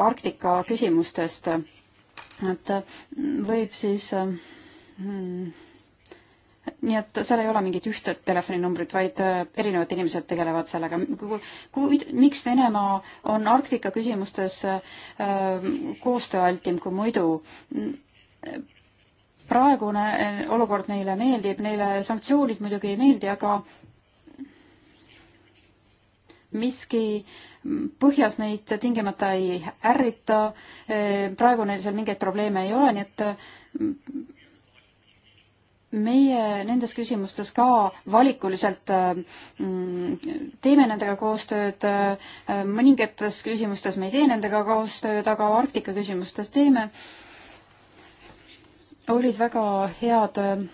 Arktika küsimustest et äh, võib siis äh, hmm, nii et seal ei ole mingit ühte telefoninumbrit, vaid äh, erinevad inimesed tegelevad sellega. kui, miks Venemaa on Arktika küsimustes koostööaltim kui muidu? praegune olukord neile meeldib, neile sanktsioonid muidugi ei meeldi, aga miski äh, põhjas neid tingimata ei ärrita, eh, praegu neil seal mingeid probleeme ei ole, nii et mm, meie nendes küsimustes ka valikuliselt mm, teeme nendega koostööd, eh, mõningates küsimustes me ei tee nendega koostööd, aga Arktika küsimustes teeme. olid väga head eh,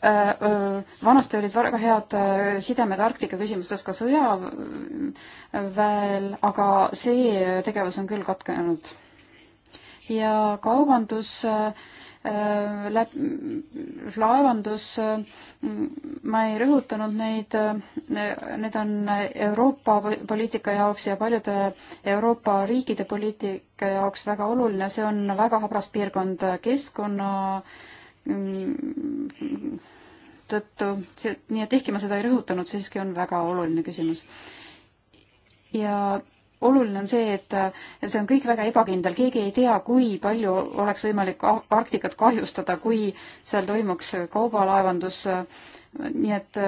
Äh, äh, vanasti olid väga head äh, sidemed Arktika küsimustes ka sõjaväel, aga see tegevus on küll katkenud. ja kaubandus äh, läb-, laevandus, ma ei rõhutanud neid, need on Euroopa poliitika jaoks ja paljude Euroopa riikide poliitika jaoks väga oluline, see on väga habras piirkond keskkonna äh, tõttu, nii et ehkki ma seda ei rõhutanud, siiski on väga oluline küsimus. ja oluline on see, et see on kõik väga ebakindel, keegi ei tea, kui palju oleks võimalik Arktikat kahjustada, kui seal toimuks kaubalaevandus, nii et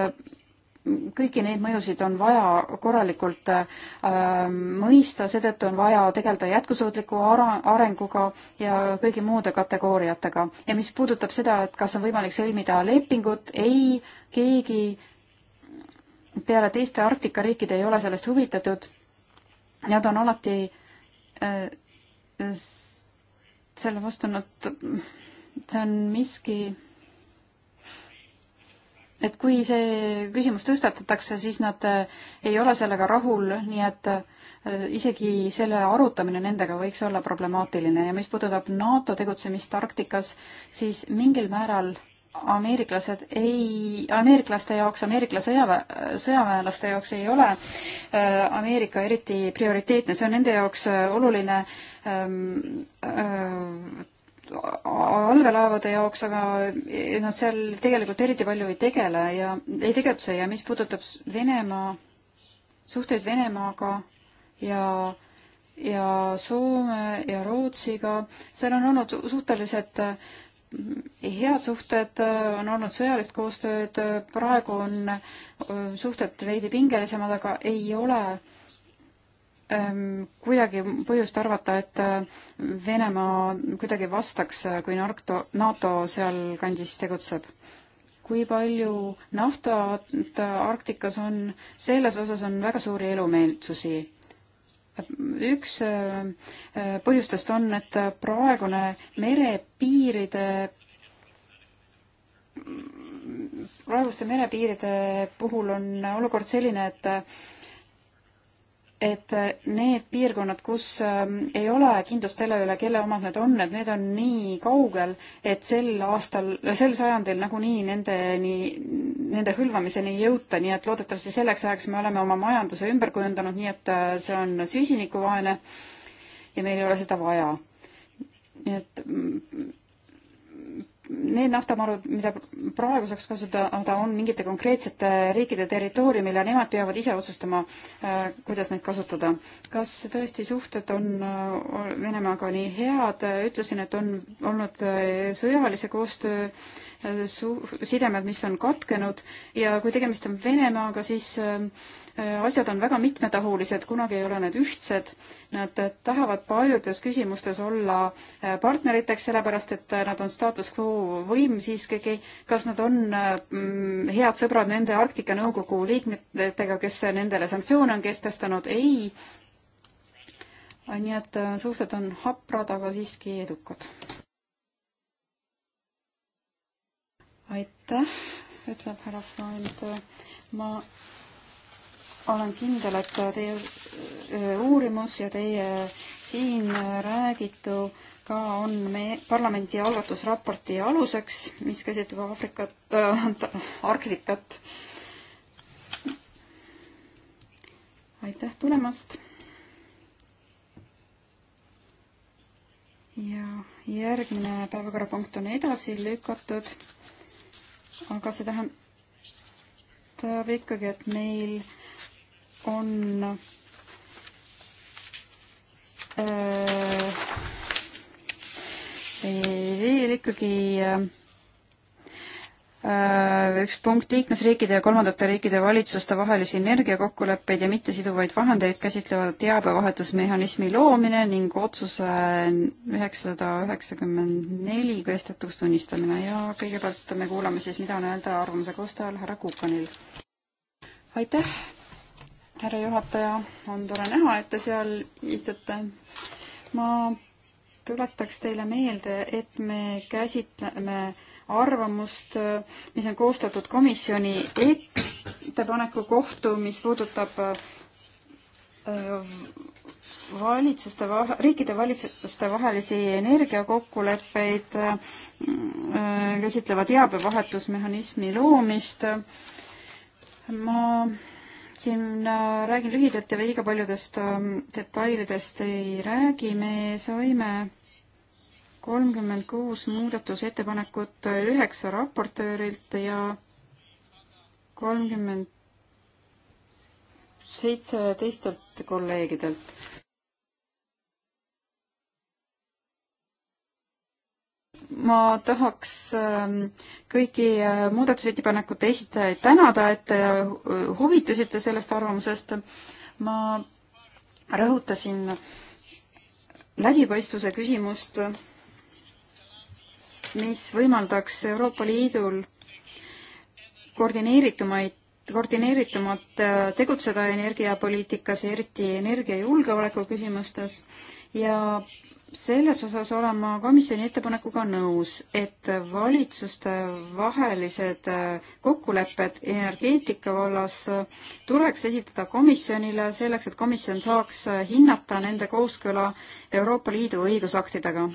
kõiki neid mõjusid on vaja korralikult äh, mõista, seetõttu on vaja tegeleda jätkusuutliku arenguga ja kõigi muude kategooriatega. ja mis puudutab seda, et kas on võimalik sõlmida lepingut, ei, keegi peale teiste Arktika riikide ei ole sellest huvitatud. Nad on alati äh, selle vastu, nad, see on miski et kui see küsimus tõstatatakse, siis nad äh, ei ole sellega rahul, nii et äh, isegi selle arutamine nendega võiks olla problemaatiline ja mis puudutab NATO tegutsemist Arktikas, siis mingil määral ameeriklased ei, ameeriklaste jaoks, Ameerika sõjaväe, sõjaväelaste jaoks ei ole äh, Ameerika eriti prioriteetne, see on nende jaoks oluline ähm, äh, allveelaevade jaoks, aga eh, nad seal tegelikult eriti palju ei tegele ja ei tegutse ja mis puudutab Venemaa, suhteid Venemaaga ja, ja Soome ja Rootsiga, seal on olnud suhteliselt eh, head suhted, on olnud sõjalist koostööd, praegu on eh, suhted veidi pingelisemad, aga ei ole äh, Ehm, kuidagi põhjust arvata, et äh, Venemaa kuidagi vastaks, äh, kui narkto, NATO sealkandis tegutseb? kui palju naftat äh, Arktikas on, selles osas on väga suuri elumeelsusi. üks põhjustest on, et praegune merepiiride praeguste merepiiride puhul on olukord selline, et et äh, need piirkonnad, kus ähm, ei ole kindlust selle üle, kelle omad need on, et need on nii kaugel, et sel aastal, sel sajandil nagunii nendeni, nende hõlvamiseni ei jõuta, nii et loodetavasti selleks ajaks me oleme oma majanduse ümber kujundanud, nii et äh, see on süsinikuvaene ja meil ei ole seda vaja. nii et mm, need naftamarud, mida praegu saaks kasutada, on mingite konkreetsete riikide territooriumil ja nemad peavad ise otsustama, äh, kuidas neid kasutada. kas tõesti suhted on äh, Venemaaga nii head, ütlesin, et on olnud äh, sõjalise koostöö su-, sidemed, mis on katkenud ja kui tegemist on Venemaaga, siis äh, äh, asjad on väga mitmetahulised, kunagi ei ole need ühtsed. Nad äh, tahavad paljudes küsimustes olla partneriteks, sellepärast et nad on status quo võim siiski. kas nad on mm, head sõbrad nende Arktika Nõukogu liikmetega, kes nendele sanktsioone on kehtestanud? ei. nii et suhted on haprad, aga siiski edukad aitäh, ütleb härra Freund. ma olen kindel, et teie äh, uurimus ja teie siin räägitu ka on me parlamendi algatusraporti aluseks, mis käsitleb Aafrikat äh,, Arktikat. aitäh tulemast. ja järgmine päevakorrapunkt on edasi lükatud aga see tähendab ikkagi, et meil on öö, äh, veel ikkagi öö, äh, Äh, üks punkt liikmesriikide ja kolmandate riikide valitsuste vahelisi energiakokkuleppeid ja mittesiduvaid vahendeid käsitleva teabevahetusmehhanismi loomine ning otsuse üheksasada üheksakümmend neli kehtetuks tunnistamine ja kõigepealt me kuulame siis, mida on öelda arvamuse koostajal härra Kukanil. aitäh, härra juhataja, on tore näha, et te seal istute. ma tuletaks teile meelde, et me käsitleme arvamust, mis on koostatud komisjoni ettepaneku kohta, mis puudutab äh, valitsuste, riikide valitsuste vahelisi energiakokkuleppeid, äh, käsitleva teabevahetusmehhanismi loomist. ma siin äh, räägin lühidalt ja liiga paljudest ähm, detailidest ei räägi, me saime kolmkümmend kuus muudatusettepanekut üheksa raportöörilt ja kolmkümmend seitse teistelt kolleegidelt. ma tahaks ähm, kõiki äh, muudatusettepanekute esitajaid tänada, et te äh, huvitasite sellest arvamusest. ma rõhutasin läbipaistvuse küsimust mis võimaldaks Euroopa Liidul koordineeritumaid, koordineeritumalt äh, tegutseda energiapoliitikas, eriti energiajulgeoleku küsimustes ja selles osas olen ma komisjoni ettepanekuga nõus, et valitsuste vahelised äh, kokkulepped energeetika vallas äh, tuleks esitada komisjonile selleks, et komisjon saaks äh, hinnata nende kooskõla Euroopa Liidu õigusaktidega,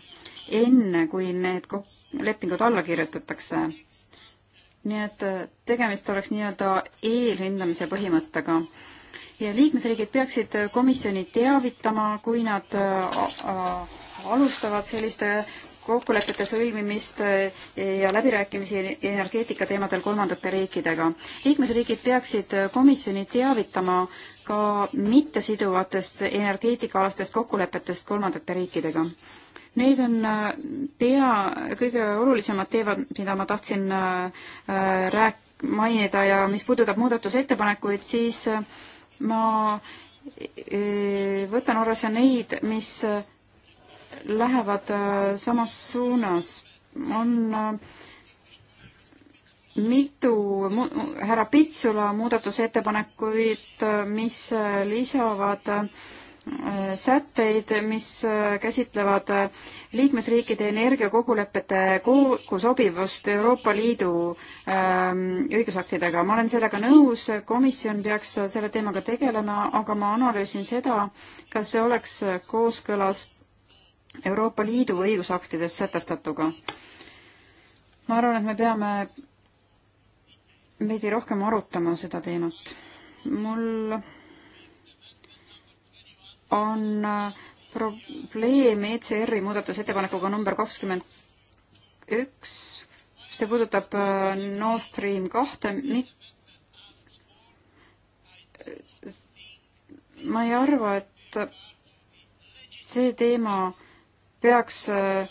enne kui need lepingud alla kirjutatakse. nii et tegemist oleks nii-öelda eelhindamise põhimõttega ja liikmesriigid peaksid komisjoni teavitama, kui nad alustavad selliste kokkulepete sõlmimist ja läbirääkimisi energeetika teemadel kolmandate riikidega. liikmesriigid peaksid komisjoni teavitama ka mittesiduvatest energeetikaalastest kokkulepetest kolmandate riikidega. Need on äh, pea kõige olulisemad teemad, mida ma tahtsin äh, rääk-, mainida ja mis puudutab muudatusettepanekuid, siis äh, ma võtan arvesse neid, mis lähevad äh, samas suunas. on äh, mitu mu, härra Pitsula muudatusettepanekuid, äh, mis lisavad sätteid, mis käsitlevad liikmesriikide energiakokkulepete kokku sobivust Euroopa Liidu ähm, õigusaktidega. ma olen sellega nõus, komisjon peaks selle teemaga tegelema, aga ma analüüsin seda, kas see oleks kooskõlas Euroopa Liidu õigusaktides sätestatuga. ma arvan, et me peame veidi rohkem arutama seda teemat. mul on äh, probleem ECR-i muudatusettepanekuga number kakskümmend üks, see puudutab äh, Nord Stream kahte, ma ei arva, et see teema peaks äh,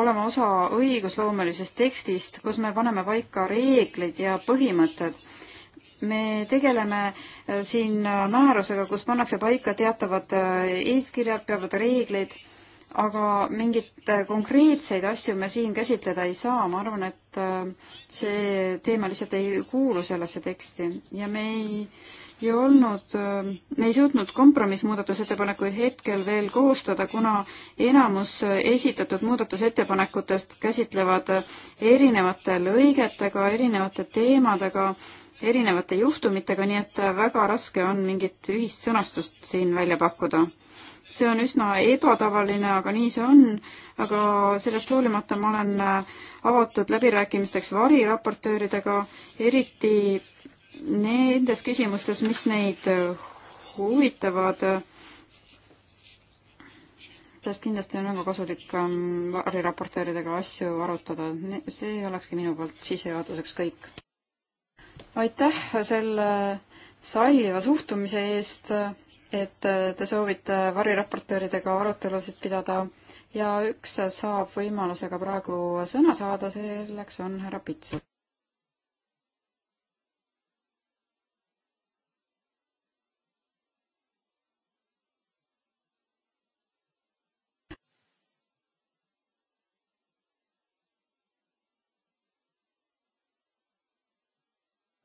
olema osa õigusloomelisest tekstist, kus me paneme paika reeglid ja põhimõtted. me tegeleme äh, siin äh, määrusega, kus pannakse paika teatavad eeskirjad, peavad reeglid, aga mingit konkreetseid asju me siin käsitleda ei saa, ma arvan, et see teema lihtsalt ei kuulu sellesse teksti ja me ei äh, ei olnud, äh, me ei suutnud kompromissmuudatusettepanekuid hetkel veel koostada, kuna enamus äh, esitatud muudatusettepanekutest käsitlevad äh, erinevate lõigetega, erinevate teemadega, erinevate juhtumitega, nii et väga raske on mingit ühist sõnastust siin välja pakkuda. see on üsna ebatavaline, aga nii see on, aga sellest hoolimata ma olen avatud läbirääkimisteks variraportööridega, eriti nendes küsimustes, mis neid äh, huvitavad, äh, sest kindlasti on väga kasulik ähm, variraportööridega asju arutada. see olekski minu poolt sissejuhatuseks kõik. aitäh selle salliva suhtumise eest, et äh, te soovite variraportööridega arutelusid pidada ja üks saab võimaluse ka praegu sõna saada, selleks on härra Pitsu.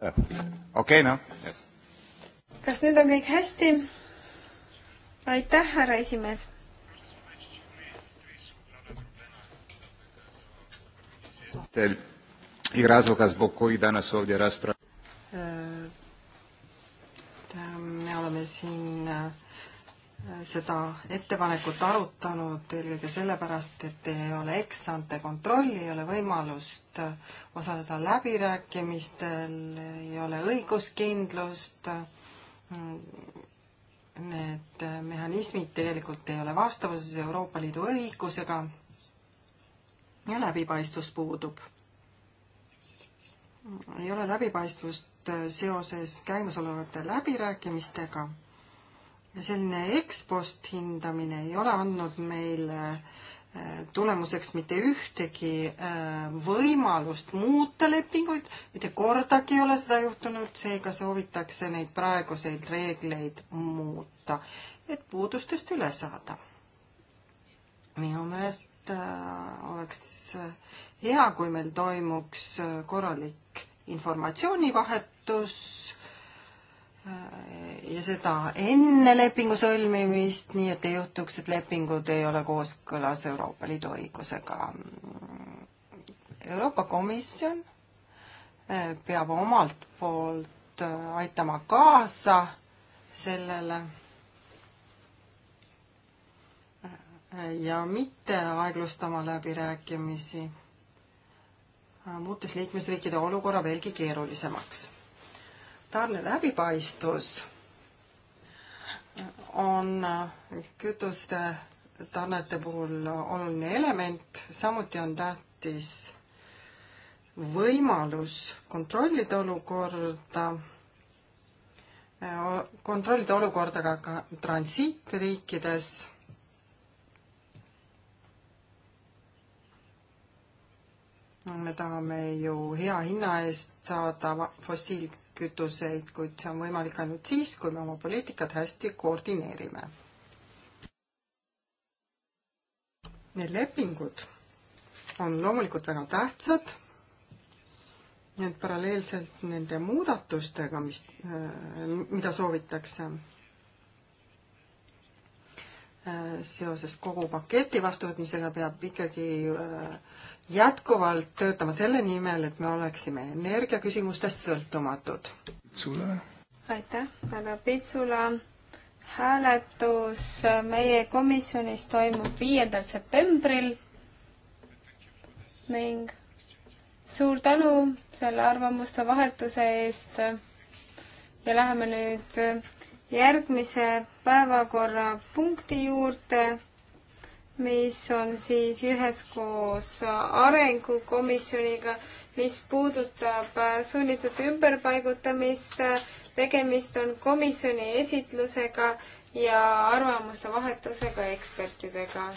Eh, okei, noh. kas nüüd on kõik hästi? aitäh, härra esimees. Teil i razloga zbog kojih danas ovdje raspravljamo. Eh, me oleme siin äh, seda ettepanekut arutanud eelkõige sellepärast, et ei ole eksante kontrolli, ei ole võimalust osaleda läbirääkimistel, ei ole õiguskindlust. Need mehhanismid tegelikult ei ole vastavuses Euroopa Liidu õigusega ja läbipaistvus puudub. ei ole läbipaistvust seoses käimasolevate läbirääkimistega selline ekspost hindamine ei ole andnud meile äh, tulemuseks mitte ühtegi äh, võimalust muuta lepinguid, mitte kordagi ei ole seda juhtunud, seega soovitakse neid praeguseid reegleid muuta, et puudustest üle saada. minu meelest äh, oleks hea, kui meil toimuks korralik informatsioonivahetus ja seda enne lepingu sõlmimist, nii et ei juhtuks, et lepingud ei ole kooskõlas Euroopa Liidu õigusega. Euroopa Komisjon eh, peab omalt poolt eh, aitama kaasa sellele eh, ja mitte aeglustama läbirääkimisi, muutes liikmesriikide olukorra veelgi keerulisemaks tarne läbipaistvus on kütuste tarnete puhul oluline element, samuti on tähtis võimalus kontrollida olukorda, kontrollida olukorda ka, ka transiitriikides. me tahame ju hea hinna eest saada fossiil, kütuseid, kuid see on võimalik ainult siis, kui me oma poliitikat hästi koordineerime. Need lepingud on loomulikult väga tähtsad. nii et paralleelselt nende muudatustega, mis, mida soovitakse seoses kogu paketi vastuvõtmisega, peab ikkagi äh, jätkuvalt töötama selle nimel, et me oleksime energiaküsimustes sõltumatud. aitäh, härra Pitsula. hääletus meie komisjonis toimub viiendal septembril ning suur tänu selle arvamuste vahetuse eest ja läheme nüüd järgmise päevakorrapunkti juurde mis on siis üheskoos arengukomisjoniga, mis puudutab äh, sunnitud ümberpaigutamist. tegemist on komisjoni esitlusega ja arvamuste vahetusega ekspertidega